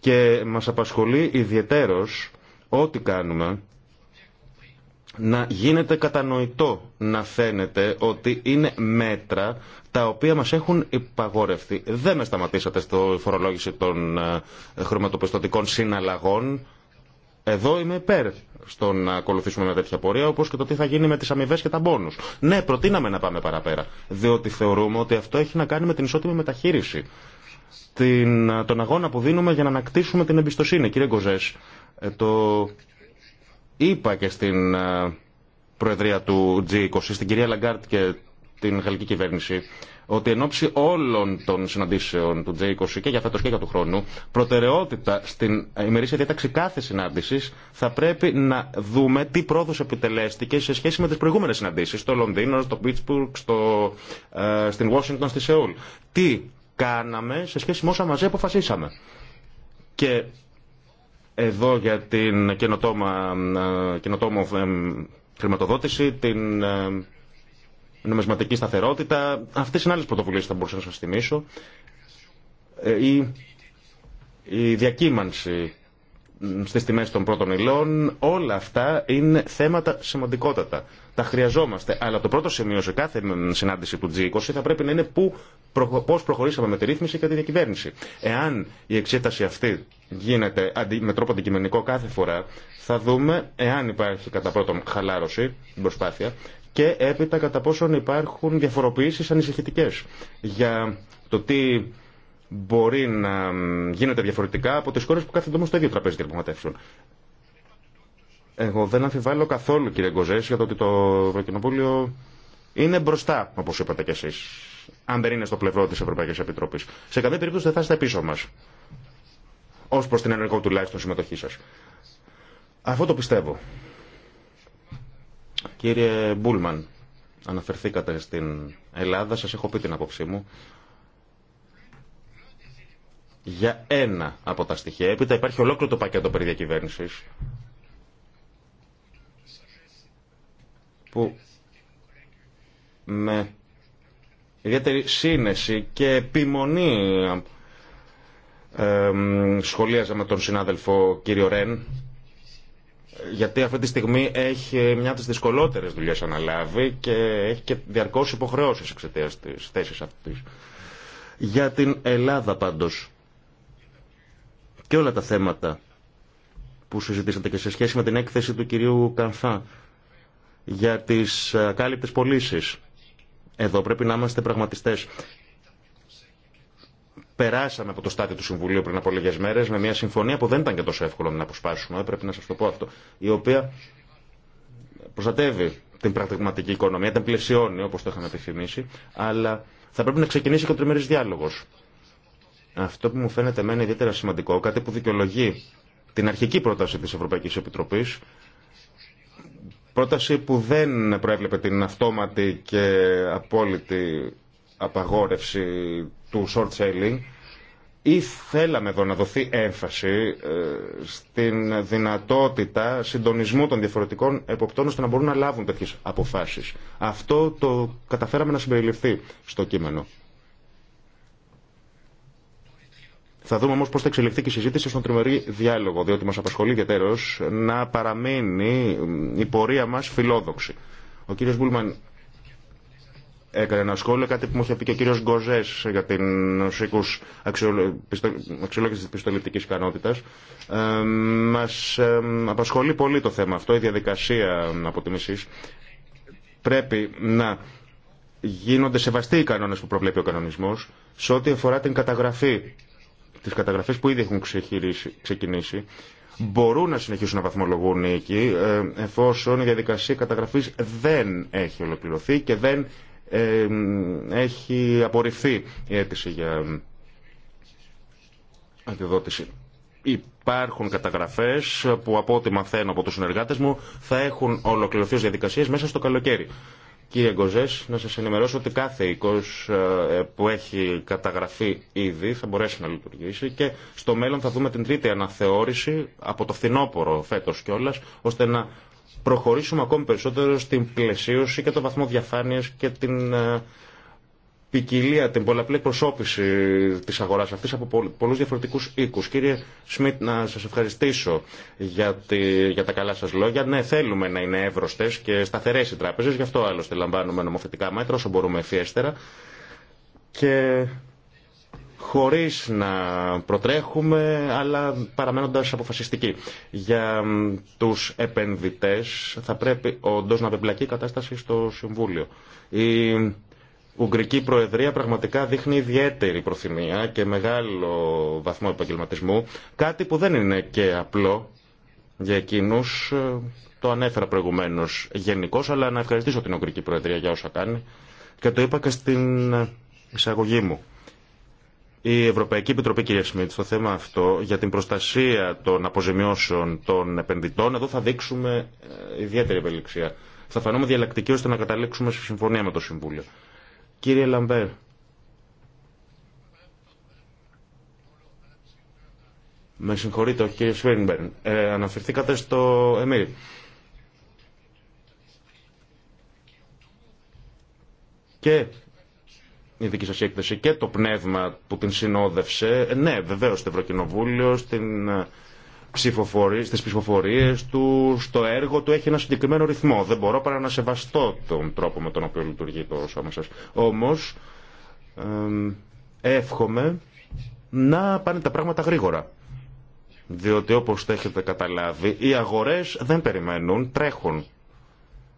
Και μας απασχολεί ιδιαιτέρως ό,τι κάνουμε να γίνεται κατανοητό να φαίνεται ότι είναι μέτρα τα οποία μας έχουν υπαγορευτεί. Δεν με σταματήσατε στο φορολόγηση των ε, χρηματοπιστωτικών συναλλαγών. Εδώ είμαι υπέρ στο να ακολουθήσουμε μια τέτοια πορεία, όπως και το τι θα γίνει με τις αμοιβέ και τα μπόνους. Ναι, προτείναμε να πάμε παραπέρα, διότι θεωρούμε ότι αυτό έχει να κάνει με την ισότιμη μεταχείριση. Την, τον αγώνα που δίνουμε για να ανακτήσουμε την εμπιστοσύνη. Κύριε Γκοζές, ε, το είπα και στην ε, Προεδρία του G20, στην κυρία Λαγκάρτ και την γαλλική κυβέρνηση, ότι εν ώψη όλων των συναντήσεων του G20 και για φέτο και για του χρόνου, προτεραιότητα στην ημερήσια διάταξη κάθε συνάντηση θα πρέπει να δούμε τι πρόοδο επιτελέστηκε σε σχέση με τι προηγούμενε συναντήσει, στο Λονδίνο, στο Πίτσπουργκ, στο, ε, στην Ουάσιγκτον, στη Σεούλ. Τι κάναμε σε σχέση με όσα μαζί αποφασίσαμε. Και εδώ για την καινοτόμα, ε, καινοτόμο ε, χρηματοδότηση, την ε, νομισματική σταθερότητα. Αυτές είναι άλλες πρωτοβουλίες που θα μπορούσα να σας θυμίσω. Η, η διακύμανση στις τιμές των πρώτων υλών, όλα αυτά είναι θέματα σημαντικότατα. Τα χρειαζόμαστε. Αλλά το πρώτο σημείο σε κάθε συνάντηση του G20 θα πρέπει να είναι πού, πώ προχωρήσαμε με τη ρύθμιση και τη διακυβέρνηση. Εάν η εξέταση αυτή γίνεται με τρόπο αντικειμενικό κάθε φορά, θα δούμε εάν υπάρχει κατά πρώτον χαλάρωση, την προσπάθεια, και έπειτα κατά πόσον υπάρχουν διαφοροποιήσεις ανησυχητικές για το τι μπορεί να γίνεται διαφορετικά από τις χώρες που κάθονται όμως στο ίδιο τραπέζι διαπραγματεύσεων. Εγώ δεν αμφιβάλλω καθόλου, κύριε Γκοζές, για το ότι το Ευρωκοινοβούλιο είναι μπροστά, όπως είπατε κι εσείς, αν δεν είναι στο πλευρό της Ευρωπαϊκής Επιτροπής. Σε καμία περίπτωση δεν θα είστε πίσω μας, ως προς την ενεργό τουλάχιστον συμμετοχή σας. Αυτό το πιστεύω. Κύριε Μπούλμαν, αναφερθήκατε στην Ελλάδα, σας έχω πει την απόψή μου, για ένα από τα στοιχεία. Έπειτα υπάρχει ολόκληρο το πακέτο περί διακυβέρνησης, που με ιδιαίτερη σύνεση και επιμονή ε, σχολίαζα με τον συνάδελφο κύριο Ρεν γιατί αυτή τη στιγμή έχει μια από τις δυσκολότερες δουλειές αναλάβει και έχει και διαρκώς υποχρεώσεις εξαιτία της θέσης αυτής. Για την Ελλάδα πάντως και όλα τα θέματα που συζητήσατε και σε σχέση με την έκθεση του κυρίου Κανθά για τις κάλυπτες πωλήσει. Εδώ πρέπει να είμαστε πραγματιστές. Περάσαμε από το στάδιο του Συμβουλίου πριν από λίγε μέρε με μια συμφωνία που δεν ήταν και τόσο εύκολο να αποσπάσουμε, πρέπει να σα το πω αυτό, η οποία προστατεύει την πραγματική οικονομία, την πλαισιώνει όπω το είχαμε επιθυμήσει, αλλά θα πρέπει να ξεκινήσει και ο τριμερή διάλογο. Αυτό που μου φαίνεται εμένα ιδιαίτερα σημαντικό, κάτι που δικαιολογεί την αρχική πρόταση τη Ευρωπαϊκή Επιτροπή, Πρόταση που δεν προέβλεπε την αυτόματη και απόλυτη απαγόρευση του short selling ή θέλαμε εδώ να δοθεί έμφαση ε, στην δυνατότητα συντονισμού των διαφορετικών εποπτών ώστε να μπορούν να λάβουν τέτοιες αποφάσεις. Αυτό το καταφέραμε να συμπεριληφθεί στο κείμενο. Θα δούμε όμω πώ θα εξελιχθεί και η συζήτηση στον τριμερή διάλογο, διότι μα απασχολεί ιδιαίτερω να παραμείνει η πορεία μα φιλόδοξη. Ο κύριο Μπούλμαν έκανε ένα σχόλιο, κάτι που μου είχε πει και ο κύριο Γκοζέ για την οίκου αξιολόγηση τη πιστοληπτική ικανότητα. Ε, μα ε, απασχολεί πολύ το θέμα αυτό, η διαδικασία αποτιμησή. Πρέπει να γίνονται σεβαστοί οι κανόνε που προβλέπει ο κανονισμό σε ό,τι αφορά την καταγραφή τις καταγραφές που ήδη έχουν ξεκινήσει, μπορούν να συνεχίσουν να βαθμολογούν εκεί, ε, εφόσον η διαδικασία καταγραφής δεν έχει ολοκληρωθεί και δεν ε, έχει απορριφθεί η αίτηση για αντιδότηση. Υπάρχουν καταγραφές που από ό,τι μαθαίνω από τους συνεργάτες μου θα έχουν ολοκληρωθεί ω διαδικασίες μέσα στο καλοκαίρι. Κύριε Γκοζές, να σας ενημερώσω ότι κάθε οίκος ε, που έχει καταγραφεί ήδη θα μπορέσει να λειτουργήσει και στο μέλλον θα δούμε την τρίτη αναθεώρηση από το φθινόπωρο φέτος κιόλας, ώστε να προχωρήσουμε ακόμη περισσότερο στην πλαισίωση και το βαθμό διαφάνειας και την ε, ποικιλία, την πολλαπλή εκπροσώπηση της αγοράς αυτής από πολλούς διαφορετικούς οίκους. Κύριε Σμιτ, να σας ευχαριστήσω για, τη, για τα καλά σας λόγια. Ναι, θέλουμε να είναι εύρωστες και σταθερές οι τράπεζες, γι' αυτό άλλωστε λαμβάνουμε νομοθετικά μέτρα όσο μπορούμε ευφιέστερα. Και χωρίς να προτρέχουμε, αλλά παραμένοντας αποφασιστικοί. Για τους επενδυτές θα πρέπει όντω να απεμπλακεί η κατάσταση στο Συμβούλιο. Η Ουγγρική Προεδρία πραγματικά δείχνει ιδιαίτερη προθυμία και μεγάλο βαθμό επαγγελματισμού, κάτι που δεν είναι και απλό για εκείνους, ε, το ανέφερα προηγουμένω. γενικώ, αλλά να ευχαριστήσω την Ουγγρική Προεδρία για όσα κάνει και το είπα και στην εισαγωγή μου. Η Ευρωπαϊκή Επιτροπή, κύριε Σμιτ, στο θέμα αυτό για την προστασία των αποζημιώσεων των επενδυτών, εδώ θα δείξουμε ε, ιδιαίτερη ευελιξία. Θα φανούμε διαλλακτικοί ώστε να καταλήξουμε σε συμφωνία με το Συμβούλιο. Κύριε Λαμπέρ. Με συγχωρείτε, όχι κύριε Σφέρνμπερν. Ε, αναφερθήκατε στο ΕΜΗΡ. Και η δική σας έκθεση και το πνεύμα που την συνόδευσε, ε, ναι, βεβαίως στο Ευρωκοινοβούλιο, στην ε, ψηφοφορίες, τις ψηφοφορίες του, στο έργο του έχει ένα συγκεκριμένο ρυθμό. Δεν μπορώ παρά να σεβαστώ τον τρόπο με τον οποίο λειτουργεί το σώμα σας. Όμως, ε, εύχομαι να πάνε τα πράγματα γρήγορα. Διότι όπως έχετε καταλάβει, οι αγορές δεν περιμένουν, τρέχουν.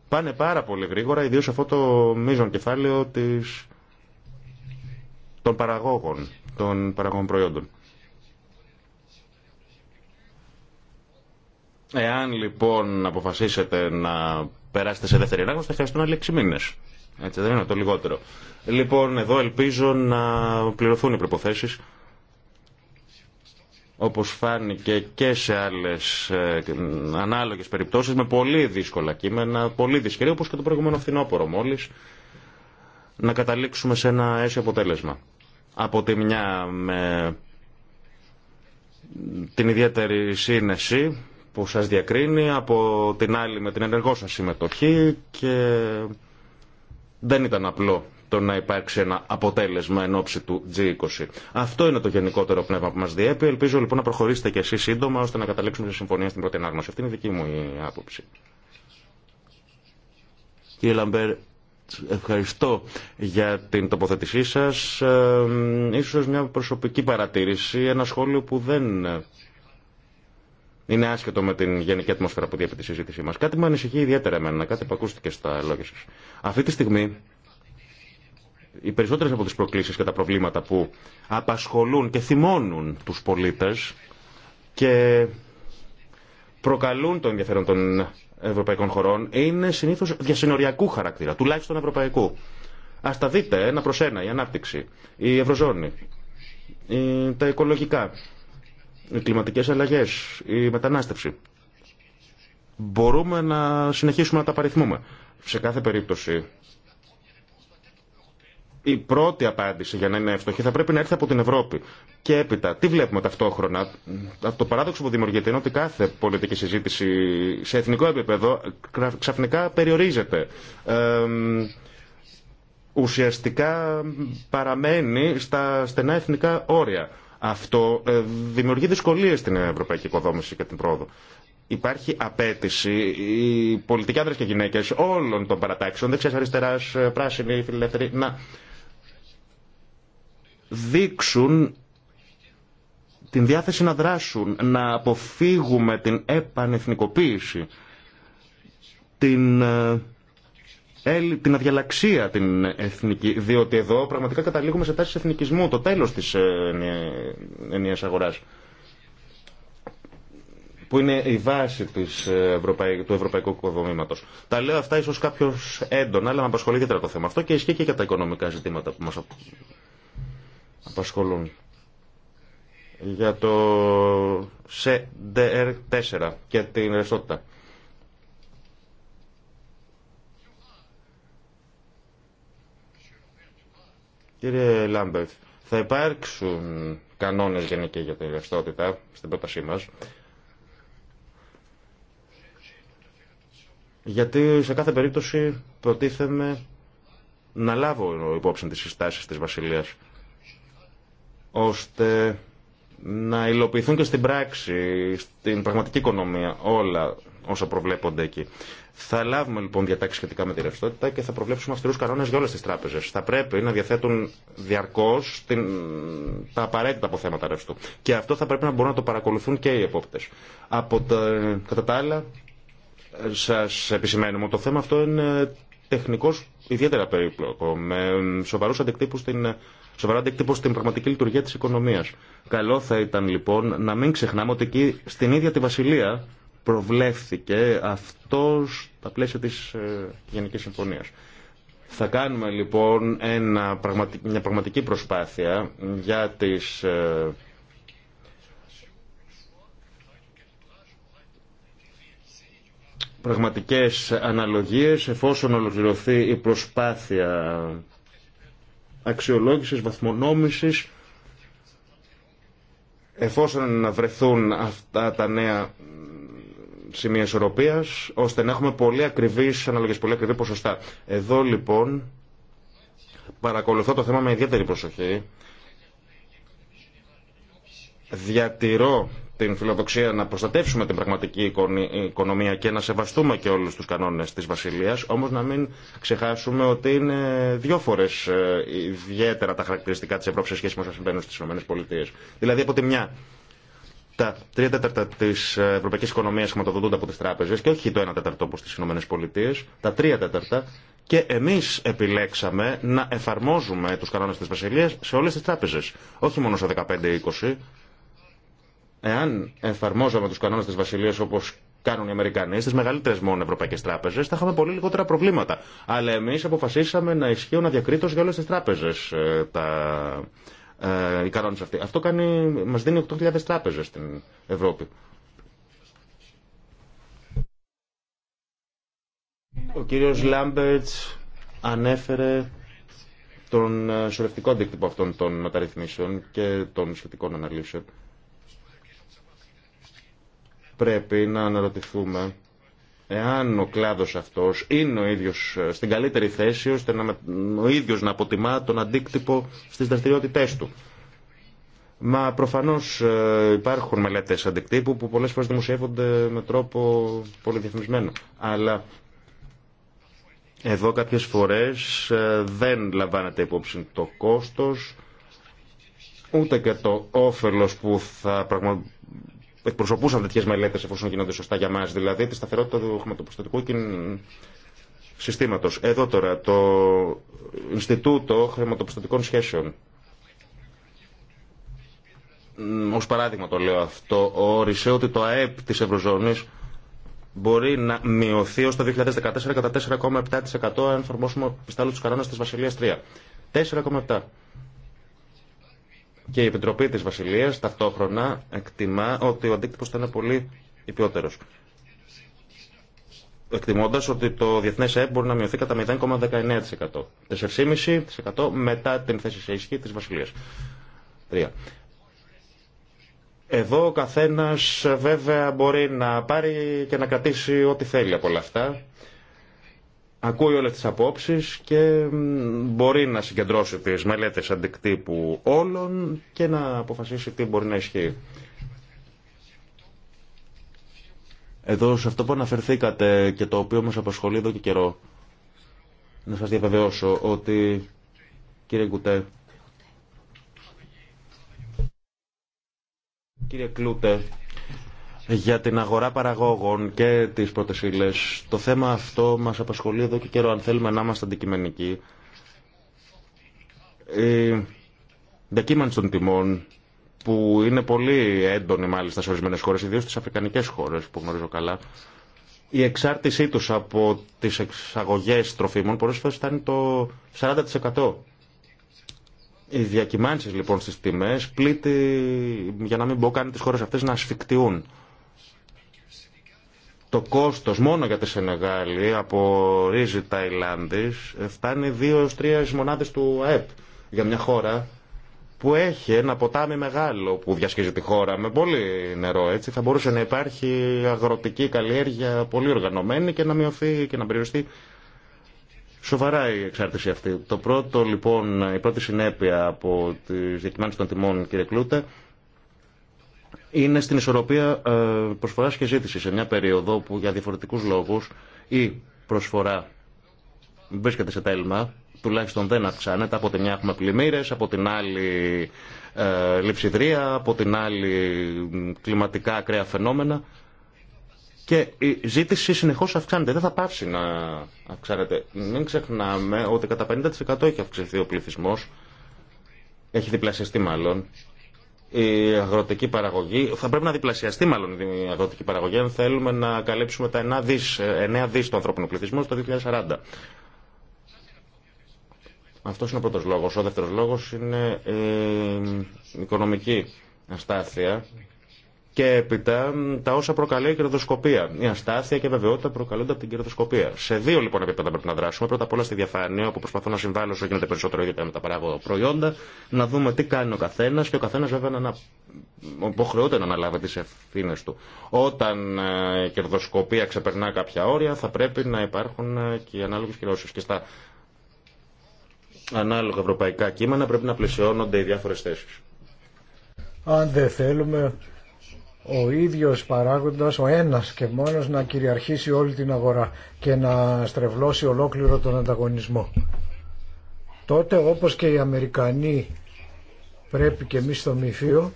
Πάνε πάρα πολύ γρήγορα, ιδίως αυτό το μείζον κεφάλαιο της... των παραγόγων, των παραγόγων προϊόντων. Εάν λοιπόν αποφασίσετε να περάσετε σε δεύτερη ανάγνωση, θα χρειαστούν άλλοι 6 μήνε. Έτσι δεν είναι το λιγότερο. Λοιπόν, εδώ ελπίζω να πληρωθούν οι προποθέσει. Όπω φάνηκε και σε άλλε ανάλογε περιπτώσει, με πολύ δύσκολα κείμενα, πολύ δυσκερή, όπω και το προηγούμενο φθινόπωρο μόλι, να καταλήξουμε σε ένα αίσιο αποτέλεσμα. Από τη μια με την ιδιαίτερη σύνεση που σας διακρίνει από την άλλη με την ενεργό σας συμμετοχή και δεν ήταν απλό το να υπάρξει ένα αποτέλεσμα εν ώψη του G20. Αυτό είναι το γενικότερο πνεύμα που μας διέπει. Ελπίζω λοιπόν να προχωρήσετε κι εσείς σύντομα ώστε να καταλήξουμε σε συμφωνία στην πρώτη ενάγνωση. Αυτή είναι η δική μου η άποψη. Κύριε Λαμπέρ, ευχαριστώ για την τοποθέτησή σας. Ε, ίσως μια προσωπική παρατήρηση, ένα σχόλιο που δεν είναι άσχετο με την γενική ατμόσφαιρα που διέπει τη συζήτησή μα. Κάτι μου ανησυχεί ιδιαίτερα εμένα, κάτι που ακούστηκε στα λόγια σα. Αυτή τη στιγμή, οι περισσότερε από τι προκλήσει και τα προβλήματα που απασχολούν και θυμώνουν του πολίτε και προκαλούν το ενδιαφέρον των ευρωπαϊκών χωρών είναι συνήθω διασυνοριακού χαρακτήρα, τουλάχιστον ευρωπαϊκού. Α τα δείτε ένα προ ένα, η ανάπτυξη, η ευρωζώνη, τα οικολογικά, οι κλιματικές αλλαγές, η μετανάστευση. Μπορούμε να συνεχίσουμε να τα παριθμούμε. Σε κάθε περίπτωση, η πρώτη απάντηση για να είναι ευστοχή θα πρέπει να έρθει από την Ευρώπη. Και έπειτα, τι βλέπουμε ταυτόχρονα. το παράδοξο που δημιουργείται είναι ότι κάθε πολιτική συζήτηση σε εθνικό επίπεδο ξαφνικά περιορίζεται. ουσιαστικά παραμένει στα στενά εθνικά όρια. Αυτό ε, δημιουργεί δυσκολίε στην ευρωπαϊκή οικοδόμηση και την πρόοδο. Υπάρχει απέτηση οι πολιτικοί άντρε και γυναίκε όλων των παρατάξεων, δεξιά αριστερά, ε, πράσινη, φιλελεύθερη, να δείξουν την διάθεση να δράσουν, να αποφύγουμε την επανεθνικοποίηση, την ε, την αδιαλαξία την εθνική, διότι εδώ πραγματικά καταλήγουμε σε τάσεις εθνικισμού, το τέλος της ε, ενιαίας αγοράς που είναι η βάση της ε, του ευρωπαϊκού οικοδομήματος. Τα λέω αυτά ίσως κάποιος έντονα, αλλά με απασχολεί ιδιαίτερα το θέμα αυτό και ισχύει και για τα οικονομικά ζητήματα που μας απασχολούν. Για το CDR4 και την ρευστότητα. Κύριε Λάμπερτ, θα υπάρξουν κανόνες γενικοί για την ρευστότητα στην πρότασή μας. Γιατί σε κάθε περίπτωση προτίθεμαι να λάβω υπόψη τις συστάσεις της Βασιλείας ώστε να υλοποιηθούν και στην πράξη, στην πραγματική οικονομία όλα όσα προβλέπονται εκεί. Θα λάβουμε λοιπόν διατάξει σχετικά με τη ρευστότητα και θα προβλέψουμε αυστηρού κανόνε για όλε τι τράπεζε. Θα πρέπει να διαθέτουν διαρκώ την... τα απαραίτητα αποθέματα ρευστού. Και αυτό θα πρέπει να μπορούν να το παρακολουθούν και οι επόπτε. Τα... Κατά τα άλλα, σα επισημαίνουμε ότι το θέμα αυτό είναι τεχνικώ ιδιαίτερα περίπλοκο, με σοβαρού αντικτύπου στην στην πραγματική λειτουργία τη οικονομία. Καλό θα ήταν λοιπόν να μην ξεχνάμε ότι εκεί στην ίδια τη Βασιλεία προβλέφθηκε αυτός τα πλαίσια της ε, Γενικής Συμφωνίας. Θα κάνουμε λοιπόν ένα, μια πραγματική προσπάθεια για τις ε, πραγματικές αναλογίες εφόσον ολοκληρωθεί η προσπάθεια αξιολόγησης, βαθμονόμησης εφόσον να βρεθούν αυτά τα νέα σημεία ισορροπία, ώστε να έχουμε πολύ ακριβεί αναλογέ, πολύ ακριβή ποσοστά. Εδώ λοιπόν παρακολουθώ το θέμα με ιδιαίτερη προσοχή. Διατηρώ την φιλοδοξία να προστατεύσουμε την πραγματική οικονομία και να σεβαστούμε και όλους τους κανόνες της Βασιλείας, όμως να μην ξεχάσουμε ότι είναι δύο φορές ε, ιδιαίτερα τα χαρακτηριστικά της Ευρώπης σε σχέση με όσα συμβαίνουν στις ΗΠΑ. Δηλαδή από τη μια τα τρία τέταρτα τη ε, ευρωπαϊκή οικονομία χρηματοδοτούνται από τι τράπεζε και όχι το ένα τέταρτο όπω στι ΗΠΑ, τα τρία τέταρτα. Και εμεί επιλέξαμε να εφαρμόζουμε του κανόνε τη Βασιλεία σε όλε τι τράπεζε. Όχι μόνο σε 15-20. Εάν εφαρμόζαμε του κανόνε τη Βασιλεία όπω κάνουν οι Αμερικανοί στι μεγαλύτερε μόνο ευρωπαϊκέ τράπεζε, θα είχαμε πολύ λιγότερα προβλήματα. Αλλά εμεί αποφασίσαμε να ισχύουν αδιακρίτω για όλε τι τράπεζε ε, τα ε, οι αυτοί. Αυτό κάνει, μας δίνει 8.000 τράπεζες στην Ευρώπη. Ο κύριος Λάμπερτς ανέφερε τον ε, σωρευτικό αντίκτυπο αυτών των μεταρρυθμίσεων και των σχετικών αναλύσεων. Πρέπει να αναρωτηθούμε εάν ο κλάδος αυτός είναι ο ίδιος ε, στην καλύτερη θέση ώστε να, ο ίδιος να αποτιμά τον αντίκτυπο στις δραστηριότητές του. Μα προφανώς ε, υπάρχουν μελέτες αντικτύπου που πολλές φορές δημοσιεύονται με τρόπο πολύ Αλλά εδώ κάποιες φορές ε, δεν λαμβάνεται υπόψη το κόστος, ούτε και το όφελος που θα εκπροσωπούσαν τέτοιε μελέτε εφόσον γίνονται σωστά για μα, δηλαδή τη σταθερότητα του χρηματοπιστωτικού συστήματο. Εδώ τώρα το Ινστιτούτο Χρηματοπιστωτικών Σχέσεων. Ω παράδειγμα το λέω αυτό, όρισε ότι το ΑΕΠ τη Ευρωζώνη μπορεί να μειωθεί ω το 2014 κατά 4,7% αν εφαρμόσουμε πιστάλλου του κανόνε τη Βασιλεία 3. 4,7%. Και η Επιτροπή της Βασιλείας ταυτόχρονα εκτιμά ότι ο αντίκτυπος θα είναι πολύ υπιότερος. Εκτιμώντα ότι το διεθνές ΕΕ μπορεί να μειωθεί κατά 0,19%. 4,5% μετά την θέση σε ισχύ βασιλείας. Βασιλεία. Εδώ ο καθένα βέβαια μπορεί να πάρει και να κρατήσει ό,τι θέλει από όλα αυτά ακούει όλες τις απόψεις και μπορεί να συγκεντρώσει τις μελέτες αντικτύπου όλων και να αποφασίσει τι μπορεί να ισχύει. Εδώ σε αυτό που αναφερθήκατε και το οποίο μας απασχολεί εδώ και καιρό, να σας διαβεβαιώσω ότι, κύριε Κουτέ, κύριε Κλούτε, για την αγορά παραγόγων και τι πρώτε ύλε, Το θέμα αυτό μα απασχολεί εδώ και καιρό, αν θέλουμε να είμαστε αντικειμενικοί. Η διακύμανση των τιμών, που είναι πολύ έντονη μάλιστα σε ορισμένε χώρε, ιδίω στι αφρικανικέ χώρε που γνωρίζω καλά, η εξάρτησή του από τι εξαγωγέ τροφίμων πολλέ φορέ φτάνει το 40%. Οι διακυμάνσει λοιπόν στις τιμές πλήττει, για να μην πω, κάνει τις χώρες αυτές να ασφικτιούν το κόστος μόνο για τη Σενεγάλη από ρύζι Ταϊλάνδης φτάνει 2-3 μονάδες του ΑΕΠ για μια χώρα που έχει ένα ποτάμι μεγάλο που διασχίζει τη χώρα με πολύ νερό έτσι θα μπορούσε να υπάρχει αγροτική καλλιέργεια πολύ οργανωμένη και να μειωθεί και να περιοριστεί Σοβαρά η εξάρτηση αυτή. Το πρώτο, λοιπόν, η πρώτη συνέπεια από τις διακυμάνσεις των τιμών, κύριε Κλούτε, είναι στην ισορροπία ε, προσφοράς και ζήτησης σε μια περίοδο που για διαφορετικούς λόγους η προσφορά βρίσκεται σε τέλμα, τουλάχιστον δεν αυξάνεται. Από τη μια έχουμε πλημμύρε, από την άλλη ε, λειψιδρία, από την άλλη κλιματικά ακραία φαινόμενα. Και η ζήτηση συνεχώς αυξάνεται, δεν θα πάψει να αυξάνεται. Μην ξεχνάμε ότι κατά 50% έχει αυξηθεί ο πληθυσμός, έχει διπλασιαστεί μάλλον, η αγροτική παραγωγή. Θα πρέπει να διπλασιαστεί μάλλον η αγροτική παραγωγή αν θέλουμε να καλύψουμε τα 9 δις, 9 δις του ανθρώπινου πληθυσμού στο 2040. Αυτός είναι ο πρώτος λόγος. Ο δεύτερος λόγος είναι η ε, οικονομική αστάθεια και έπειτα τα όσα προκαλεί η κερδοσκοπία. Η αστάθεια και η βεβαιότητα προκαλούνται από την κερδοσκοπία. Σε δύο λοιπόν επίπεδα πρέπει να δράσουμε. Πρώτα απ' όλα στη διαφάνεια, όπου προσπαθώ να συμβάλλω όσο γίνεται περισσότερο ίδια με τα παράγωγα προϊόντα, να δούμε τι κάνει ο καθένα και ο καθένα βέβαια να υποχρεώται να αναλάβει τι ευθύνε του. Όταν ε, η κερδοσκοπία ξεπερνά κάποια όρια, θα πρέπει να υπάρχουν ε, και οι ανάλογε κυρώσει. Και στα ανάλογα ευρωπαϊκά κείμενα πρέπει να πλαισιώνονται οι διάφορε θέσει. Αν δεν θέλουμε ο ίδιος παράγοντας, ο ένας και μόνος να κυριαρχήσει όλη την αγορά και να στρεβλώσει ολόκληρο τον ανταγωνισμό. Τότε όπως και οι Αμερικανοί πρέπει και εμείς στο μυθείο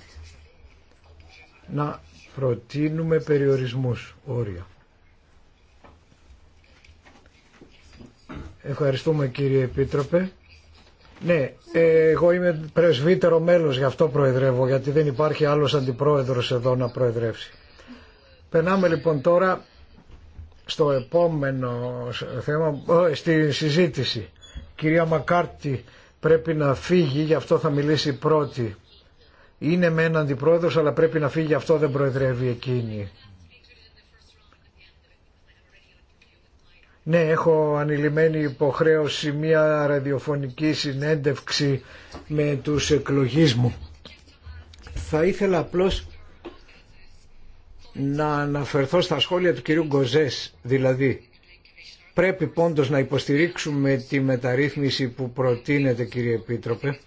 να προτείνουμε περιορισμούς, όρια. Ευχαριστούμε κύριε Επίτροπε. Ναι, ε, εγώ είμαι πρεσβύτερο μέλος, γι' αυτό προεδρεύω, γιατί δεν υπάρχει άλλος αντιπρόεδρος εδώ να προεδρεύσει. Περνάμε λοιπόν τώρα στο επόμενο θέμα, στη συζήτηση. Κυρία Μακάρτη πρέπει να φύγει, γι' αυτό θα μιλήσει πρώτη. Είναι με έναν αντιπρόεδρος, αλλά πρέπει να φύγει, γι' αυτό δεν προεδρεύει εκείνη. Ναι, έχω ανηλυμένη υποχρέωση μία ραδιοφωνική συνέντευξη με τους εκλογείς μου. Θα ήθελα απλώς να αναφερθώ στα σχόλια του κυρίου Γκοζές, δηλαδή πρέπει πόντος να υποστηρίξουμε τη μεταρρύθμιση που προτείνεται κύριε Επίτροπε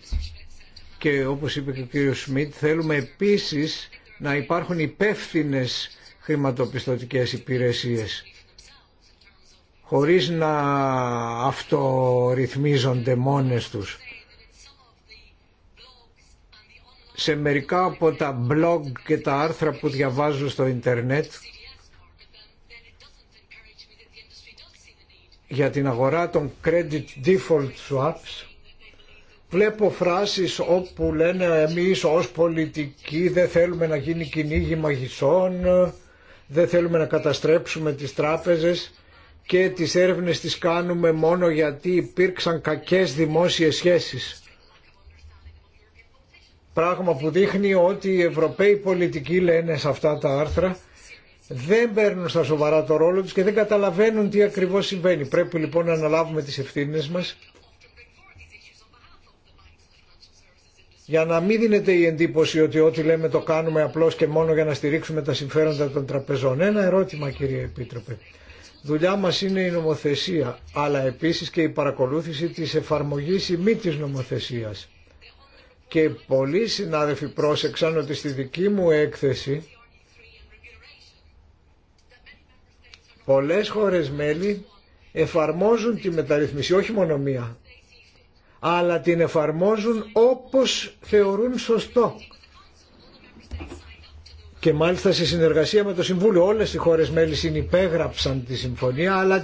και όπως είπε και ο κύριος Σμιτ θέλουμε επίσης να υπάρχουν υπεύθυνε χρηματοπιστωτικές υπηρεσίες χωρίς να αυτορυθμίζονται μόνες τους. Σε μερικά από τα blog και τα άρθρα που διαβάζω στο ίντερνετ για την αγορά των credit default swaps βλέπω φράσεις όπου λένε εμείς ως πολιτικοί δεν θέλουμε να γίνει κυνήγι μαγισσών, δεν θέλουμε να καταστρέψουμε τις τράπεζες και τις έρευνες τις κάνουμε μόνο γιατί υπήρξαν κακές δημόσιες σχέσεις. Πράγμα που δείχνει ότι οι Ευρωπαίοι πολιτικοί λένε σε αυτά τα άρθρα δεν παίρνουν στα σοβαρά το ρόλο τους και δεν καταλαβαίνουν τι ακριβώς συμβαίνει. Πρέπει λοιπόν να αναλάβουμε τις ευθύνες μας για να μην δίνεται η εντύπωση ότι ό,τι λέμε το κάνουμε απλώς και μόνο για να στηρίξουμε τα συμφέροντα των τραπεζών. Ένα ερώτημα κύριε Επίτροπε. Δουλειά μας είναι η νομοθεσία, αλλά επίσης και η παρακολούθηση της εφαρμογής ή μη της νομοθεσίας. Και πολλοί συνάδελφοι πρόσεξαν ότι στη δική μου έκθεση πολλές χώρες μέλη εφαρμόζουν τη μεταρρύθμιση, όχι μόνο μία, αλλά την εφαρμόζουν όπως θεωρούν σωστό και μάλιστα σε συνεργασία με το Συμβούλιο. Όλε οι χώρες μέλη συνυπέγραψαν τη συμφωνία αλλά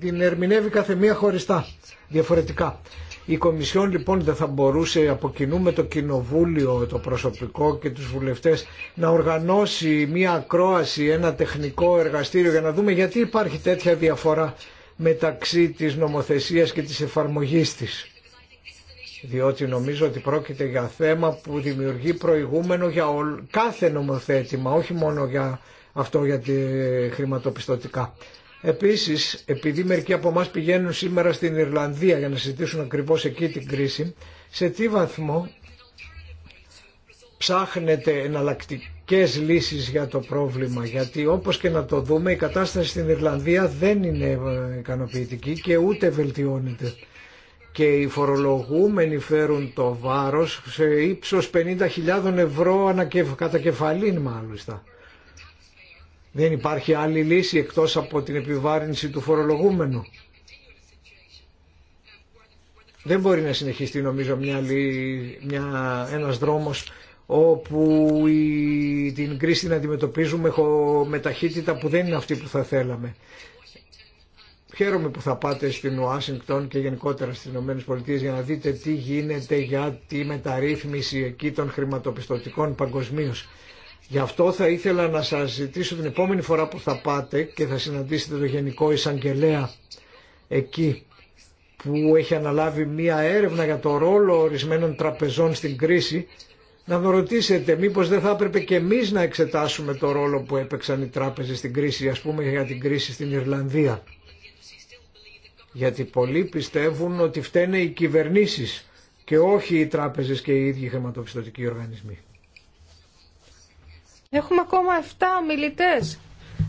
την, ερμηνεύει κάθε μία χωριστά, διαφορετικά. Η Κομισιόν λοιπόν δεν θα μπορούσε από κοινού με το Κοινοβούλιο, το προσωπικό και τους βουλευτές να οργανώσει μία ακρόαση, ένα τεχνικό εργαστήριο για να δούμε γιατί υπάρχει τέτοια διαφορά μεταξύ της νομοθεσίας και της εφαρμογής της διότι νομίζω ότι πρόκειται για θέμα που δημιουργεί προηγούμενο για κάθε νομοθέτημα, όχι μόνο για αυτό για τη χρηματοπιστωτικά. Επίσης, επειδή μερικοί από εμά πηγαίνουν σήμερα στην Ιρλανδία για να συζητήσουν ακριβώς εκεί την κρίση, σε τι βαθμό ψάχνετε εναλλακτικέ λύσεις για το πρόβλημα, γιατί όπως και να το δούμε η κατάσταση στην Ιρλανδία δεν είναι ε, ικανοποιητική και ούτε βελτιώνεται και οι φορολογούμενοι φέρουν το βάρος σε ύψος 50.000 ευρώ κατά κεφαλήν μάλιστα. Δεν υπάρχει άλλη λύση εκτός από την επιβάρυνση του φορολογούμενου. Δεν μπορεί να συνεχιστεί νομίζω μια, μια, ένας δρόμος όπου η, την κρίση να αντιμετωπίζουμε με ταχύτητα που δεν είναι αυτή που θα θέλαμε. Χαίρομαι που θα πάτε στην Ουάσιγκτον και γενικότερα στις ΗΠΑ για να δείτε τι γίνεται για τη μεταρρύθμιση εκεί των χρηματοπιστωτικών παγκοσμίω. Γι' αυτό θα ήθελα να σα ζητήσω την επόμενη φορά που θα πάτε και θα συναντήσετε το Γενικό Εισαγγελέα εκεί που έχει αναλάβει μία έρευνα για το ρόλο ορισμένων τραπεζών στην κρίση να με ρωτήσετε μήπως δεν θα έπρεπε και εμείς να εξετάσουμε το ρόλο που έπαιξαν οι τράπεζες στην κρίση ας πούμε για την κρίση στην Ιρλανδία γιατί πολλοί πιστεύουν ότι φταίνε οι κυβερνήσεις και όχι οι τράπεζες και οι ίδιοι χρηματοπιστωτικοί οργανισμοί. Έχουμε ακόμα 7 ομιλητές.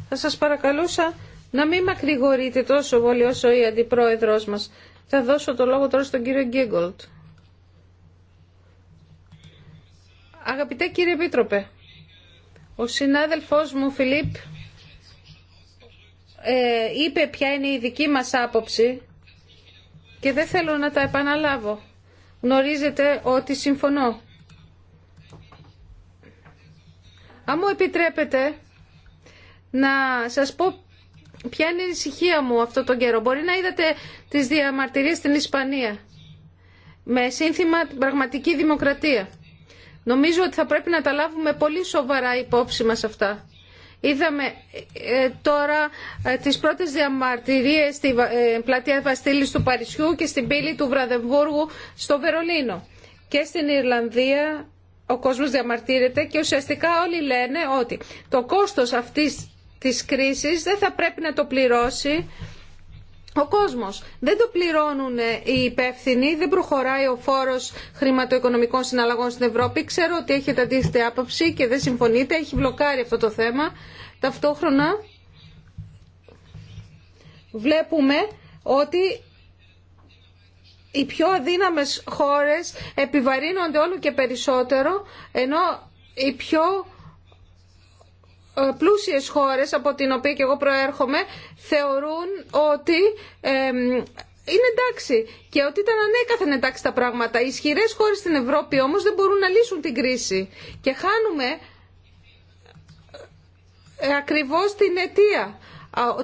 Θα σας παρακαλούσα να μην μακρηγορείτε τόσο πολύ όσο η αντιπρόεδρος μας. Θα δώσω το λόγο τώρα στον κύριο Γκίγκολτ. Αγαπητέ κύριε Επίτροπε, ο συνάδελφός μου Φιλίπ ε, είπε ποια είναι η δική μας άποψη και δεν θέλω να τα επαναλάβω. Γνωρίζετε ότι συμφωνώ. Αν μου επιτρέπετε να σας πω ποια είναι η ησυχία μου αυτό τον καιρό. Μπορεί να είδατε τις διαμαρτυρίες στην Ισπανία με σύνθημα πραγματική δημοκρατία. Νομίζω ότι θα πρέπει να τα λάβουμε πολύ σοβαρά υπόψη μας αυτά. Είδαμε ε, τώρα ε, τις πρώτες διαμαρτυρίες στην ε, πλατεία Βαστήλης του Παρισιού και στην πύλη του Βραδεμβούργου στο Βερολίνο. Και στην Ιρλανδία ο κόσμος διαμαρτύρεται και ουσιαστικά όλοι λένε ότι το κόστος αυτής της κρίσης δεν θα πρέπει να το πληρώσει ο κόσμος. Δεν το πληρώνουν οι υπεύθυνοι, δεν προχωράει ο φόρος χρηματοοικονομικών συναλλαγών στην Ευρώπη. Ξέρω ότι έχετε αντίθετη άποψη και δεν συμφωνείτε, έχει βλοκάρει αυτό το θέμα. Ταυτόχρονα βλέπουμε ότι οι πιο αδύναμες χώρες επιβαρύνονται όλο και περισσότερο, ενώ οι πιο ε, πλούσιες χώρες από την οποία και εγώ προέρχομαι θεωρούν ότι είναι εντάξει και ότι ήταν ανέκαθεν εντάξει τα πράγματα. Οι ισχυρέ χώρες στην Ευρώπη όμως δεν μπορούν να λύσουν την κρίση και χάνουμε ε, ακριβώς την αιτία.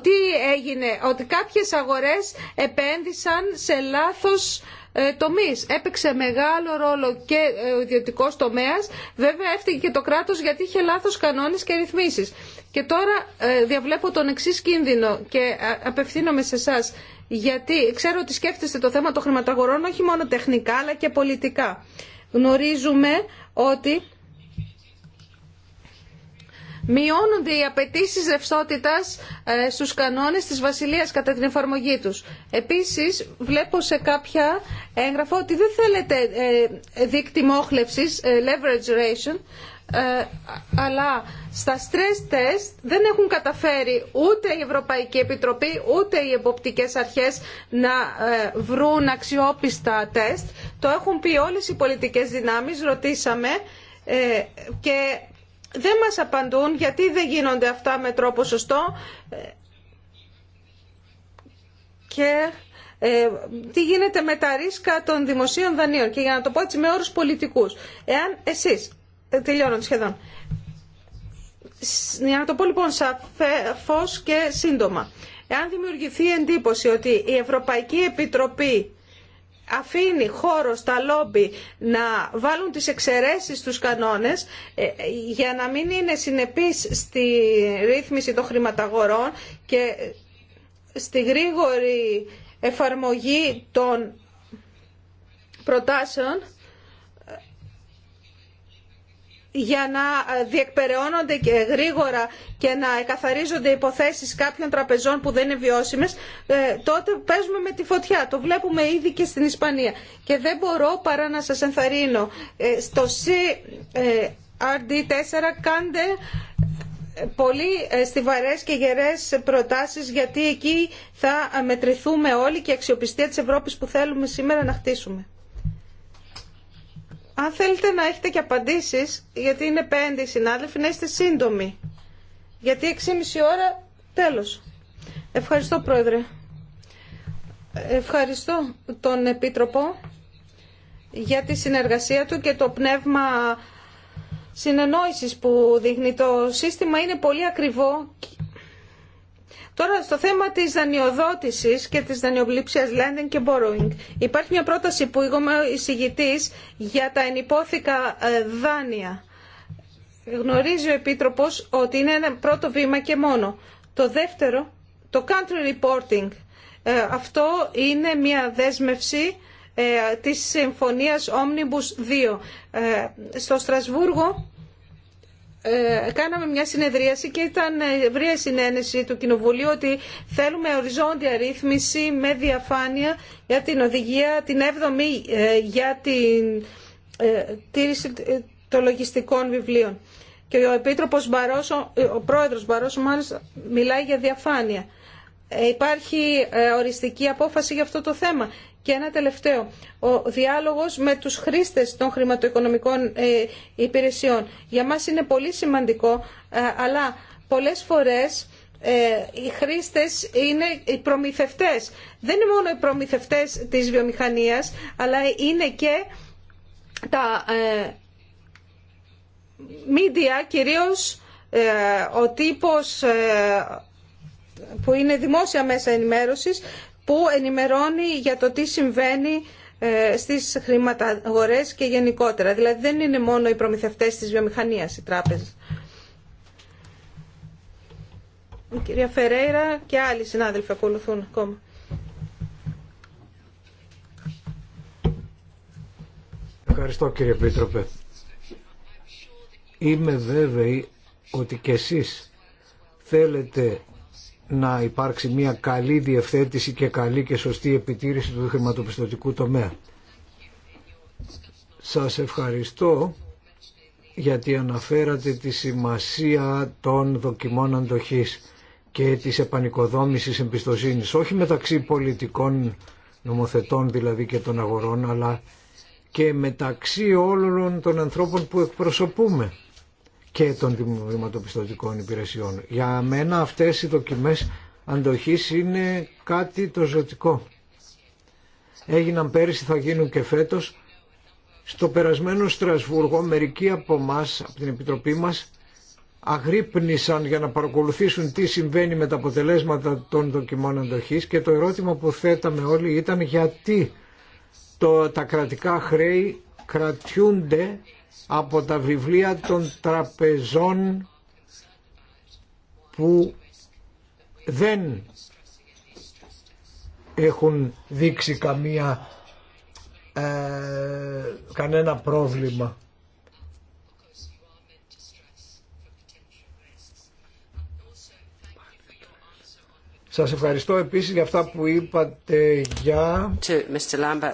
Τι έγινε, ότι κάποιες αγορές επένδυσαν σε λάθος ε, τομείς. Έπαιξε μεγάλο ρόλο και ε, ο ιδιωτικό τομέας, βέβαια έφτυγε και το κράτος γιατί είχε λάθο κανόνες και ρυθμίσεις. Και τώρα ε, διαβλέπω τον εξή κίνδυνο και απευθύνομαι σε εσά. Γιατί ξέρω ότι σκέφτεστε το θέμα των χρηματαγορών όχι μόνο τεχνικά αλλά και πολιτικά. Γνωρίζουμε ότι μειώνονται οι απαιτήσει ρευστότητα ε, στους κανόνες της Βασιλείας κατά την εφαρμογή τους. Επίσης, βλέπω σε κάποια έγγραφα ότι δεν θέλετε ε, δίκτυ μόχλευσης, ε, leverage ratio, αλλά στα stress test δεν έχουν καταφέρει ούτε η Ευρωπαϊκή Επιτροπή ούτε οι εποπτικές αρχές να βρουν αξιόπιστα τεστ. Το έχουν πει όλες οι πολιτικές δυνάμεις, ρωτήσαμε και δεν μας απαντούν γιατί δεν γίνονται αυτά με τρόπο σωστό και ε, τι γίνεται με τα ρίσκα των δημοσίων δανείων και για να το πω έτσι με όρους πολιτικούς. Εάν εσείς, ε, τελειώνω σχεδόν, για να το πω λοιπόν σαφώς και σύντομα, εάν δημιουργηθεί εντύπωση ότι η Ευρωπαϊκή Επιτροπή αφήνει χώρο στα λόμπι να βάλουν τις εξαιρέσεις στους κανόνες ε, για να μην είναι συνεπείς στη ρύθμιση των χρηματαγορών και στη γρήγορη εφαρμογή των προτάσεων για να διεκπεραιώνονται και γρήγορα και να εκαθαρίζονται υποθέσεις κάποιων τραπεζών που δεν είναι βιώσιμες, ε, τότε παίζουμε με τη φωτιά. Το βλέπουμε ήδη και στην Ισπανία. Και δεν μπορώ παρά να σας ενθαρρύνω. Ε, στο CRD4 ε, κάντε πολύ στιβαρές και γερές προτάσεις γιατί εκεί θα μετρηθούμε όλοι και η αξιοπιστία της Ευρώπης που θέλουμε σήμερα να χτίσουμε. Αν θέλετε να έχετε και απαντήσεις, γιατί είναι πέντε οι συνάδελφοι, να είστε σύντομοι. Γιατί 6,5 ώρα τέλος. Ευχαριστώ Πρόεδρε. Ευχαριστώ τον Επίτροπο για τη συνεργασία του και το πνεύμα συνεννόησης που δείχνει. Το σύστημα είναι πολύ ακριβό Τώρα στο θέμα της δανειοδότησης και της δανειοβλήψιας lending και borrowing. Υπάρχει μια πρόταση που εγώ είμαι εισηγητής για τα ενυπόθηκα ε, δάνεια. Γνωρίζει ο Επίτροπος ότι είναι ένα πρώτο βήμα και μόνο. Το δεύτερο, το country reporting. Ε, αυτό είναι μια δέσμευση ε, της Συμφωνίας Omnibus 2. Στο Στρασβούργο ε, κάναμε μια συνεδρίαση και ήταν ε, ευρία συνένεση του Κοινοβουλίου ότι θέλουμε οριζόντια ρύθμιση με διαφάνεια για την οδηγία, την 7 ε, για την ε, τήρηση των λογιστικών βιβλίων. Και ο Επίτροπος Μπαρόσο, ο Πρόεδρος Μπαρόσο μάλιστα μιλάει για διαφάνεια. Υπάρχει οριστική απόφαση για αυτό το θέμα και ένα τελευταίο, ο διάλογος με τους χρήστες των χρηματοοικονομικών ε, υπηρεσιών. Για μας είναι πολύ σημαντικό, ε, αλλά πολλές φορές ε, οι χρήστες είναι οι προμηθευτές. Δεν είναι μόνο οι προμηθευτές της βιομηχανίας, αλλά είναι και τα μίντια, κυρίως ο τύπος που είναι δημόσια μέσα ενημέρωσης που ενημερώνει για το τι συμβαίνει ε, στις χρηματαγορές και γενικότερα. Δηλαδή δεν είναι μόνο οι προμηθευτές της βιομηχανίας οι τράπεζες. Η κυρία Φερέιρα και άλλοι συνάδελφοι ακολουθούν ακόμα. Ευχαριστώ κύριε Πίτροπε. Είμαι βέβαιη ότι και εσείς θέλετε να υπάρξει μια καλή διευθέτηση και καλή και σωστή επιτήρηση του χρηματοπιστωτικού τομέα. Σας ευχαριστώ γιατί αναφέρατε τη σημασία των δοκιμών αντοχής και της επανικοδόμησης εμπιστοσύνης, όχι μεταξύ πολιτικών νομοθετών δηλαδή και των αγορών, αλλά και μεταξύ όλων των ανθρώπων που εκπροσωπούμε και των δημοτοπιστωτικών υπηρεσιών. Για μένα αυτές οι δοκιμές αντοχής είναι κάτι το ζωτικό. Έγιναν πέρυσι, θα γίνουν και φέτος. Στο περασμένο Στρασβούργο μερικοί από εμά, από την Επιτροπή μας, αγρύπνησαν για να παρακολουθήσουν τι συμβαίνει με τα αποτελέσματα των δοκιμών αντοχής και το ερώτημα που θέταμε όλοι ήταν γιατί τα κρατικά χρέη κρατιούνται από τα βιβλία των τραπεζών που δεν έχουν δείξει καμία, ε, κανένα πρόβλημα. Σας ευχαριστώ επίσης για αυτά που είπατε για, uh,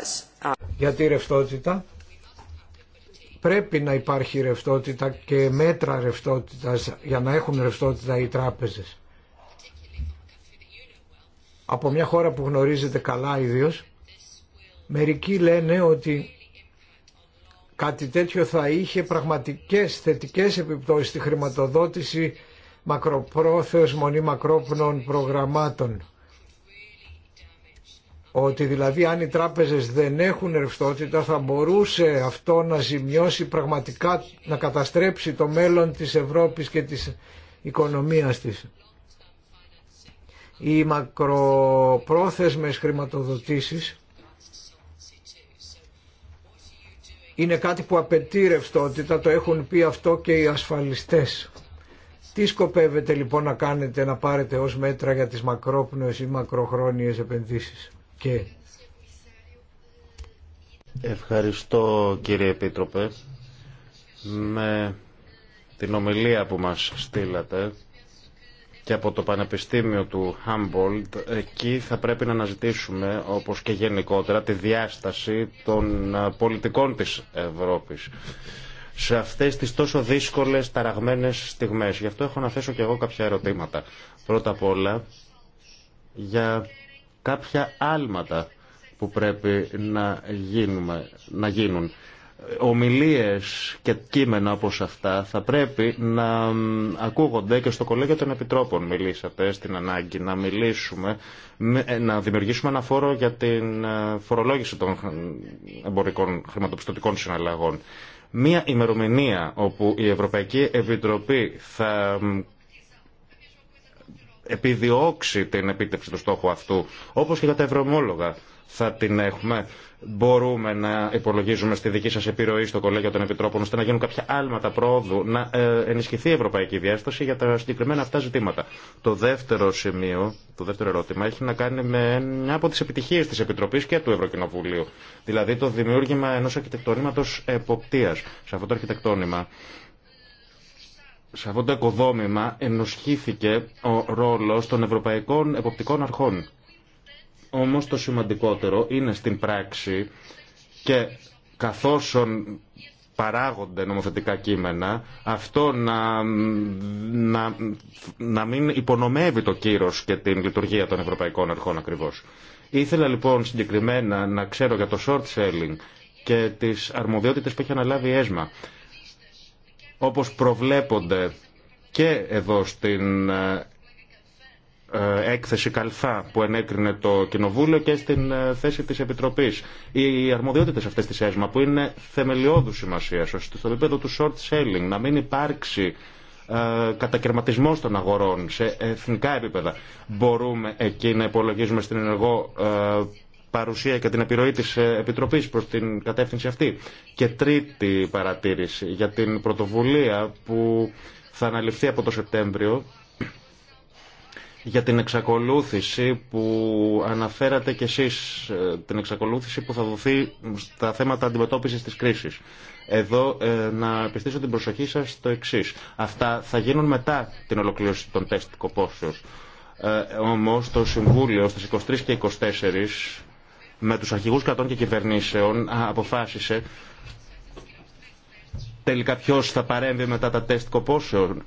για τη ρευστότητα πρέπει να υπάρχει ρευστότητα και μέτρα ρευστότητας για να έχουν ρευστότητα οι τράπεζες. Από μια χώρα που γνωρίζετε καλά ιδίως, μερικοί λένε ότι κάτι τέτοιο θα είχε πραγματικές θετικές επιπτώσεις στη χρηματοδότηση μακροπρόθεσμων μονή μακρόπνων προγραμμάτων. Ότι δηλαδή αν οι τράπεζες δεν έχουν ρευστότητα θα μπορούσε αυτό να ζημιώσει πραγματικά, να καταστρέψει το μέλλον της Ευρώπης και της οικονομίας της. Οι μακροπρόθεσμες χρηματοδοτήσεις είναι κάτι που απαιτεί ρευστότητα, το έχουν πει αυτό και οι ασφαλιστές. Τι σκοπεύετε λοιπόν να κάνετε να πάρετε ως μέτρα για τις μακρόπνοες ή μακροχρόνιες επενδύσεις. Ευχαριστώ κύριε Επίτροπε. Με την ομιλία που μας στείλατε και από το Πανεπιστήμιο του Χάμπολτ, εκεί θα πρέπει να αναζητήσουμε, όπως και γενικότερα, τη διάσταση των ε, πολιτικών της Ευρώπης σε αυτές τις τόσο δύσκολες, ταραγμένες στιγμές. Γι' αυτό έχω να θέσω και εγώ κάποια ερωτήματα. Πρώτα απ' όλα, για κάποια άλματα που πρέπει να, γίνουμε, να γίνουν. Ομιλίες και κείμενα όπως αυτά θα πρέπει να ακούγονται και στο κολέγιο των επιτρόπων μιλήσατε στην ανάγκη να μιλήσουμε, ε, να δημιουργήσουμε ένα φόρο για την ε, φορολόγηση των εμπορικών χρηματοπιστωτικών συναλλαγών. Μία ημερομηνία όπου η Ευρωπαϊκή Επιτροπή θα επιδιώξει την επίτευξη του στόχου αυτού, Όπω και για τα ευρωομόλογα θα την έχουμε. Μπορούμε να υπολογίζουμε στη δική σα επιρροή στο Κολέγιο των Επιτρόπων ώστε να γίνουν κάποια άλματα πρόοδου, να ε, ενισχυθεί η ευρωπαϊκή διάσταση για τα συγκεκριμένα αυτά ζητήματα. Το δεύτερο σημείο, το δεύτερο ερώτημα έχει να κάνει με μια από τι επιτυχίε τη Επιτροπή και του Ευρωκοινοβουλίου. Δηλαδή το δημιούργημα ενό αρχιτεκτονήματο εποπτεία. Σε αυτό το αρχιτεκτόνημα σε αυτό το οικοδόμημα ενοσχύθηκε ο ρόλος των ευρωπαϊκών εποπτικών αρχών. Όμως το σημαντικότερο είναι στην πράξη και καθώς παράγονται νομοθετικά κείμενα, αυτό να, να, να μην υπονομεύει το κύρος και την λειτουργία των ευρωπαϊκών αρχών ακριβώς. Ήθελα λοιπόν συγκεκριμένα να ξέρω για το short selling και τις αρμοδιότητες που έχει αναλάβει η ΕΣΜΑ όπως προβλέπονται και εδώ στην ε, ε, έκθεση Καλφά που ενέκρινε το Κοινοβούλιο και στην ε, θέση της Επιτροπής. Οι αρμοδιότητες αυτές της ΕΣΜΑ που είναι θεμελιώδους σημασία, ώστε στο επίπεδο του short selling να μην υπάρξει κατακαιρματισμός των αγορών σε εθνικά επίπεδα. Μπορούμε εκεί να υπολογίζουμε στην ενεργό παρουσία και την επιρροή της ε, Επιτροπής προς την κατεύθυνση αυτή. Και τρίτη παρατήρηση για την πρωτοβουλία που θα αναλυφθεί από το Σεπτέμβριο για την εξακολούθηση που αναφέρατε κι εσείς, ε, την εξακολούθηση που θα δοθεί στα θέματα αντιμετώπισης της κρίσης. Εδώ ε, να επιστήσω την προσοχή σας στο εξή. Αυτά θα γίνουν μετά την ολοκλήρωση των τεστ κοπόσεως. Ε, όμως το Συμβούλιο στις 23 και 24 με τους αρχηγούς κρατών και κυβερνήσεων αποφάσισε τελικά ποιο θα παρέμβει μετά τα τεστ κοπόσεων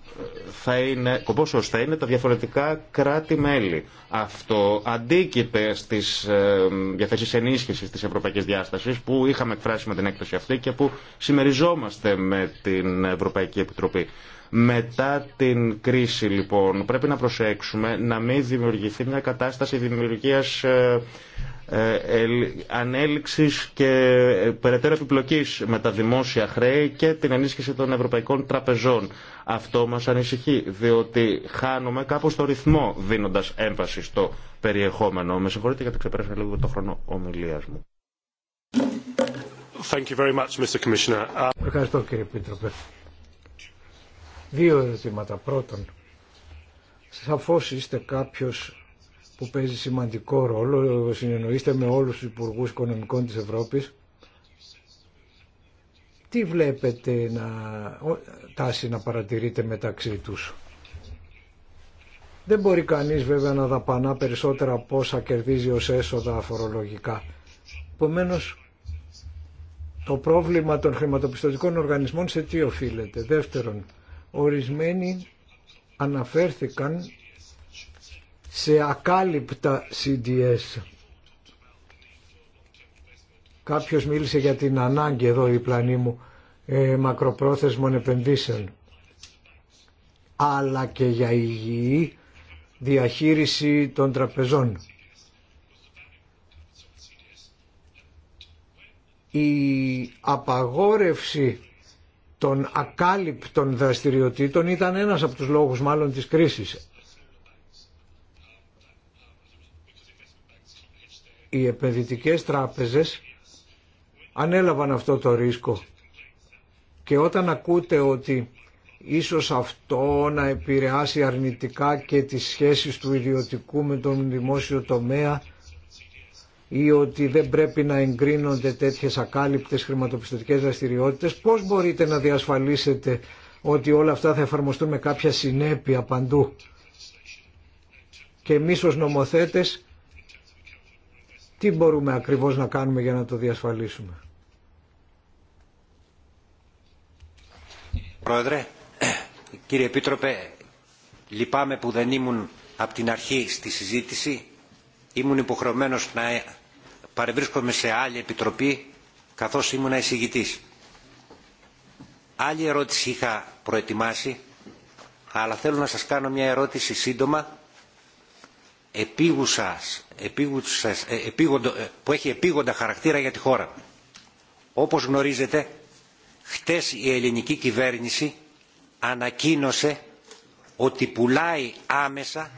θα είναι, κοπόσεως θα είναι τα διαφορετικά κράτη-μέλη. Αυτό αντίκειται στις ε, διαθέσεις ενίσχυσης της ευρωπαϊκής διάστασης που είχαμε εκφράσει με την έκθεση αυτή και που συμμεριζόμαστε με την Ευρωπαϊκή Επιτροπή. Μετά την κρίση λοιπόν πρέπει να προσέξουμε να μην δημιουργηθεί μια κατάσταση δημιουργίας ε, ε, ε, ανέλυξης και περαιτέρω επιπλοκής με τα δημόσια χρέη και την ενίσχυση των ευρωπαϊκών τραπεζών. Αυτό μας ανησυχεί, διότι χάνουμε κάπως το ρυθμό δίνοντας έμφαση στο περιεχόμενο. Με συγχωρείτε γιατί ξεπέρασα λίγο το χρόνο ομιλίας μου. Thank you very much, Mr. Commissioner. Ευχαριστώ Δύο ερωτήματα. Πρώτον, σαφώς είστε κάποιος που παίζει σημαντικό ρόλο, συνεννοείστε με όλους τους υπουργούς οικονομικών της Ευρώπης. Τι βλέπετε να τάση να παρατηρείτε μεταξύ τους. Δεν μπορεί κανείς βέβαια να δαπανά περισσότερα από όσα κερδίζει ως έσοδα φορολογικά. Επομένω, το πρόβλημα των χρηματοπιστωτικών οργανισμών σε τι οφείλεται. Δεύτερον, Ορισμένοι αναφέρθηκαν σε ακάλυπτα CDS. Κάποιος μίλησε για την ανάγκη εδώ η πλανή μου ε, μακροπρόθεσμων επενδύσεων αλλά και για υγιή διαχείριση των τραπεζών. Η απαγόρευση των ακάλυπτων δραστηριοτήτων ήταν ένας από τους λόγους μάλλον της κρίσης. Οι επενδυτικές τράπεζες ανέλαβαν αυτό το ρίσκο και όταν ακούτε ότι ίσως αυτό να επηρεάσει αρνητικά και τις σχέσεις του ιδιωτικού με τον δημόσιο τομέα ή ότι δεν πρέπει να εγκρίνονται τέτοιες ακάλυπτες χρηματοπιστωτικές δραστηριότητες. Πώς μπορείτε να διασφαλίσετε ότι όλα αυτά θα εφαρμοστούν με κάποια συνέπεια παντού. Και εμείς ως νομοθέτες τι μπορούμε ακριβώς να κάνουμε για να το διασφαλίσουμε. Πρόεδρε, κύριε Επίτροπε, λυπάμαι που δεν ήμουν από την αρχή στη συζήτηση. Ήμουν υποχρεωμένος να παρευρίσκομαι σε άλλη επιτροπή καθώς ήμουν εισηγητής. Άλλη ερώτηση είχα προετοιμάσει, αλλά θέλω να σας κάνω μια ερώτηση σύντομα επίγουσας, επίγουσας, ε, επίγοντο, ε, που έχει επίγοντα χαρακτήρα για τη χώρα. Όπως γνωρίζετε, χτες η ελληνική κυβέρνηση ανακοίνωσε ότι πουλάει άμεσα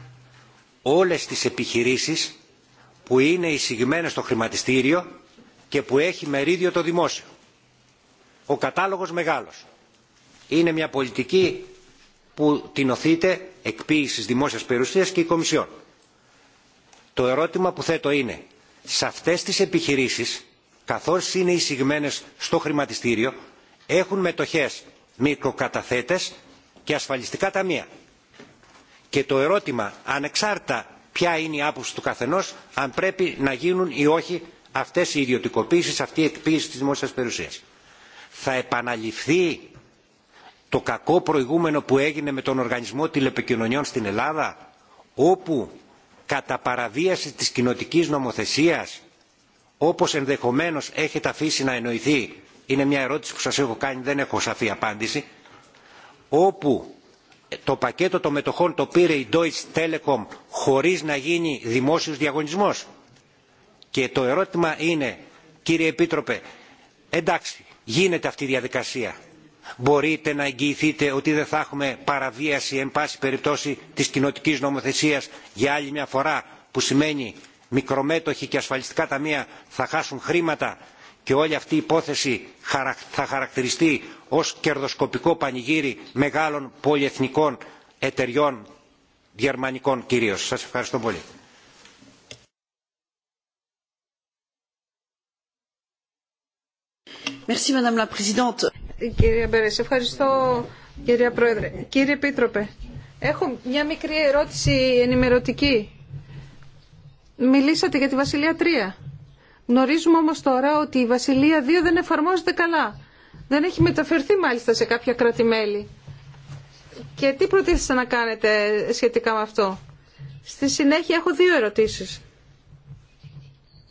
όλες τις επιχειρήσεις που είναι εισηγημένες στο χρηματιστήριο και που έχει μερίδιο το δημόσιο. Ο κατάλογος μεγάλος. Είναι μια πολιτική που την οθείται εκποίησης δημόσιας περιουσίας και η Κομισιόν. Το ερώτημα που θέτω είναι, σε αυτές τις επιχειρήσεις, καθώς είναι εισηγμένες στο χρηματιστήριο, έχουν μετοχές μικροκαταθέτες και ασφαλιστικά ταμεία. Και το ερώτημα, ανεξάρτητα ποια είναι η άποψη του καθενός αν πρέπει να γίνουν ή όχι αυτές οι ιδιωτικοποίησεις, αυτή η εκποίηση της δημόσιας περιουσίας. Θα επαναληφθεί το κακό προηγούμενο που έγινε με τον Οργανισμό Τηλεπικοινωνιών στην Ελλάδα όπου κατά παραβίαση της κοινοτική νομοθεσίας όπως ενδεχομένως έχετε αφήσει να εννοηθεί είναι μια ερώτηση που σας έχω κάνει δεν έχω σαφή απάντηση όπου το πακέτο των μετοχών το πήρε η Deutsche Telekom χωρίς να γίνει δημόσιος διαγωνισμός. Και το ερώτημα είναι, κύριε Επίτροπε, εντάξει, γίνεται αυτή η διαδικασία. Μπορείτε να εγγυηθείτε ότι δεν θα έχουμε παραβίαση, εν πάση περιπτώσει, της κοινοτικής νομοθεσίας για άλλη μια φορά, που σημαίνει μικρομέτοχοι και ασφαλιστικά ταμεία θα χάσουν χρήματα και όλη αυτή η υπόθεση θα χαρακτηριστεί ως κερδοσκοπικό πανηγύρι μεγάλων πολυεθνικών εταιριών γερμανικών κυρίως. Σας ευχαριστώ πολύ. Merci, Madame Κύριε Μπέρες, ευχαριστώ κυρία Πρόεδρε. Κύριε Επίτροπε, έχω μια μικρή ερώτηση ενημερωτική. Μιλήσατε για τη Βασιλεία Τρία. Γνωρίζουμε όμως τώρα ότι η Βασιλεία 2 δεν εφαρμόζεται καλά. Δεν έχει μεταφερθεί μάλιστα σε κάποια κράτη-μέλη. Και τι προτίθεστε να κάνετε σχετικά με αυτό. Στη συνέχεια έχω δύο ερωτήσεις.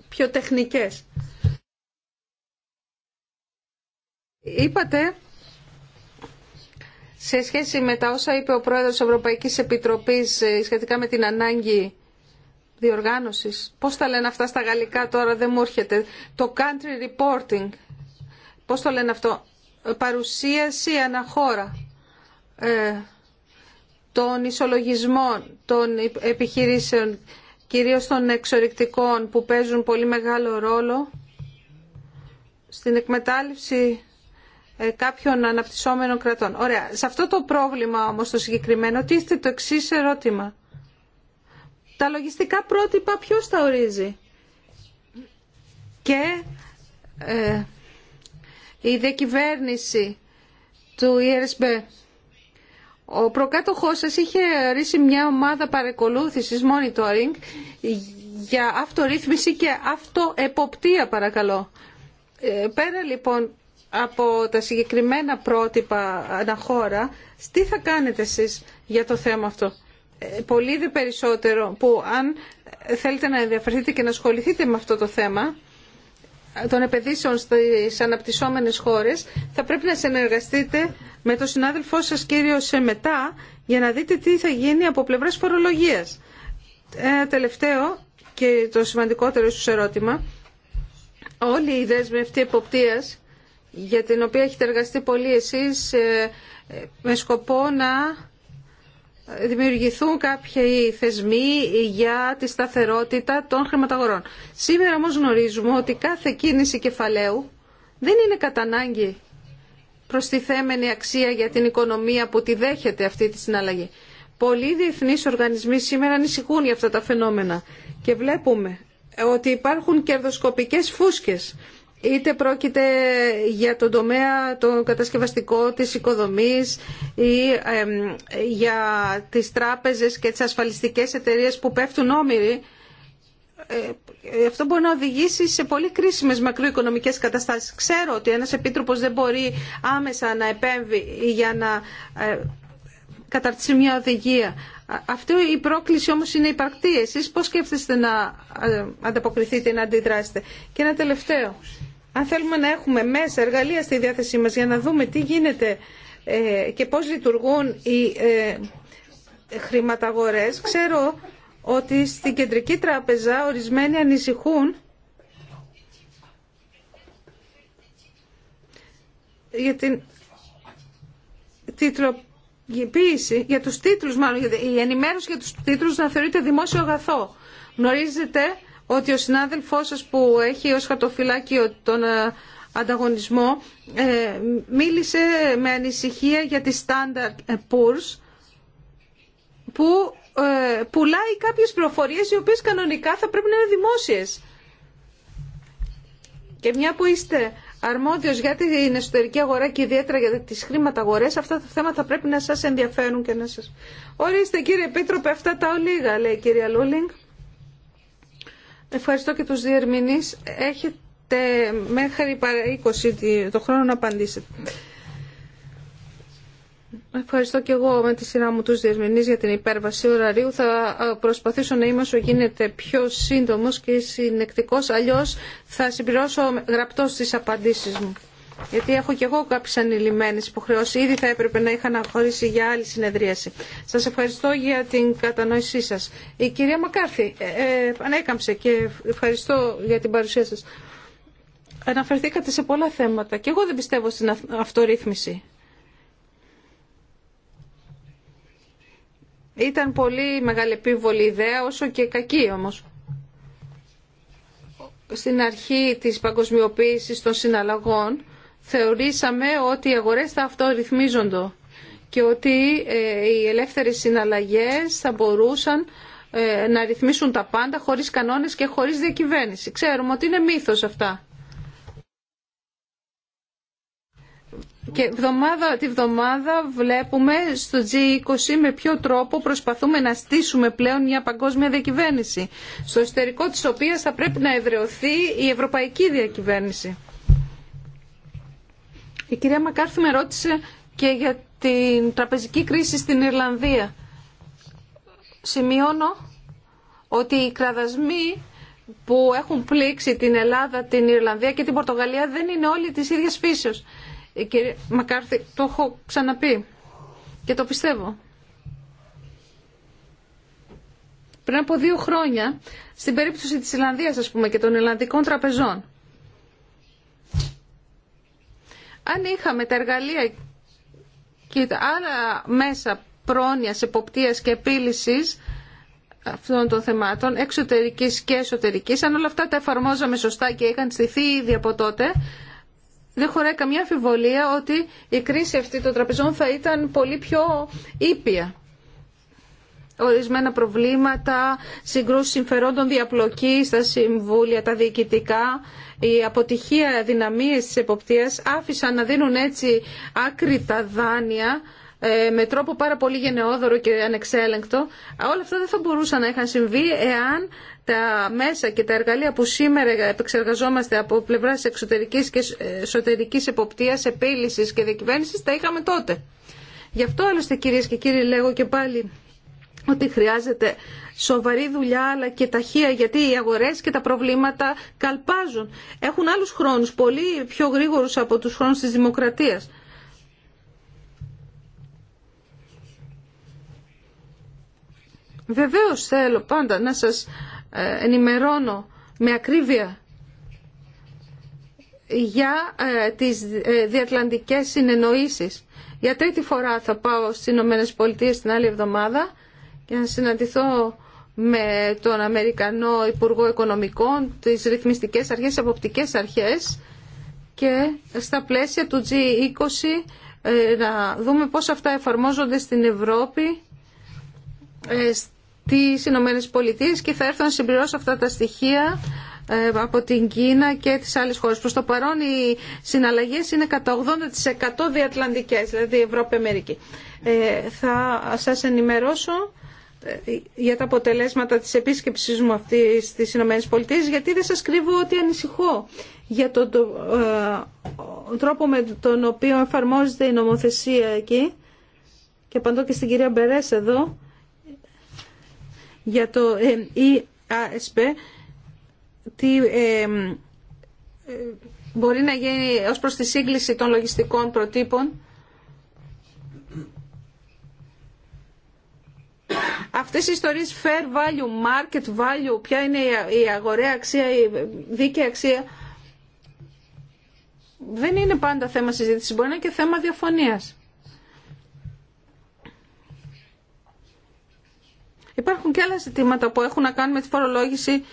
Πιο τεχνικές. Είπατε σε σχέση με τα όσα είπε ο Πρόεδρος Ευρωπαϊκής Επιτροπής ε, σχετικά με την ανάγκη διοργάνωσης. Πώς τα λένε αυτά στα γαλλικά τώρα, δεν μου έρχεται. Το country reporting. Πώς το λένε αυτό. Παρουσίαση αναχώρα ε, των ισολογισμών των επιχειρήσεων, κυρίως των εξορρυκτικών που παίζουν πολύ μεγάλο ρόλο στην εκμετάλλευση ε, κάποιων αναπτυσσόμενων κρατών. Ωραία. Σε αυτό το πρόβλημα όμως το συγκεκριμένο τίθεται το εξή ερώτημα τα λογιστικά πρότυπα ποιος τα ορίζει. Και ε, η διακυβέρνηση του ERSB. Ο προκάτοχός σας είχε ρίσει μια ομάδα παρακολούθησης, monitoring, για αυτορύθμιση και αυτοεποπτεία παρακαλώ. Ε, πέρα λοιπόν από τα συγκεκριμένα πρότυπα αναχώρα, τι θα κάνετε εσείς για το θέμα αυτό πολύ δε περισσότερο που αν θέλετε να ενδιαφερθείτε και να ασχοληθείτε με αυτό το θέμα των επενδύσεων στις αναπτυσσόμενες χώρες θα πρέπει να συνεργαστείτε με τον συνάδελφό σας κύριο Σεμετά για να δείτε τι θα γίνει από πλευράς φορολογίας. Ένα τελευταίο και το σημαντικότερο σου ερώτημα. Όλη η με αυτή για την οποία έχετε εργαστεί πολύ εσείς ε, ε, με σκοπό να δημιουργηθούν κάποιοι θεσμοί για τη σταθερότητα των χρηματαγορών. Σήμερα όμως γνωρίζουμε ότι κάθε κίνηση κεφαλαίου δεν είναι κατά ανάγκη προστιθέμενη αξία για την οικονομία που τη δέχεται αυτή τη συναλλαγή. Πολλοί διεθνείς οργανισμοί σήμερα ανησυχούν για αυτά τα φαινόμενα και βλέπουμε ότι υπάρχουν κερδοσκοπικές φούσκες είτε πρόκειται για τον τομέα το κατασκευαστικό της οικοδομής ή για τις τράπεζες και τις ασφαλιστικές εταιρείες που πέφτουν όμοιροι, ε, ε, αυτό μπορεί να οδηγήσει σε πολύ κρίσιμες μακροοικονομικές καταστάσεις. Ξέρω ότι ένας επίτροπος δεν μπορεί άμεσα να επέμβει για να ε, καταρτήσει μια οδηγία. Αυτή η πρόκληση όμως είναι υπαρκτή. Εσείς πώς σκέφτεστε να ανταποκριθείτε, να αντιδράσετε. Και ένα τελευταίο. Αν θέλουμε να έχουμε μέσα εργαλεία στη διάθεσή μας για να δούμε τι γίνεται ε, και πώς λειτουργούν οι ε, χρηματαγορές, ξέρω ότι στην Κεντρική Τράπεζα ορισμένοι ανησυχούν για την τίτλοποίηση, για τους τίτλους μάλλον, η ενημέρωση για τους τίτλους να θεωρείται δημόσιο αγαθό. Γνωρίζετε ότι ο συνάδελφός σας που έχει ως χατοφυλάκιο τον ε, ανταγωνισμό ε, μίλησε με ανησυχία για τη Standard Poor's που ε, πουλάει κάποιες προφορίες οι οποίες κανονικά θα πρέπει να είναι δημόσιες. Και μια που είστε αρμόδιος για την εσωτερική αγορά και ιδιαίτερα για τις αγορές αυτά τα θέματα πρέπει να σας ενδιαφέρουν και να σας... Ορίστε κύριε Επίτροπε, αυτά τα ολίγα, λέει η κυρία Λούλινγκ. Ευχαριστώ και τους διερμηνείς. Έχετε μέχρι 20 το χρόνο να απαντήσετε. Ευχαριστώ και εγώ με τη σειρά μου τους διερμηνείς για την υπέρβαση ωραρίου. Θα προσπαθήσω να είμαι όσο γίνεται πιο σύντομος και συνεκτικός, αλλιώς θα συμπληρώσω γραπτός τις απαντήσεις μου γιατί έχω και εγώ κάποιε ανηλυμένε χρεώσει Ήδη θα έπρεπε να είχα αναχωρήσει για άλλη συνεδρίαση. Σα ευχαριστώ για την κατανόησή σα. Η κυρία Μακάρθη ε, ε, ανέκαμψε και ευχαριστώ για την παρουσία σα. Αναφερθήκατε σε πολλά θέματα και εγώ δεν πιστεύω στην αυτορύθμιση. Ήταν πολύ μεγάλη επίβολη ιδέα, όσο και κακή όμως στην αρχή της παγκοσμιοποίησης των συναλλαγών θεωρήσαμε ότι οι αγορές θα αυτορυθμίζονται και ότι ε, οι ελεύθερες συναλλαγές θα μπορούσαν ε, να ρυθμίσουν τα πάντα χωρίς κανόνες και χωρίς διακυβέρνηση. Ξέρουμε ότι είναι μύθος αυτά. Και εβδομάδα, τη βδομάδα βλέπουμε στο G20 με ποιο τρόπο προσπαθούμε να στήσουμε πλέον μια παγκόσμια διακυβέρνηση, στο εσωτερικό της οποίας θα πρέπει να ευρεωθεί η ευρωπαϊκή διακυβέρνηση. Η κυρία Μακάρθη με ρώτησε και για την τραπεζική κρίση στην Ιρλανδία. Σημειώνω ότι οι κραδασμοί που έχουν πλήξει την Ελλάδα, την Ιρλανδία και την Πορτογαλία δεν είναι όλοι της ίδιας φύσεως. Η κυρία Μακάρθη, το έχω ξαναπεί και το πιστεύω. Πριν από δύο χρόνια, στην περίπτωση της Ιρλανδίας, ας πούμε, και των Ιρλανδικών τραπεζών, Αν είχαμε τα εργαλεία και τα άλλα μέσα πρόνοιας, εποπτείας και επίλυσης αυτών των θεμάτων, εξωτερικής και εσωτερικής, αν όλα αυτά τα εφαρμόζαμε σωστά και είχαν στηθεί ήδη από τότε, δεν χωράει καμία αμφιβολία ότι η κρίση αυτή των τραπεζών θα ήταν πολύ πιο ήπια ορισμένα προβλήματα, συγκρούσεις συμφερόντων, διαπλοκή στα συμβούλια, τα διοικητικά, η αποτυχία δυναμίες της εποπτείας άφησαν να δίνουν έτσι άκρητα δάνεια ε, με τρόπο πάρα πολύ γενναιόδωρο και ανεξέλεγκτο. Όλα αυτά δεν θα μπορούσαν να είχαν συμβεί εάν τα μέσα και τα εργαλεία που σήμερα επεξεργαζόμαστε από πλευράς εξωτερικής και εσωτερικής εποπτείας, επίλυσης και διακυβέρνησης τα είχαμε τότε. Γι' αυτό άλλωστε κυρίες και κύριοι λέγω και πάλι ότι χρειάζεται σοβαρή δουλειά αλλά και ταχεία γιατί οι αγορές και τα προβλήματα καλπάζουν. Έχουν άλλους χρόνους, πολύ πιο γρήγορους από τους χρόνους της δημοκρατίας. Βεβαίως θέλω πάντα να σας ε, ενημερώνω με ακρίβεια για ε, τις ε, διατλαντικές συνεννοήσεις. Για τρίτη φορά θα πάω στις Ηνωμένες Πολιτείες την άλλη εβδομάδα και να συναντηθώ με τον Αμερικανό Υπουργό Οικονομικών, τις ρυθμιστικές αρχές, αποπτικές αρχές και στα πλαίσια του G20 ε, να δούμε πώς αυτά εφαρμόζονται στην Ευρώπη, ε, στις Ηνωμένε Πολιτείες και θα έρθω να συμπληρώσω αυτά τα στοιχεία ε, από την Κίνα και τις άλλες χώρες. Προς το παρόν οι συναλλαγές είναι κατά 80% διατλαντικές, δηλαδή Ευρώπη-Αμερική. θα σας ενημερώσω για τα αποτελέσματα της επίσκεψής μου αυτή στις Ηνωμένες Πολιτείες, γιατί δεν σας κρύβω ότι ανησυχώ για τον ε, τρόπο με τον οποίο εφαρμόζεται η νομοθεσία εκεί και απαντώ και στην κυρία Μπερές εδώ για το ΙΑΣΠ ε, τι ε, μπορεί να γίνει ως προς τη σύγκληση των λογιστικών προτύπων Αυτές οι ιστορίες fair value, market value, ποια είναι η αγοραία αξία, η δίκαιη αξία, δεν είναι πάντα θέμα συζήτηση μπορεί να είναι και θέμα διαφωνίας. Υπάρχουν και άλλα ζητήματα που έχουν να κάνουν με τη φορολόγηση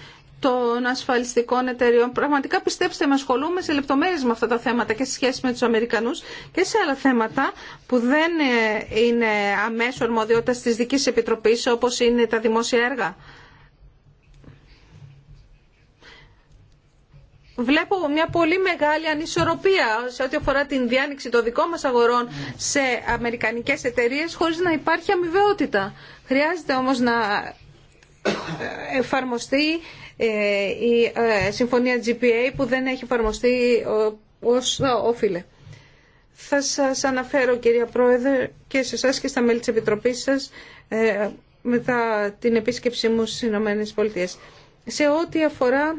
των ασφαλιστικών εταιριών. Πραγματικά πιστέψτε με, ασχολούμαι σε λεπτομέρειες με αυτά τα θέματα και σε σχέση με τους Αμερικανούς και σε άλλα θέματα που δεν ε, είναι αμέσως αρμοδιότητα της δικής επιτροπής όπως είναι τα δημόσια έργα. βλέπω μια πολύ μεγάλη ανισορροπία σε ό,τι αφορά την διάνοιξη των δικών μας αγορών σε αμερικανικές εταιρείες χωρίς να υπάρχει αμοιβαιότητα. Χρειάζεται όμως να ε, εφαρμοστεί ε, η ε, συμφωνία GPA που δεν έχει εφαρμοστεί ως ε, όφιλε. Θα σας αναφέρω κυρία Πρόεδρε και σε εσά και στα μέλη της Επιτροπής σας μετά την επίσκεψή μου στις Ηνωμένες Πολιτείες. Σε ό,τι αφορά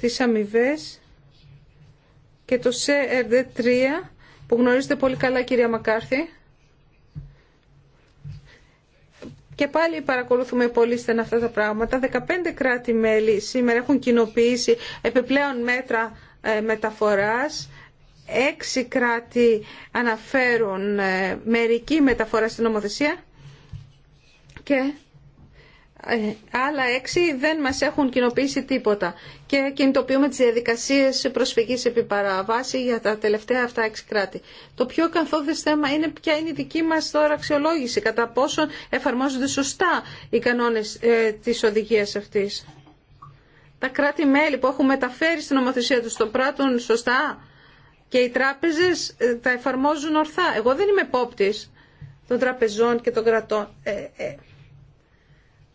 τις αμοιβέ και το CRD3 που γνωρίζετε πολύ καλά κυρία Μακάρθη Και πάλι παρακολουθούμε πολύ στενά αυτά τα πράγματα. 15 κράτη-μέλη σήμερα έχουν κοινοποιήσει επιπλέον μέτρα ε, μεταφοράς. 6 κράτη αναφέρουν ε, μερική μεταφορά στην νομοθεσία και ε, άλλα έξι δεν μας έχουν κοινοποιήσει τίποτα και κινητοποιούμε τις διαδικασίες προσφυγής επί παραβάση για τα τελευταία αυτά έξι κράτη. Το πιο καθόδες θέμα είναι ποια είναι η δική μας τώρα αξιολόγηση, κατά πόσο εφαρμόζονται σωστά οι κανόνες ε, της οδηγίας αυτής. Τα κράτη-μέλη που έχουν μεταφέρει στην ομοθεσία τους το πράτών σωστά και οι τράπεζες ε, τα εφαρμόζουν ορθά. Εγώ δεν είμαι υπόπτης των τραπεζών και των κρατών. Ε,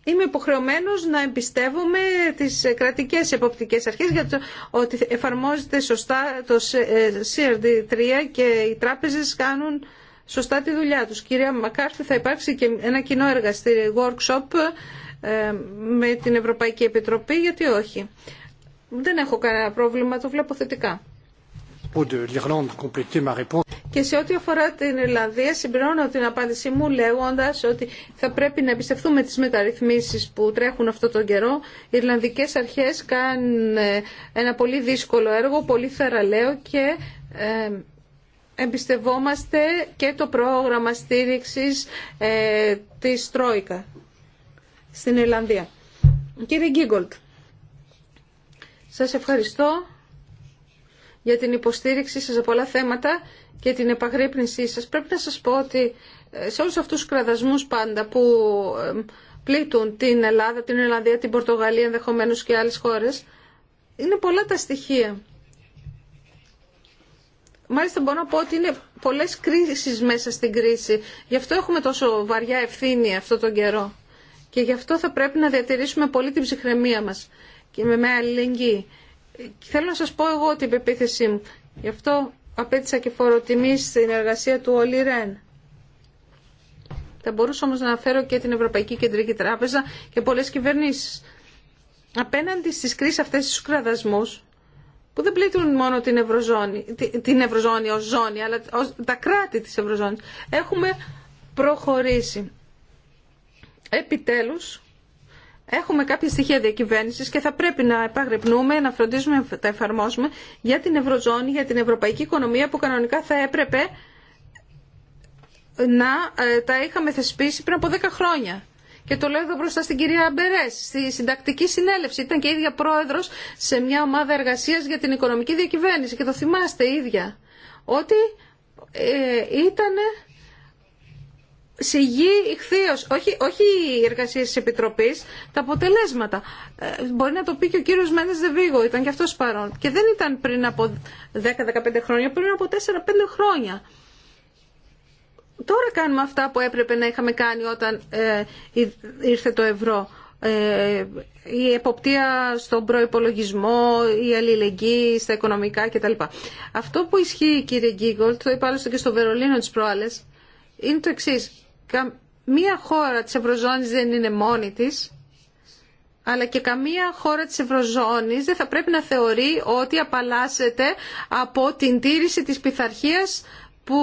είμαι υποχρεωμένος να εμπιστεύομαι τις κρατικές εποπτικές αρχές για το ότι εφαρμόζεται σωστά το CRD3 ε, και οι τράπεζες κάνουν σωστά τη δουλειά τους. Κυρία Μακάρθη, θα υπάρξει και ένα κοινό εργαστήριο workshop ε, με την Ευρωπαϊκή Επιτροπή, γιατί όχι. Δεν έχω κανένα πρόβλημα, το βλέπω θετικά. Και σε ό,τι αφορά την Ιρλανδία, συμπληρώνω την απάντησή μου λέγοντα ότι θα πρέπει να εμπιστευτούμε τι μεταρρυθμίσει που τρέχουν αυτόν τον καιρό. Οι Ιρλανδικέ αρχέ κάνουν ε, ένα πολύ δύσκολο έργο, πολύ θεραλέο και ε, εμπιστευόμαστε και το πρόγραμμα στήριξης ε, της Τρόικα στην Ιρλανδία. Κύριε Γκίγκολτ, σας ευχαριστώ για την υποστήριξή σας από πολλά θέματα και την επαγρύπνησή σας. Πρέπει να σας πω ότι ε, σε όλους αυτούς τους κραδασμούς πάντα που πλήττουν την Ελλάδα, την Ελλανδία, την Πορτογαλία ενδεχομένω και άλλες χώρες, είναι πολλά τα στοιχεία. Μάλιστα μπορώ να πω ότι είναι πολλές κρίσεις μέσα στην κρίση. Γι' αυτό έχουμε τόσο βαριά ευθύνη αυτό τον καιρό. Και γι' αυτό θα πρέπει να διατηρήσουμε πολύ την ψυχραιμία μας και με μια αλληλεγγύη. Θέλω να σας πω εγώ την πεποίθησή μου. Γι' αυτό απέτησα και φοροτιμή στην εργασία του ΟΛΗΡΕΝ. Θα μπορούσα όμως να αναφέρω και την Ευρωπαϊκή Κεντρική Τράπεζα και πολλές κυβερνήσεις. Απέναντι στις κρίσεις αυτές τους κραδασμούς, που δεν πλήττουν μόνο την Ευρωζώνη, την Ευρωζώνη ως ζώνη, αλλά τα κράτη της Ευρωζώνης, έχουμε προχωρήσει. Επιτέλους, Έχουμε κάποια στοιχεία διακυβέρνηση και θα πρέπει να επαγρυπνούμε, να φροντίζουμε, να τα εφαρμόσουμε για την Ευρωζώνη, για την ευρωπαϊκή οικονομία που κανονικά θα έπρεπε να ε, τα είχαμε θεσπίσει πριν από 10 χρόνια. Και το λέω εδώ μπροστά στην κυρία Μπερέ, στη συντακτική συνέλευση. Ήταν και η ίδια πρόεδρο σε μια ομάδα εργασία για την οικονομική διακυβέρνηση. Και το θυμάστε ίδια. Ότι ε, ήταν Σηγεί ηχθείω. όχι, όχι οι εργασίες της Επιτροπής, τα αποτελέσματα. Ε, μπορεί να το πει και ο κύριος Μένες Δεβίγο, ήταν και αυτός παρόν. Και δεν ήταν πριν από 10-15 χρόνια, πριν από 4-5 χρόνια. Τώρα κάνουμε αυτά που έπρεπε να είχαμε κάνει όταν ε, ήρθε το ευρώ. Ε, η εποπτεία στον προϋπολογισμό, η αλληλεγγύη στα οικονομικά κτλ. Αυτό που ισχύει κύριε Γκίγκολτ, το είπα άλλωστε και στο Βερολίνο της προάλλες, είναι το εξή. Καμία χώρα της Ευρωζώνης δεν είναι μόνη της, αλλά και καμία χώρα της Ευρωζώνης δεν θα πρέπει να θεωρεί ότι απαλλάσσεται από την τήρηση της πειθαρχία που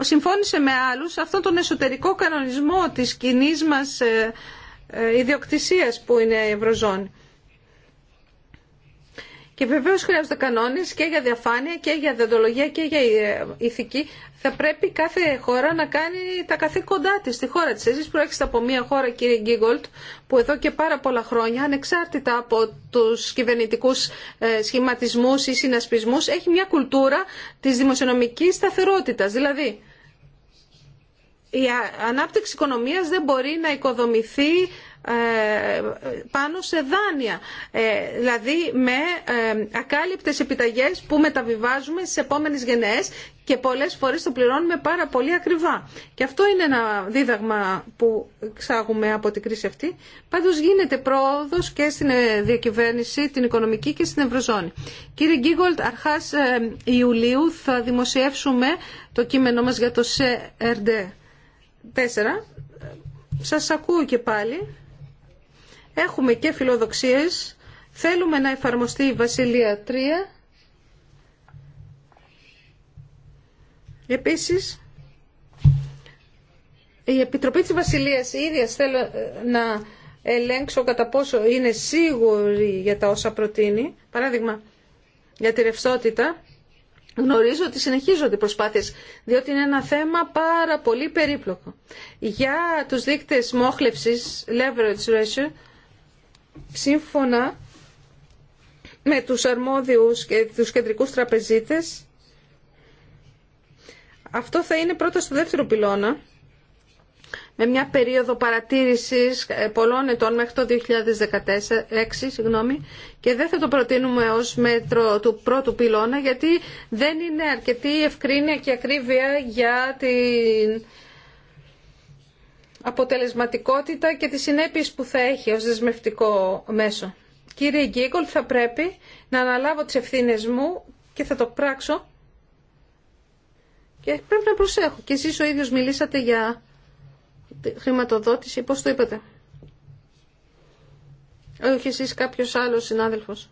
συμφώνησε με άλλους αυτόν τον εσωτερικό κανονισμό της κοινή μας ε, ε, ιδιοκτησίας που είναι η Ευρωζώνη. Και βεβαίω χρειάζονται κανόνε και για διαφάνεια και για διοντολογία και για ε, ηθική. Θα πρέπει κάθε χώρα να κάνει τα καθήκοντά τη στη χώρα τη. Εσεί προέρχεστε από μια χώρα, κύριε Γκίγκολτ, που εδώ και πάρα πολλά χρόνια, ανεξάρτητα από του κυβερνητικού ε, σχηματισμού ή συνασπισμού, έχει μια κουλτούρα τη δημοσιονομική σταθερότητα. Δηλαδή, η ανάπτυξη σταθεροτητα δηλαδη η αναπτυξη οικονομια δεν μπορεί να οικοδομηθεί ε, πάνω σε δάνεια, ε, δηλαδή με ε, ακάλυπτες επιταγές που μεταβιβάζουμε στις επόμενες γενναίες και πολλές φορές το πληρώνουμε πάρα πολύ ακριβά. Και αυτό είναι ένα δίδαγμα που εξάγουμε από την κρίση αυτή. Πάντως γίνεται πρόοδος και στην διακυβέρνηση, την οικονομική και στην Ευρωζώνη. Κύριε Γκίγολτ, αρχάς Ιουλίου θα δημοσιεύσουμε το κείμενό μας για το CRD 4. Σας ακούω και πάλι. Έχουμε και φιλοδοξίες. Θέλουμε να εφαρμοστεί η Βασιλεία 3. Επίσης, η Επιτροπή της Βασιλείας ίδια θέλω ε, να ελέγξω κατά πόσο είναι σίγουρη για τα όσα προτείνει. Παράδειγμα, για τη ρευστότητα γνωρίζω ότι συνεχίζονται οι προσπάθειες, διότι είναι ένα θέμα πάρα πολύ περίπλοκο. Για τους δείκτες μόχλευσης, leverage ratio, σύμφωνα με τους αρμόδιους και τους κεντρικούς τραπεζίτες αυτό θα είναι πρώτα στο δεύτερο πυλώνα με μια περίοδο παρατήρησης ε, πολλών ετών μέχρι το 2016 συγγνώμη, και δεν θα το προτείνουμε ως μέτρο του πρώτου πυλώνα γιατί δεν είναι αρκετή ευκρίνεια και ακρίβεια για την αποτελεσματικότητα και τις συνέπειες που θα έχει ως δεσμευτικό μέσο. Κύριε Γκίγκολ, θα πρέπει να αναλάβω τις ευθύνες μου και θα το πράξω και πρέπει να προσέχω. Και εσείς ο ίδιος μιλήσατε για χρηματοδότηση. Πώς το είπατε. Όχι εσείς κάποιος άλλος συνάδελφος.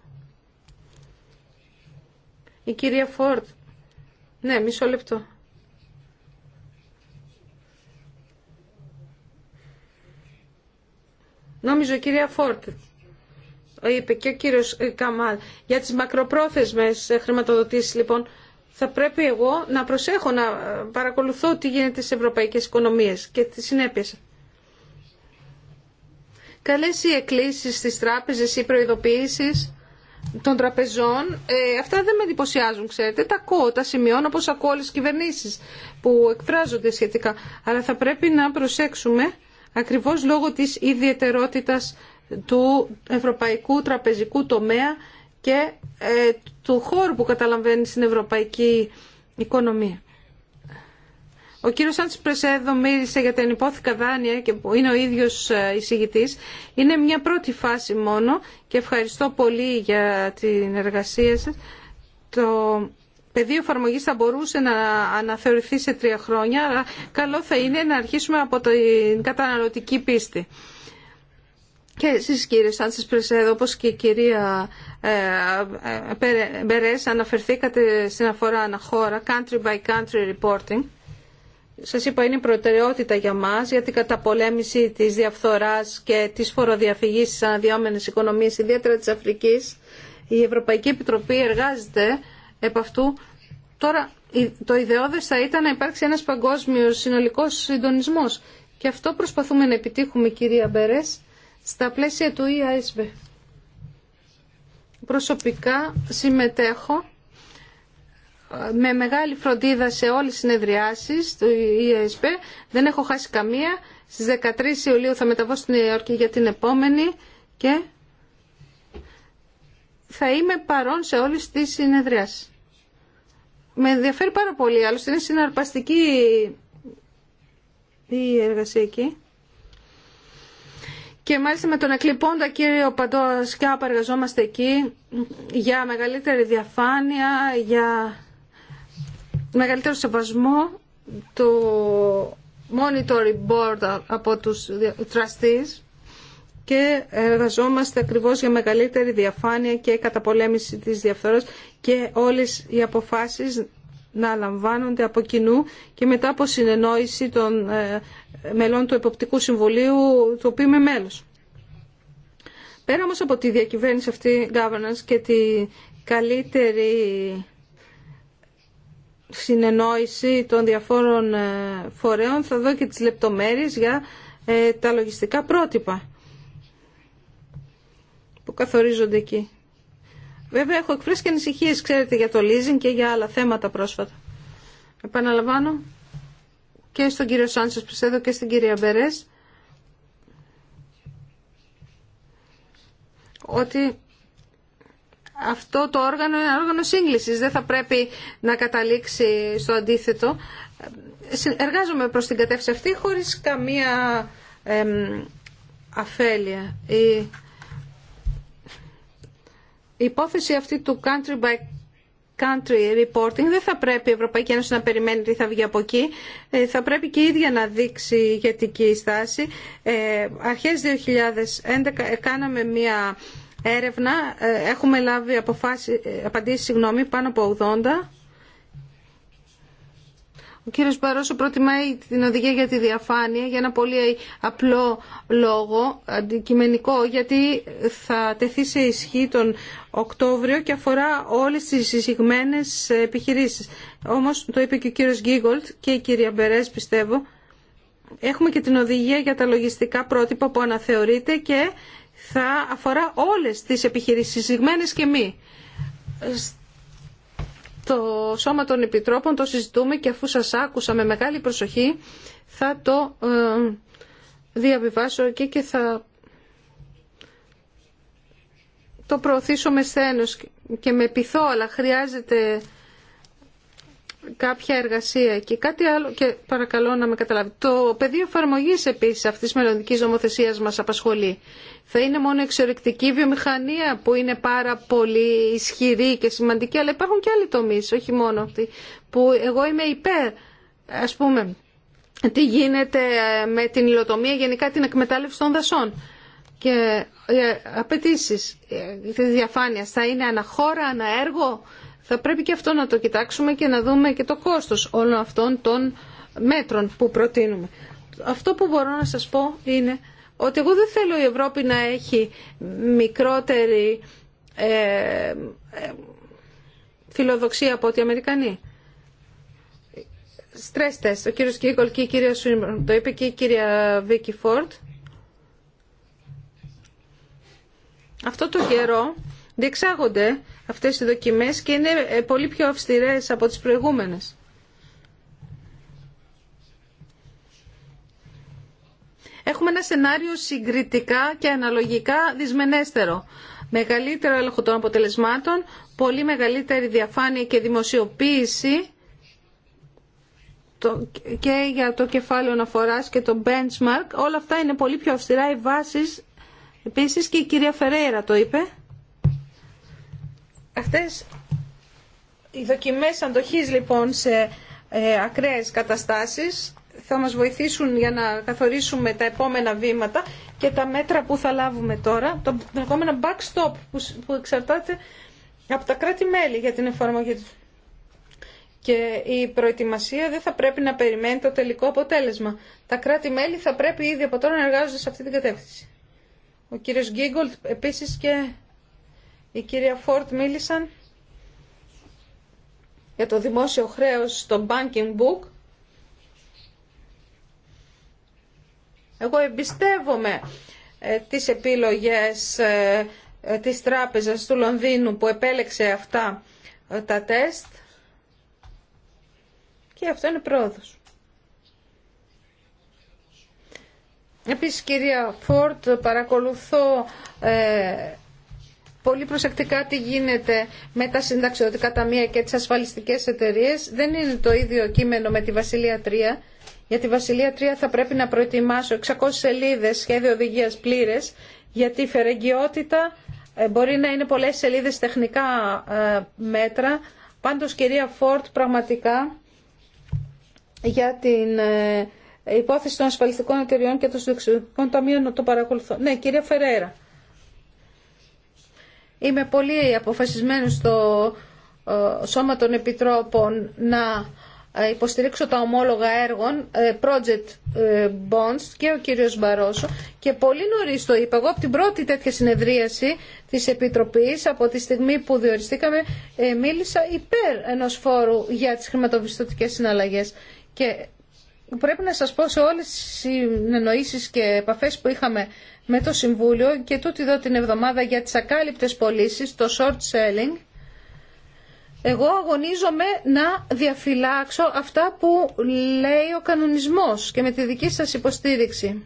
Η κυρία Φόρτ. Ναι, μισό λεπτό. Νόμιζω η κυρία Φόρτ, είπε και ο κύριο ε, Καμάλ, για τις μακροπρόθεσμες ε, χρηματοδοτήσεις λοιπόν, θα πρέπει εγώ να προσέχω να ε, παρακολουθώ τι γίνεται στι ευρωπαϊκές οικονομίες και τι συνέπειες. Καλέ οι εκκλήσει στις τράπεζες ή προειδοποιήσεις των τραπεζών, ε, αυτά δεν με εντυπωσιάζουν, ξέρετε. Τα ακούω, τα σημειώνω, όπω ακούω όλε τι κυβερνήσεις που εκφράζονται σχετικά. Αλλά θα πρέπει να προσέξουμε ακριβώς λόγω της ιδιαιτερότητας του ευρωπαϊκού τραπεζικού τομέα και ε, του χώρου που καταλαμβάνει στην ευρωπαϊκή οικονομία. Ο κύριος Σάντς Πρεσέδο μίλησε για τα ενυπόθηκα δάνεια και που είναι ο ίδιος ε, εισηγητής. Είναι μια πρώτη φάση μόνο και ευχαριστώ πολύ για την εργασία σας. Το πεδίο εφαρμογή θα μπορούσε να αναθεωρηθεί σε τρία χρόνια, αλλά καλό θα είναι να αρχίσουμε από την καταναλωτική πίστη. Και εσεί, κύριε σας Πρεσέδο, όπως και η κυρία ε, ε Μπερές αναφερθήκατε στην αφορά αναχώρα, country by country reporting. Σας είπα είναι προτεραιότητα για μα για την καταπολέμηση της διαφθοράς και της φοροδιαφυγής τη αναδυόμενε οικονομίε ιδιαίτερα τη Αφρική, Η Ευρωπαϊκή Επιτροπή εργάζεται επ' αυτού. Τώρα το ιδεώδες θα ήταν να υπάρξει ένας παγκόσμιος συνολικός συντονισμός και αυτό προσπαθούμε να επιτύχουμε κυρία Μπερές στα πλαίσια του EASB. Προσωπικά συμμετέχω ε, με μεγάλη φροντίδα σε όλες τις συνεδριάσεις του EASB. Δεν έχω χάσει καμία. Στις 13 Ιουλίου θα μεταβώ στην Νέα Υόρκη για την επόμενη και θα είμαι παρόν σε όλες τις συνεδρίες, Με ενδιαφέρει πάρα πολύ, άλλωστε είναι συναρπαστική η εργασία εκεί. Και μάλιστα με τον εκλειπώντα κύριο Παντό Σκιάπα εργαζόμαστε εκεί για μεγαλύτερη διαφάνεια, για μεγαλύτερο σεβασμό του monitoring board από τους trustees και εργαζόμαστε ακριβώς για μεγαλύτερη διαφάνεια και καταπολέμηση της διαφθοράς και όλες οι αποφάσεις να λαμβάνονται από κοινού και μετά από συνεννόηση των ε, μελών του Εποπτικού Συμβουλίου, του οποίου είμαι μέλος. Πέρα όμως από τη διακυβέρνηση αυτή governance και τη καλύτερη συνεννόηση των διαφόρων ε, φορέων, θα δω και τις λεπτομέρειες για ε, τα λογιστικά πρότυπα που καθορίζονται εκεί. Βέβαια έχω εκφράσει και ανησυχίε, ξέρετε, για το leasing και για άλλα θέματα πρόσφατα. Επαναλαμβάνω και στον κύριο Σάντσες Πρισέδο και στην κυρία Μπερές ότι αυτό το όργανο είναι όργανο σύγκλησης. Δεν θα πρέπει να καταλήξει στο αντίθετο. Εργάζομαι προς την κατεύθυνση αυτή χωρίς καμία εμ, αφέλεια ή η υπόθεση αυτή του country by country reporting δεν θα πρέπει η Ευρωπαϊκή Ένωση να περιμένει τι θα βγει από εκεί. Ε, θα πρέπει και η ίδια να δείξει ηγετική στάση. Ε, αρχές 2011 ε, κάναμε μία έρευνα. Ε, έχουμε λάβει αποφάση, απαντήσεις συγγνώμη, πάνω από 80 ο κύριος Μπαρόσο προτιμάει την οδηγία για τη διαφάνεια για ένα πολύ απλό λόγο, αντικειμενικό, γιατί θα τεθεί σε ισχύ τον Οκτώβριο και αφορά όλες τις επιχειρήσεις. Όμως, το είπε και ο κύριος Γκίγκολτ και η κυρία Μπερέ, πιστεύω, έχουμε και την οδηγία για τα λογιστικά πρότυπα που αναθεωρείται και θα αφορά όλες τις επιχειρήσεις, εισηγμένες και μη το Σώμα των Επιτρόπων το συζητούμε και αφού σας άκουσα με μεγάλη προσοχή θα το ε, διαβιβάσω εκεί και θα το προωθήσω με σθένος και με πειθό, αλλά χρειάζεται κάποια εργασία και κάτι άλλο και παρακαλώ να με καταλάβει. Το πεδίο εφαρμογή επίσης αυτής της μελλοντικής νομοθεσίας μας απασχολεί θα είναι μόνο εξορρεκτική βιομηχανία που είναι πάρα πολύ ισχυρή και σημαντική, αλλά υπάρχουν και άλλοι τομείς, όχι μόνο αυτοί, που εγώ είμαι υπέρ, ας πούμε, τι γίνεται ε, με την υλοτομία, γενικά την εκμετάλλευση των δασών. Και ε, απαιτήσει ε, τη διαφάνεια θα είναι αναχώρα, αναέργο. Θα πρέπει και αυτό να το κοιτάξουμε και να δούμε και το κόστος όλων αυτών των μέτρων που προτείνουμε. Αυτό που μπορώ να σας πω είναι ότι εγώ δεν θέλω η Ευρώπη να έχει μικρότερη ε, ε, φιλοδοξία από ότι οι Αμερικανοί. Stress τεστ. Ο κύριος Κίγκολ και η κυρία Σουίμπρον το είπε και η κυρία Βίκη Φόρτ. Αυτό το καιρό διεξάγονται αυτές οι δοκιμές και είναι ε, πολύ πιο αυστηρές από τις προηγούμενες. Έχουμε ένα σενάριο συγκριτικά και αναλογικά δυσμενέστερο. Μεγαλύτερο έλεγχο των αποτελεσμάτων, πολύ μεγαλύτερη διαφάνεια και δημοσιοποίηση και για το κεφάλαιο αναφορά και το benchmark. Όλα αυτά είναι πολύ πιο αυστηρά οι βάσει επίση και η κυρία Φερέιρα το είπε. Αυτές οι δοκιμέ αντοχής λοιπόν σε ε, ακραίες καταστάσεις θα μας βοηθήσουν για να καθορίσουμε τα επόμενα βήματα και τα μέτρα που θα λάβουμε τώρα, το επόμενο backstop που εξαρτάται από τα κράτη-μέλη για την εφαρμογή του. Και η προετοιμασία δεν θα πρέπει να περιμένει το τελικό αποτέλεσμα. Τα κράτη-μέλη θα πρέπει ήδη από τώρα να εργάζονται σε αυτή την κατεύθυνση. Ο κύριος Γκίγκολτ επίσης και η κυρία Φόρτ μίλησαν για το δημόσιο χρέος στο banking book Εγώ εμπιστεύομαι ε, τις επιλογές ε, ε, της τράπεζας του Λονδίνου που επέλεξε αυτά τα τεστ και αυτό είναι πρόοδος. Επίσης κυρία Φόρτ παρακολουθώ πολύ προσεκτικά τι γίνεται με τα συνταξιωτικά ταμεία και τις ασφαλιστικές εταιρείες. Δεν είναι το ίδιο κείμενο με τη Βασιλεία 3 για τη Βασιλεία 3 θα πρέπει να προετοιμάσω 600 σελίδες σχέδιο οδηγίας πλήρες, γιατί η φερεγγιότητα ε, μπορεί να είναι πολλές σελίδες τεχνικά ε, μέτρα. Πάντως, κυρία Φόρτ, πραγματικά για την ε, υπόθεση των ασφαλιστικών εταιριών και των συνδεξιδικών ταμείων το παρακολουθώ. Ναι, κυρία Φερέρα. Είμαι πολύ αποφασισμένος στο Σώμα των Επιτρόπων να ε, υποστηρίξω τα ομόλογα έργων, ε, project ε, bonds και ο κύριος Μπαρόσο και πολύ νωρί το είπα εγώ από την πρώτη τέτοια συνεδρίαση της Επιτροπής από τη στιγμή που διοριστήκαμε μίλησα υπέρ ενός φόρου για τις χρηματοπιστωτικές συναλλαγές και πρέπει να σας πω σε όλες τις συνεννοήσεις και επαφές που είχαμε με το Συμβούλιο και τούτη εδώ την εβδομάδα για τις ακάλυπτες πωλήσει, το short selling εγώ αγωνίζομαι να διαφυλάξω αυτά που λέει ο κανονισμός και με τη δική σας υποστήριξη.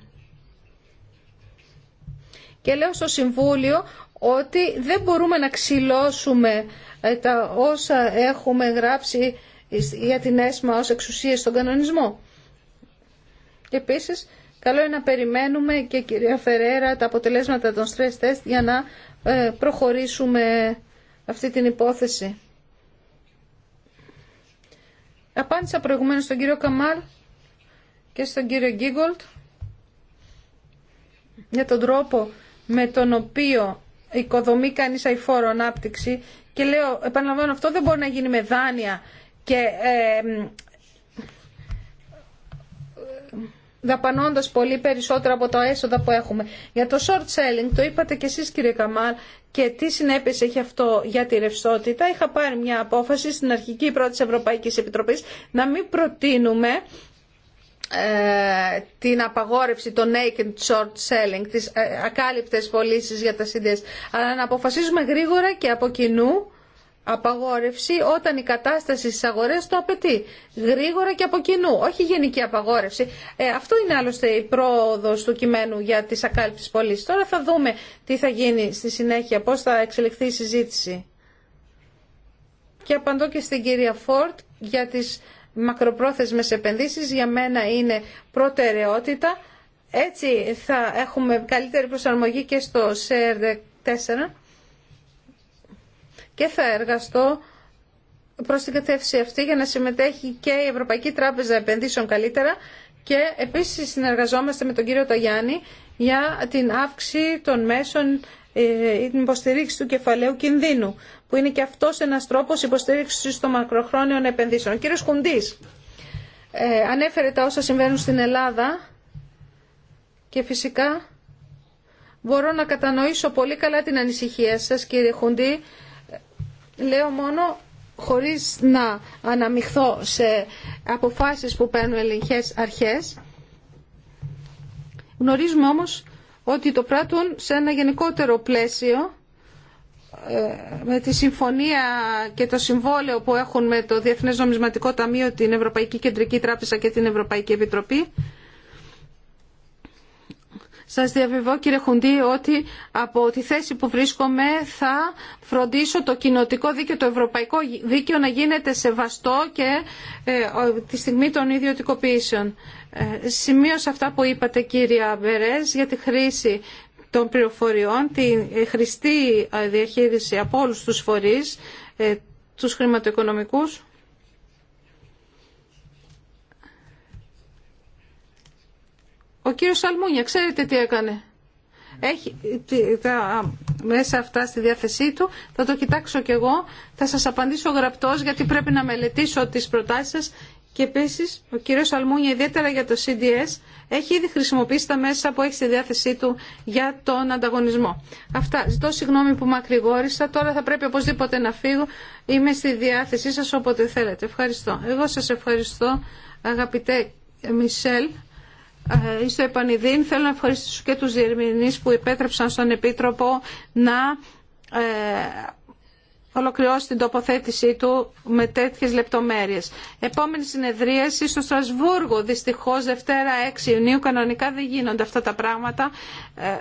Και λέω στο Συμβούλιο ότι δεν μπορούμε να ξυλώσουμε ε, τα όσα έχουμε γράψει για την ΕΣΜΑ ως εξουσία στον κανονισμό. Και επίσης, καλό είναι να περιμένουμε και κυρία Φερέρα τα αποτελέσματα των stress test για να ε, προχωρήσουμε αυτή την υπόθεση. Απάντησα προηγουμένως στον κύριο Καμάλ και στον κύριο Γκίγκολτ για τον τρόπο με τον οποίο οικοδομεί κάνει αηφόρο ανάπτυξη και λέω, επαναλαμβάνω, αυτό δεν μπορεί να γίνει με δάνεια και ε, Δαπανώντα πολύ περισσότερο από τα έσοδα που έχουμε. Για το short selling, το είπατε και εσείς κύριε Καμάλ, και τι συνέπειε έχει αυτό για τη ρευστότητα, είχα πάρει μια απόφαση στην αρχική πρώτη ευρωπαϊκή Επιτροπή να μην προτείνουμε ε, την απαγόρευση των naked short selling, τις ε, ακάλυπτες πωλήσει για τα CDS, αλλά να αποφασίζουμε γρήγορα και από κοινού απαγόρευση όταν η κατάσταση στις αγορές το απαιτεί. Γρήγορα και από κοινού, όχι γενική απαγόρευση. Ε, αυτό είναι άλλωστε η πρόοδος του κειμένου για τις ακάλυψεις πωλήσει. Τώρα θα δούμε τι θα γίνει στη συνέχεια, πώς θα εξελιχθεί η συζήτηση. Και απαντώ και στην κυρία Φόρτ για τις μακροπρόθεσμες επενδύσεις. Για μένα είναι προτεραιότητα. Έτσι θα έχουμε καλύτερη προσαρμογή και στο ΣΕΡΔΕΚ 4 και θα εργαστώ προς την κατεύθυνση αυτή για να συμμετέχει και η Ευρωπαϊκή Τράπεζα Επενδύσεων καλύτερα και επίσης συνεργαζόμαστε με τον κύριο Ταγιάννη για την αύξηση των μέσων ή ε, την υποστηρίξη του κεφαλαίου κινδύνου, που είναι και αυτός ένας τρόπος υποστηρίξης των μακροχρόνιων επενδύσεων. Ο κύριος Χουντής ε, ανέφερε τα όσα συμβαίνουν στην Ελλάδα και φυσικά μπορώ να κατανοήσω πολύ καλά την ανησυχία σας κύριε Χουντή Λέω μόνο χωρίς να αναμειχθώ σε αποφάσεις που παίρνουν ελληνικές αρχές. Γνωρίζουμε όμως ότι το πράττουν σε ένα γενικότερο πλαίσιο ε, με τη συμφωνία και το συμβόλαιο που έχουν με το Διεθνές Νομισματικό Ταμείο, την Ευρωπαϊκή Κεντρική Τράπεζα και την Ευρωπαϊκή Επιτροπή σας διαβεβαιώ κύριε Χουντή ότι από τη θέση που βρίσκομαι θα φροντίσω το κοινοτικό δίκαιο, το ευρωπαϊκό δίκαιο να γίνεται σεβαστό και ε, τη στιγμή των ιδιωτικοποιήσεων. Ε, σημείωσα αυτά που είπατε κύριε Μπερές για τη χρήση των πληροφοριών, τη χρηστή ε, διαχείριση από όλους τους φορείς, ε, τους χρηματοοικονομικούς. Ο κύριος Σαλμούνια, ξέρετε τι έκανε. Έχει τα μέσα αυτά στη διάθεσή του, θα το κοιτάξω κι εγώ, θα σας απαντήσω γραπτός γιατί πρέπει να μελετήσω τις προτάσεις σας και επίση, ο κύριος Σαλμούνια, ιδιαίτερα για το CDS έχει ήδη χρησιμοποιήσει τα μέσα που έχει στη διάθεσή του για τον ανταγωνισμό. Αυτά. Ζητώ συγγνώμη που μακρηγόρησα. Τώρα θα πρέπει οπωσδήποτε να φύγω. Είμαι στη διάθεσή σας όποτε θέλετε. Ευχαριστώ. Εγώ σας ευχαριστώ αγαπητέ Μισελ. Ε, στο επανειδήν θέλω να ευχαριστήσω και τους διερμηνείς που επέτρεψαν στον Επίτροπο να ε, ολοκληρώσει την τοποθέτησή του με τέτοιες λεπτομέρειες. Επόμενη συνεδρίαση στο Στρασβούργο, δυστυχώς Δευτέρα 6 Ιουνίου, κανονικά δεν γίνονται αυτά τα πράγματα.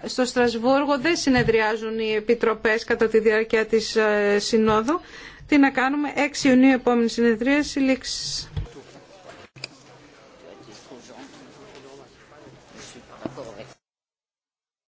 Ε, στο Στρασβούργο δεν συνεδριάζουν οι επιτροπές κατά τη διάρκεια της Συνόδου. Τι να κάνουμε, 6 Ιουνίου επόμενη συνεδρίαση, λήξη.